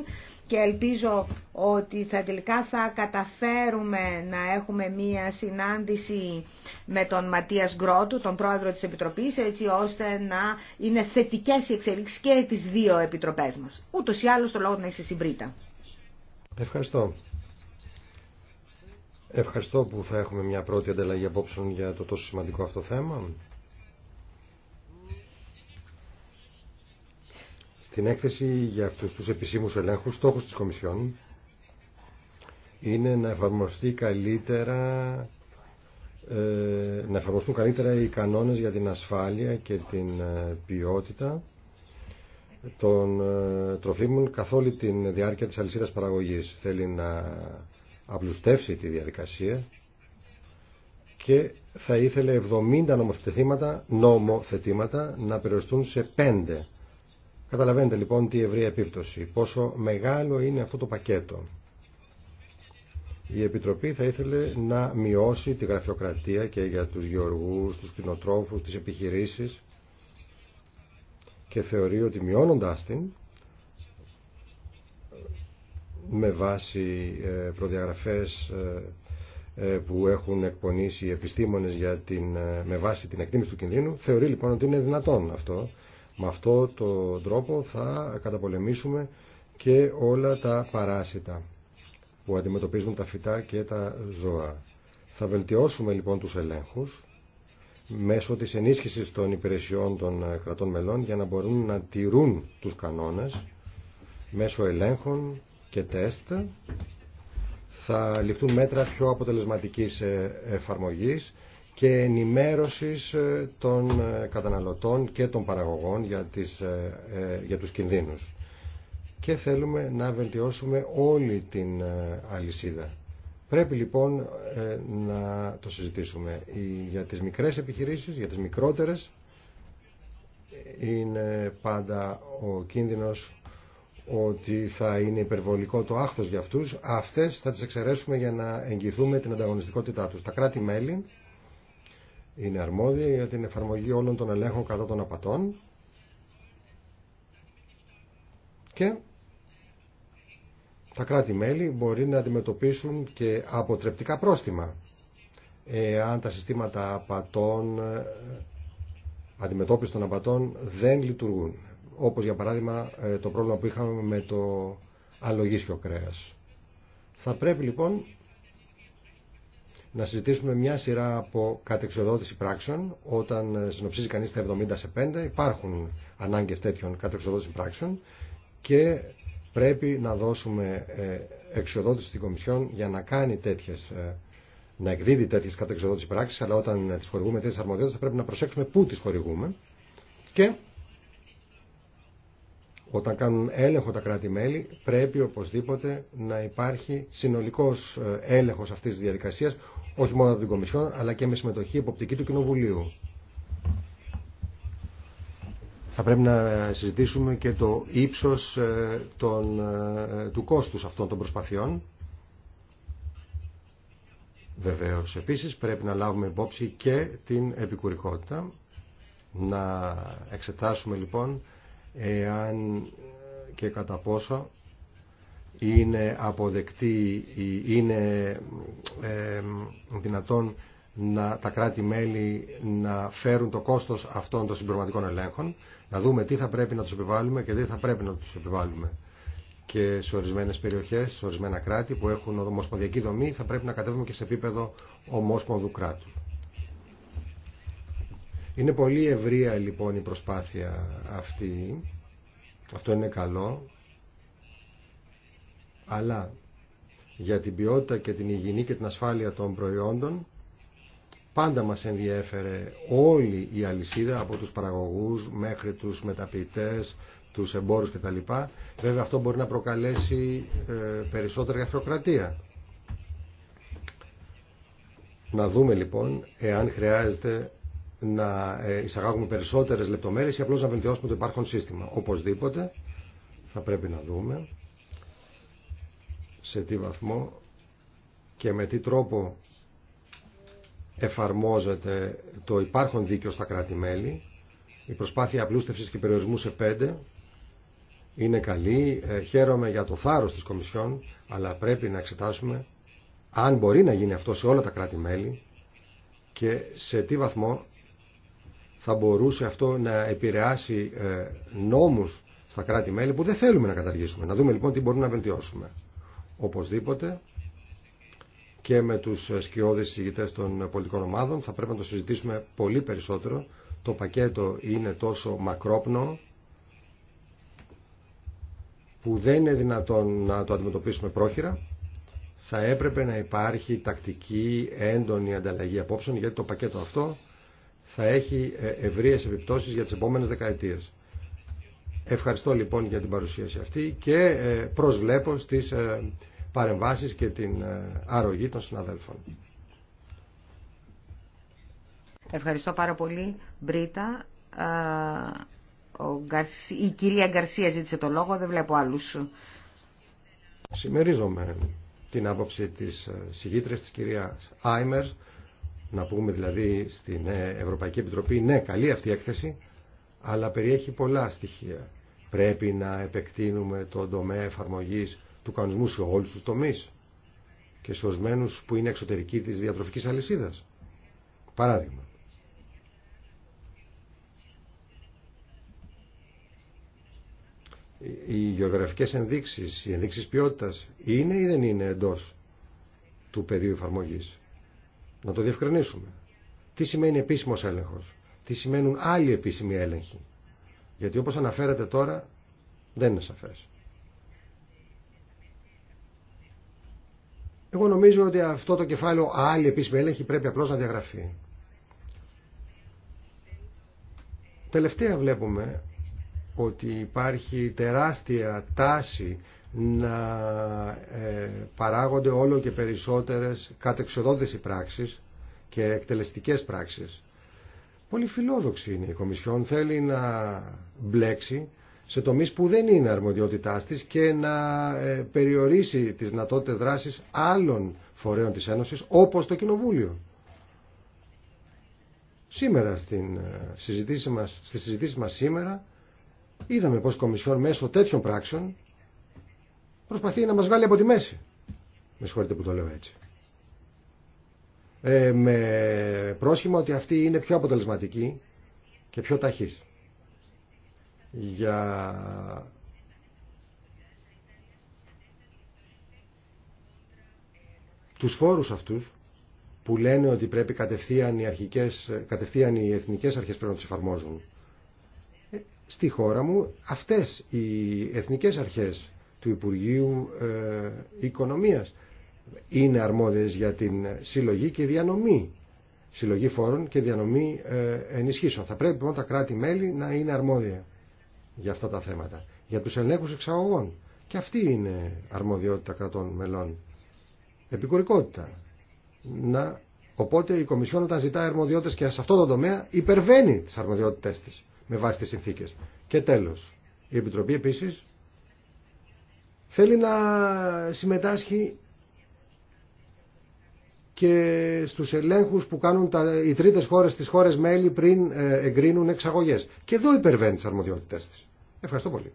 και ελπίζω ότι θα τελικά θα καταφέρουμε να έχουμε μία συνάντηση με τον Ματίας Γκρότου, τον πρόεδρο της Επιτροπής, έτσι ώστε να είναι θετικές οι εξελίξεις και τις δύο επιτροπές μας. Ούτως ή άλλως το λόγο να είσαι συμπρίτα. Ευχαριστώ. Ευχαριστώ που θα έχουμε μια πρώτη ανταλλαγή απόψεων για το τόσο σημαντικό αυτό θέμα. την έκθεση για αυτούς τους επισήμους ελέγχους. Στόχος της Κομισιόν είναι να εφαρμοστεί καλύτερα ε, να εφαρμοστούν καλύτερα οι κανόνες για την ασφάλεια και την ε, ποιότητα των ε, τροφίμων καθ' όλη τη διάρκεια της αλυσίδας παραγωγής. Θέλει να απλουστεύσει τη διαδικασία και θα ήθελε 70 νομοθετήματα, νομοθετήματα να περιοριστούν σε 5 Καταλαβαίνετε λοιπόν τι ευρία επίπτωση, πόσο μεγάλο είναι αυτό το πακέτο. Η Επιτροπή θα ήθελε να μειώσει τη γραφειοκρατία και για τους γεωργούς, τους κτηνοτρόφους, τις επιχειρήσεις και θεωρεί ότι μειώνοντας την με βάση ε, προδιαγραφές ε, ε, που έχουν εκπονήσει οι επιστήμονες για την, με βάση την εκτίμηση του κινδύνου θεωρεί λοιπόν ότι είναι δυνατόν αυτό με αυτό τον τρόπο θα καταπολεμήσουμε και όλα τα παράσιτα που αντιμετωπίζουν τα φυτά και τα ζώα. Θα βελτιώσουμε λοιπόν τους ελέγχους μέσω της ενίσχυσης των υπηρεσιών των κρατών μελών για να μπορούν να τηρούν τους κανόνες μέσω ελέγχων και τεστ θα ληφθούν μέτρα πιο αποτελεσματικής ε, εφαρμογής και ενημέρωσης ε, των ε, καταναλωτών και των παραγωγών για, τις, ε, για τους κινδύνους. Και θέλουμε να βελτιώσουμε όλη την αλυσίδα. Πρέπει λοιπόν να το συζητήσουμε για τις μικρές επιχειρήσεις, για τις μικρότερες. Είναι πάντα ο κίνδυνος ότι θα είναι υπερβολικό το άχθος για αυτούς. Αυτές θα τις εξαιρέσουμε για να εγγυηθούμε την ανταγωνιστικότητά τους. Τα κράτη-μέλη είναι αρμόδια για την εφαρμογή όλων των ελέγχων κατά των απατών και τα κράτη-μέλη μπορεί να αντιμετωπίσουν και αποτρεπτικά πρόστιμα αν τα συστήματα απατών, αντιμετώπιση των απατών δεν λειτουργούν. Όπως για παράδειγμα ε, το πρόβλημα που είχαμε με το αλογίσιο κρέας. Θα πρέπει λοιπόν να συζητήσουμε μια σειρά από κατεξοδότηση πράξεων. Όταν συνοψίζει κανείς τα 70 σε 5 υπάρχουν ανάγκες τέτοιων κατεξοδότηση πράξεων και πρέπει να δώσουμε ε, εξοδότηση στην Κομισιόν για να κάνει τέτοιες ε, να εκδίδει τέτοιε κατεξοδότηση πράξεις αλλά όταν τι χορηγούμε τέτοιε αρμοδιότητε θα πρέπει να προσέξουμε πού τι χορηγούμε και όταν κάνουν έλεγχο τα κράτη-μέλη πρέπει οπωσδήποτε να υπάρχει συνολικός ε, έλεγχος αυτής της διαδικασίας όχι μόνο από την Κομισιόν, αλλά και με συμμετοχή υποπτική του Κοινοβουλίου. Θα πρέπει να συζητήσουμε και το ύψος ε, των, ε, του κόστους αυτών των προσπαθειών. Βεβαίως, επίσης, πρέπει να λάβουμε υπόψη και την επικουρικότητα. Να εξετάσουμε, λοιπόν, εάν και κατά πόσο είναι αποδεκτή ή είναι δυνατόν να, τα κράτη-μέλη να φέρουν το κόστος αυτών των συμπληρωματικών ελέγχων, να δούμε τι θα πρέπει να τους επιβάλλουμε και τι θα πρέπει να τους επιβάλλουμε. Και σε ορισμένε περιοχέ, σε ορισμένα κράτη που έχουν ομοσπονδιακή δομή, θα πρέπει να κατέβουμε και σε επίπεδο ομόσπονδου κράτου. Είναι πολύ ευρεία λοιπόν η προσπάθεια αυτή. Αυτό είναι καλό αλλά για την ποιότητα και την υγιεινή και την ασφάλεια των προϊόντων πάντα μας ενδιέφερε όλη η αλυσίδα από τους παραγωγούς μέχρι τους μεταποιητές, τους εμπόρους κτλ. Βέβαια αυτό μπορεί να προκαλέσει ε, περισσότερη αφροκρατία. Να δούμε λοιπόν εάν χρειάζεται να ε, εισαγάγουμε περισσότερες λεπτομέρειες ή απλώς να βελτιώσουμε το υπάρχον σύστημα. Οπωσδήποτε θα πρέπει να δούμε σε τι βαθμό και με τι τρόπο εφαρμόζεται το υπάρχον δίκαιο στα κράτη-μέλη. Η προσπάθεια απλούστευσης και περιορισμού σε πέντε είναι καλή. Ε, χαίρομαι για το θάρρος της Κομισιόν, αλλά πρέπει να εξετάσουμε αν μπορεί να γίνει αυτό σε όλα τα κράτη-μέλη και σε τι βαθμό θα μπορούσε αυτό να επηρεάσει ε, νόμους στα κράτη-μέλη που δεν θέλουμε να καταργήσουμε. Να δούμε λοιπόν τι μπορούμε να βελτιώσουμε. Οπωσδήποτε και με τους σκιώδεις συζητητές των πολιτικών ομάδων θα πρέπει να το συζητήσουμε πολύ περισσότερο. Το πακέτο είναι τόσο μακρόπνο που δεν είναι δυνατόν να το αντιμετωπίσουμε πρόχειρα. Θα έπρεπε να υπάρχει τακτική έντονη ανταλλαγή απόψεων γιατί το πακέτο αυτό θα έχει ε, ευρείες επιπτώσεις για τις επόμενες δεκαετίες. Ευχαριστώ λοιπόν για την παρουσίαση αυτή και ε, προσβλέπω στις ε, παρεμβάσεις και την ε, αρρωγή των συναδέλφων. Ευχαριστώ πάρα πολύ, Μπρίτα. Η κυρία Γκαρσία ζήτησε το λόγο, δεν βλέπω άλλους. Σημερίζομαι την άποψη της συγγήτρες της κυρίας Άιμερ, να πούμε δηλαδή στην Ευρωπαϊκή Επιτροπή, ναι, καλή αυτή η έκθεση, αλλά περιέχει πολλά στοιχεία Πρέπει να επεκτείνουμε τον τομέα εφαρμογής του κανονισμού σε όλους τους τομείς και σε ορισμένου που είναι εξωτερικοί της διατροφικής αλυσίδας. Παράδειγμα. Οι γεωγραφικές ενδείξεις, οι ενδείξεις ποιότητας είναι ή δεν είναι εντός του πεδίου εφαρμογής. Να το διευκρινίσουμε. Τι σημαίνει επίσημος έλεγχος. Τι σημαίνουν άλλοι επίσημοι έλεγχοι. Γιατί όπως αναφέρατε τώρα δεν είναι σαφές. Εγώ νομίζω ότι αυτό το κεφάλαιο άλλη επίσημη έλεγχη πρέπει απλώς να διαγραφεί. Τελευταία βλέπουμε ότι υπάρχει τεράστια τάση να ε, παράγονται όλο και περισσότερες οι πράξεις και εκτελεστικές πράξεις. Πολύ φιλόδοξη είναι η Κομισιόν. Θέλει να μπλέξει σε τομείς που δεν είναι αρμοδιότητά της και να ε, περιορίσει τις δυνατότητε δράσης άλλων φορέων της Ένωσης όπως το Κοινοβούλιο. Σήμερα στην ε, συζητήση μας, στη συζητήση μας σήμερα είδαμε πως η Κομισιόν μέσω τέτοιων πράξεων προσπαθεί να μας βγάλει από τη μέση. Με συγχωρείτε που το λέω έτσι. Ε, με πρόσχημα ότι αυτή είναι πιο αποτελεσματική και πιο ταχύς. Για τους φόρους αυτούς που λένε ότι πρέπει κατευθείαν οι, αρχικές, κατευθείαν οι εθνικές αρχές πρέπει να τους εφαρμόζουν. Ε, στη χώρα μου αυτές οι εθνικές αρχές του Υπουργείου ε, Οικονομίας είναι αρμόδιες για την συλλογή και διανομή συλλογή φόρων και διανομή ε, ενισχύσεων. Θα πρέπει λοιπόν τα κράτη-μέλη να είναι αρμόδια για αυτά τα θέματα. Για τους ελέγχους εξαγωγών. Και αυτή είναι αρμοδιότητα κρατών μελών. Επικουρικότητα. Να... Οπότε η Κομισιόν όταν ζητά αρμοδιότητες και σε αυτό το τομέα υπερβαίνει τις αρμοδιότητες της με βάση τις συνθήκες. Και τέλος, η Επιτροπή επίσης θέλει να συμμετάσχει και στους ελέγχους που κάνουν τα, οι τρίτες χώρες στις χώρες μέλη πριν ε, εγκρίνουν εξαγωγές. Και εδώ υπερβαίνει τις αρμοδιότητές της. Ευχαριστώ πολύ.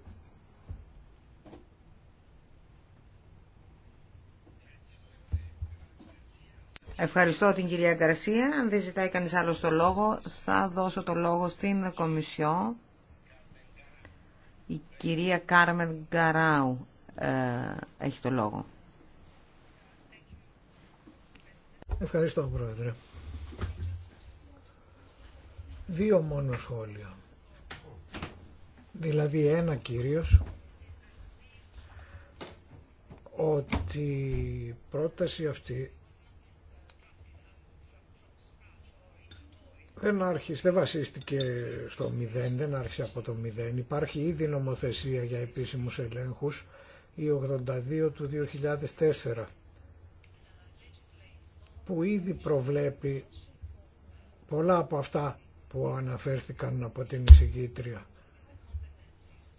Ευχαριστώ την κυρία Γκαρσία. Αν δεν ζητάει κανείς άλλο το λόγο, θα δώσω το λόγο στην Κομισιό. Η κυρία Κάρμεν Γκαράου ε, έχει το λόγο. Ευχαριστώ Πρόεδρε. Δύο μόνο σχόλια. Δηλαδή ένα κυρίως ότι η πρόταση αυτή δεν άρχισε, δεν βασίστηκε στο μηδέν, δεν άρχισε από το μηδέν. Υπάρχει ήδη νομοθεσία για επίσημους ελέγχους η 82 του 2004 που ήδη προβλέπει πολλά από αυτά που αναφέρθηκαν από την εισηγήτρια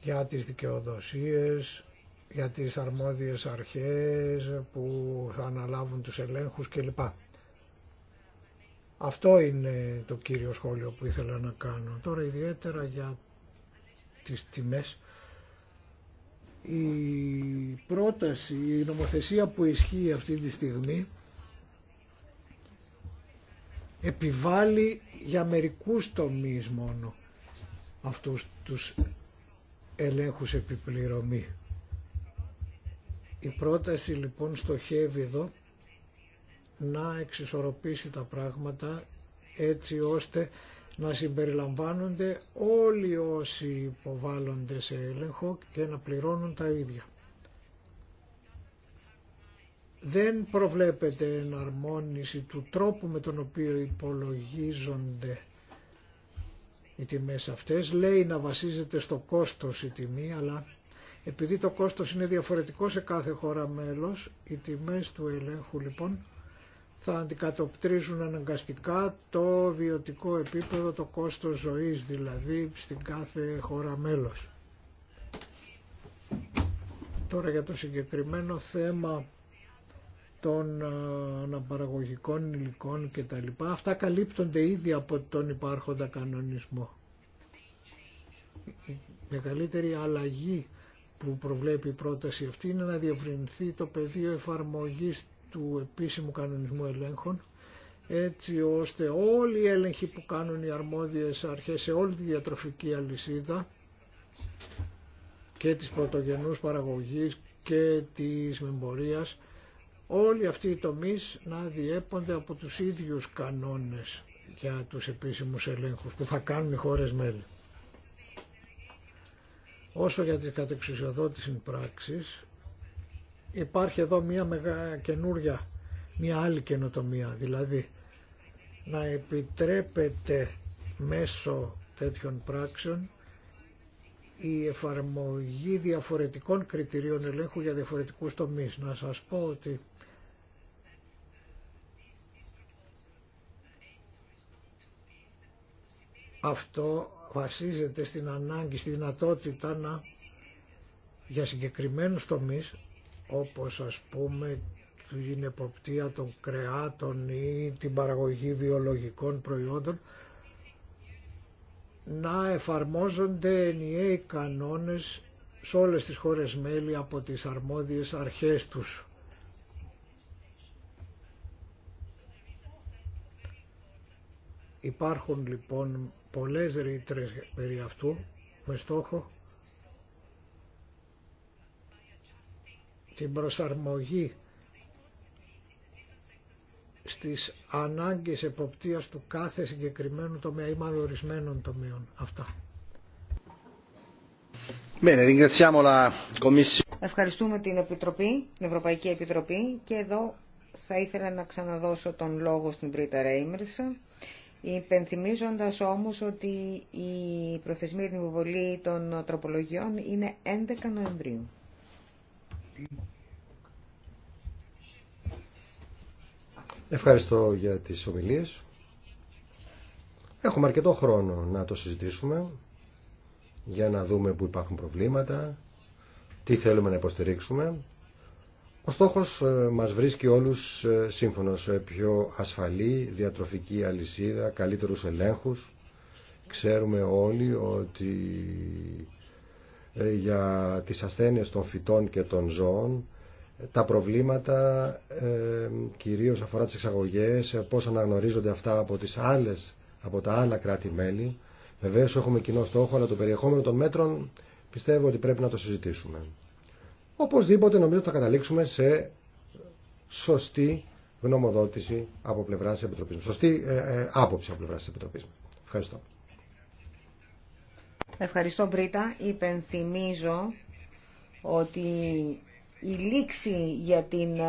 για τις δικαιοδοσίες, για τις αρμόδιες αρχές που θα αναλάβουν τους ελέγχους κλπ. Αυτό είναι το κύριο σχόλιο που ήθελα να κάνω. Τώρα ιδιαίτερα για τις τιμές. Η πρόταση, η νομοθεσία που ισχύει αυτή τη στιγμή επιβάλλει για μερικούς τομείς μόνο αυτούς τους ελέγχους επιπληρωμή. Η πρόταση λοιπόν στοχεύει εδώ να εξισορροπήσει τα πράγματα έτσι ώστε να συμπεριλαμβάνονται όλοι όσοι υποβάλλονται σε έλεγχο και να πληρώνουν τα ίδια δεν προβλέπεται εναρμόνιση του τρόπου με τον οποίο υπολογίζονται οι τιμές αυτές. Λέει να βασίζεται στο κόστος η τιμή, αλλά επειδή το κόστος είναι διαφορετικό σε κάθε χώρα μέλος, οι τιμές του ελέγχου λοιπόν θα αντικατοπτρίζουν αναγκαστικά το βιωτικό επίπεδο, το κόστος ζωής δηλαδή στην κάθε χώρα μέλος. Τώρα για το συγκεκριμένο θέμα των ε, αναπαραγωγικών υλικών κτλ. Αυτά καλύπτονται ήδη από τον υπάρχοντα κανονισμό. Η μεγαλύτερη αλλαγή που προβλέπει η πρόταση αυτή είναι να διευρυνθεί το πεδίο εφαρμογής του επίσημου κανονισμού ελέγχων έτσι ώστε όλοι οι έλεγχοι που κάνουν οι αρμόδιες αρχές σε όλη τη διατροφική αλυσίδα και της πρωτογενούς παραγωγής και της μεμπορίας όλοι αυτοί οι τομείς να διέπονται από τους ίδιους κανόνες για τους επίσημους ελέγχους που θα κάνουν οι χώρες μέλη. Όσο για τις κατεξουσιοδότηση πράξη. υπάρχει εδώ μια μεγάλη καινούρια, μια άλλη καινοτομία, δηλαδή να επιτρέπεται μέσω τέτοιων πράξεων η εφαρμογή διαφορετικών κριτηρίων ελέγχου για διαφορετικούς τομείς. Να σας πω ότι Αυτό βασίζεται στην ανάγκη, στη δυνατότητα να για συγκεκριμένους τομείς όπως ας πούμε την εποπτεία των κρεάτων ή την παραγωγή βιολογικών προϊόντων να εφαρμόζονται ενιαίοι κανόνες σε όλες τις χώρες μέλη από τις αρμόδιες αρχές τους. Υπάρχουν λοιπόν πολλές ρήτρες περί αυτού με στόχο την προσαρμογή στις ανάγκες εποπτείας του κάθε συγκεκριμένου τομέα ή μάλλον ορισμένων τομέων. Αυτά. Ευχαριστούμε την Επιτροπή, την Ευρωπαϊκή Επιτροπή και εδώ θα ήθελα να ξαναδώσω τον λόγο στην Πρίτα Ρέιμερς. Υπενθυμίζοντας όμως ότι η προθεσμία υποβολή των τροπολογιών είναι 11 Νοεμβρίου. Ευχαριστώ για τις ομιλίες. Έχουμε αρκετό χρόνο να το συζητήσουμε για να δούμε που υπάρχουν προβλήματα, τι θέλουμε να υποστηρίξουμε ο στόχος ε, μας βρίσκει όλους ε, σύμφωνο σε πιο ασφαλή διατροφική αλυσίδα, καλύτερους ελέγχους. Ξέρουμε όλοι ότι ε, για τις ασθένειες των φυτών και των ζώων τα προβλήματα ε, κυρίως αφορά τις εξαγωγές, πώς αναγνωρίζονται αυτά από, τις άλλες, από τα άλλα κράτη-μέλη. Βεβαίως έχουμε κοινό στόχο, αλλά το περιεχόμενο των μέτρων πιστεύω ότι πρέπει να το συζητήσουμε. Οπωσδήποτε νομίζω ότι θα καταλήξουμε σε σωστή γνωμοδότηση από πλευρά τη Επιτροπή. Σωστή ε, ε, άποψη από πλευρά τη Επιτροπή. Ευχαριστώ. Ευχαριστώ Μπρίτα. Υπενθυμίζω ότι η λήξη για την ε,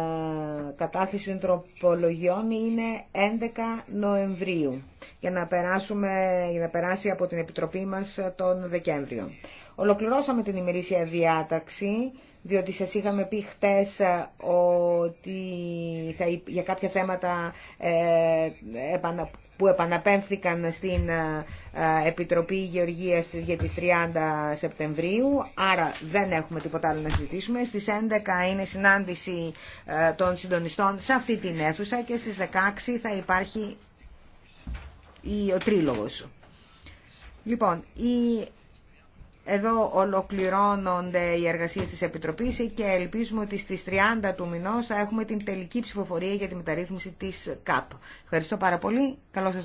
κατάθεση των τροπολογιών είναι 11 Νοεμβρίου για να, περάσουμε, για να περάσει από την Επιτροπή μας τον Δεκέμβριο. Ολοκληρώσαμε την ημερήσια διάταξη διότι σας είχαμε πει χτες ε, ότι θα, για κάποια θέματα ε, που επαναπέμφθηκαν στην ε, Επιτροπή Γεωργίας για τις 30 Σεπτεμβρίου, άρα δεν έχουμε τίποτα άλλο να συζητήσουμε. Στις 11 είναι συνάντηση των συντονιστών σε αυτή την αίθουσα και στις 16 θα υπάρχει ο τρίλογος. Λοιπόν, η εδώ ολοκληρώνονται οι εργασίες της Επιτροπής και ελπίζουμε ότι στις 30 του μηνός θα έχουμε την τελική ψηφοφορία για τη μεταρρύθμιση της ΚΑΠ. Ευχαριστώ πάρα πολύ. Καλό σας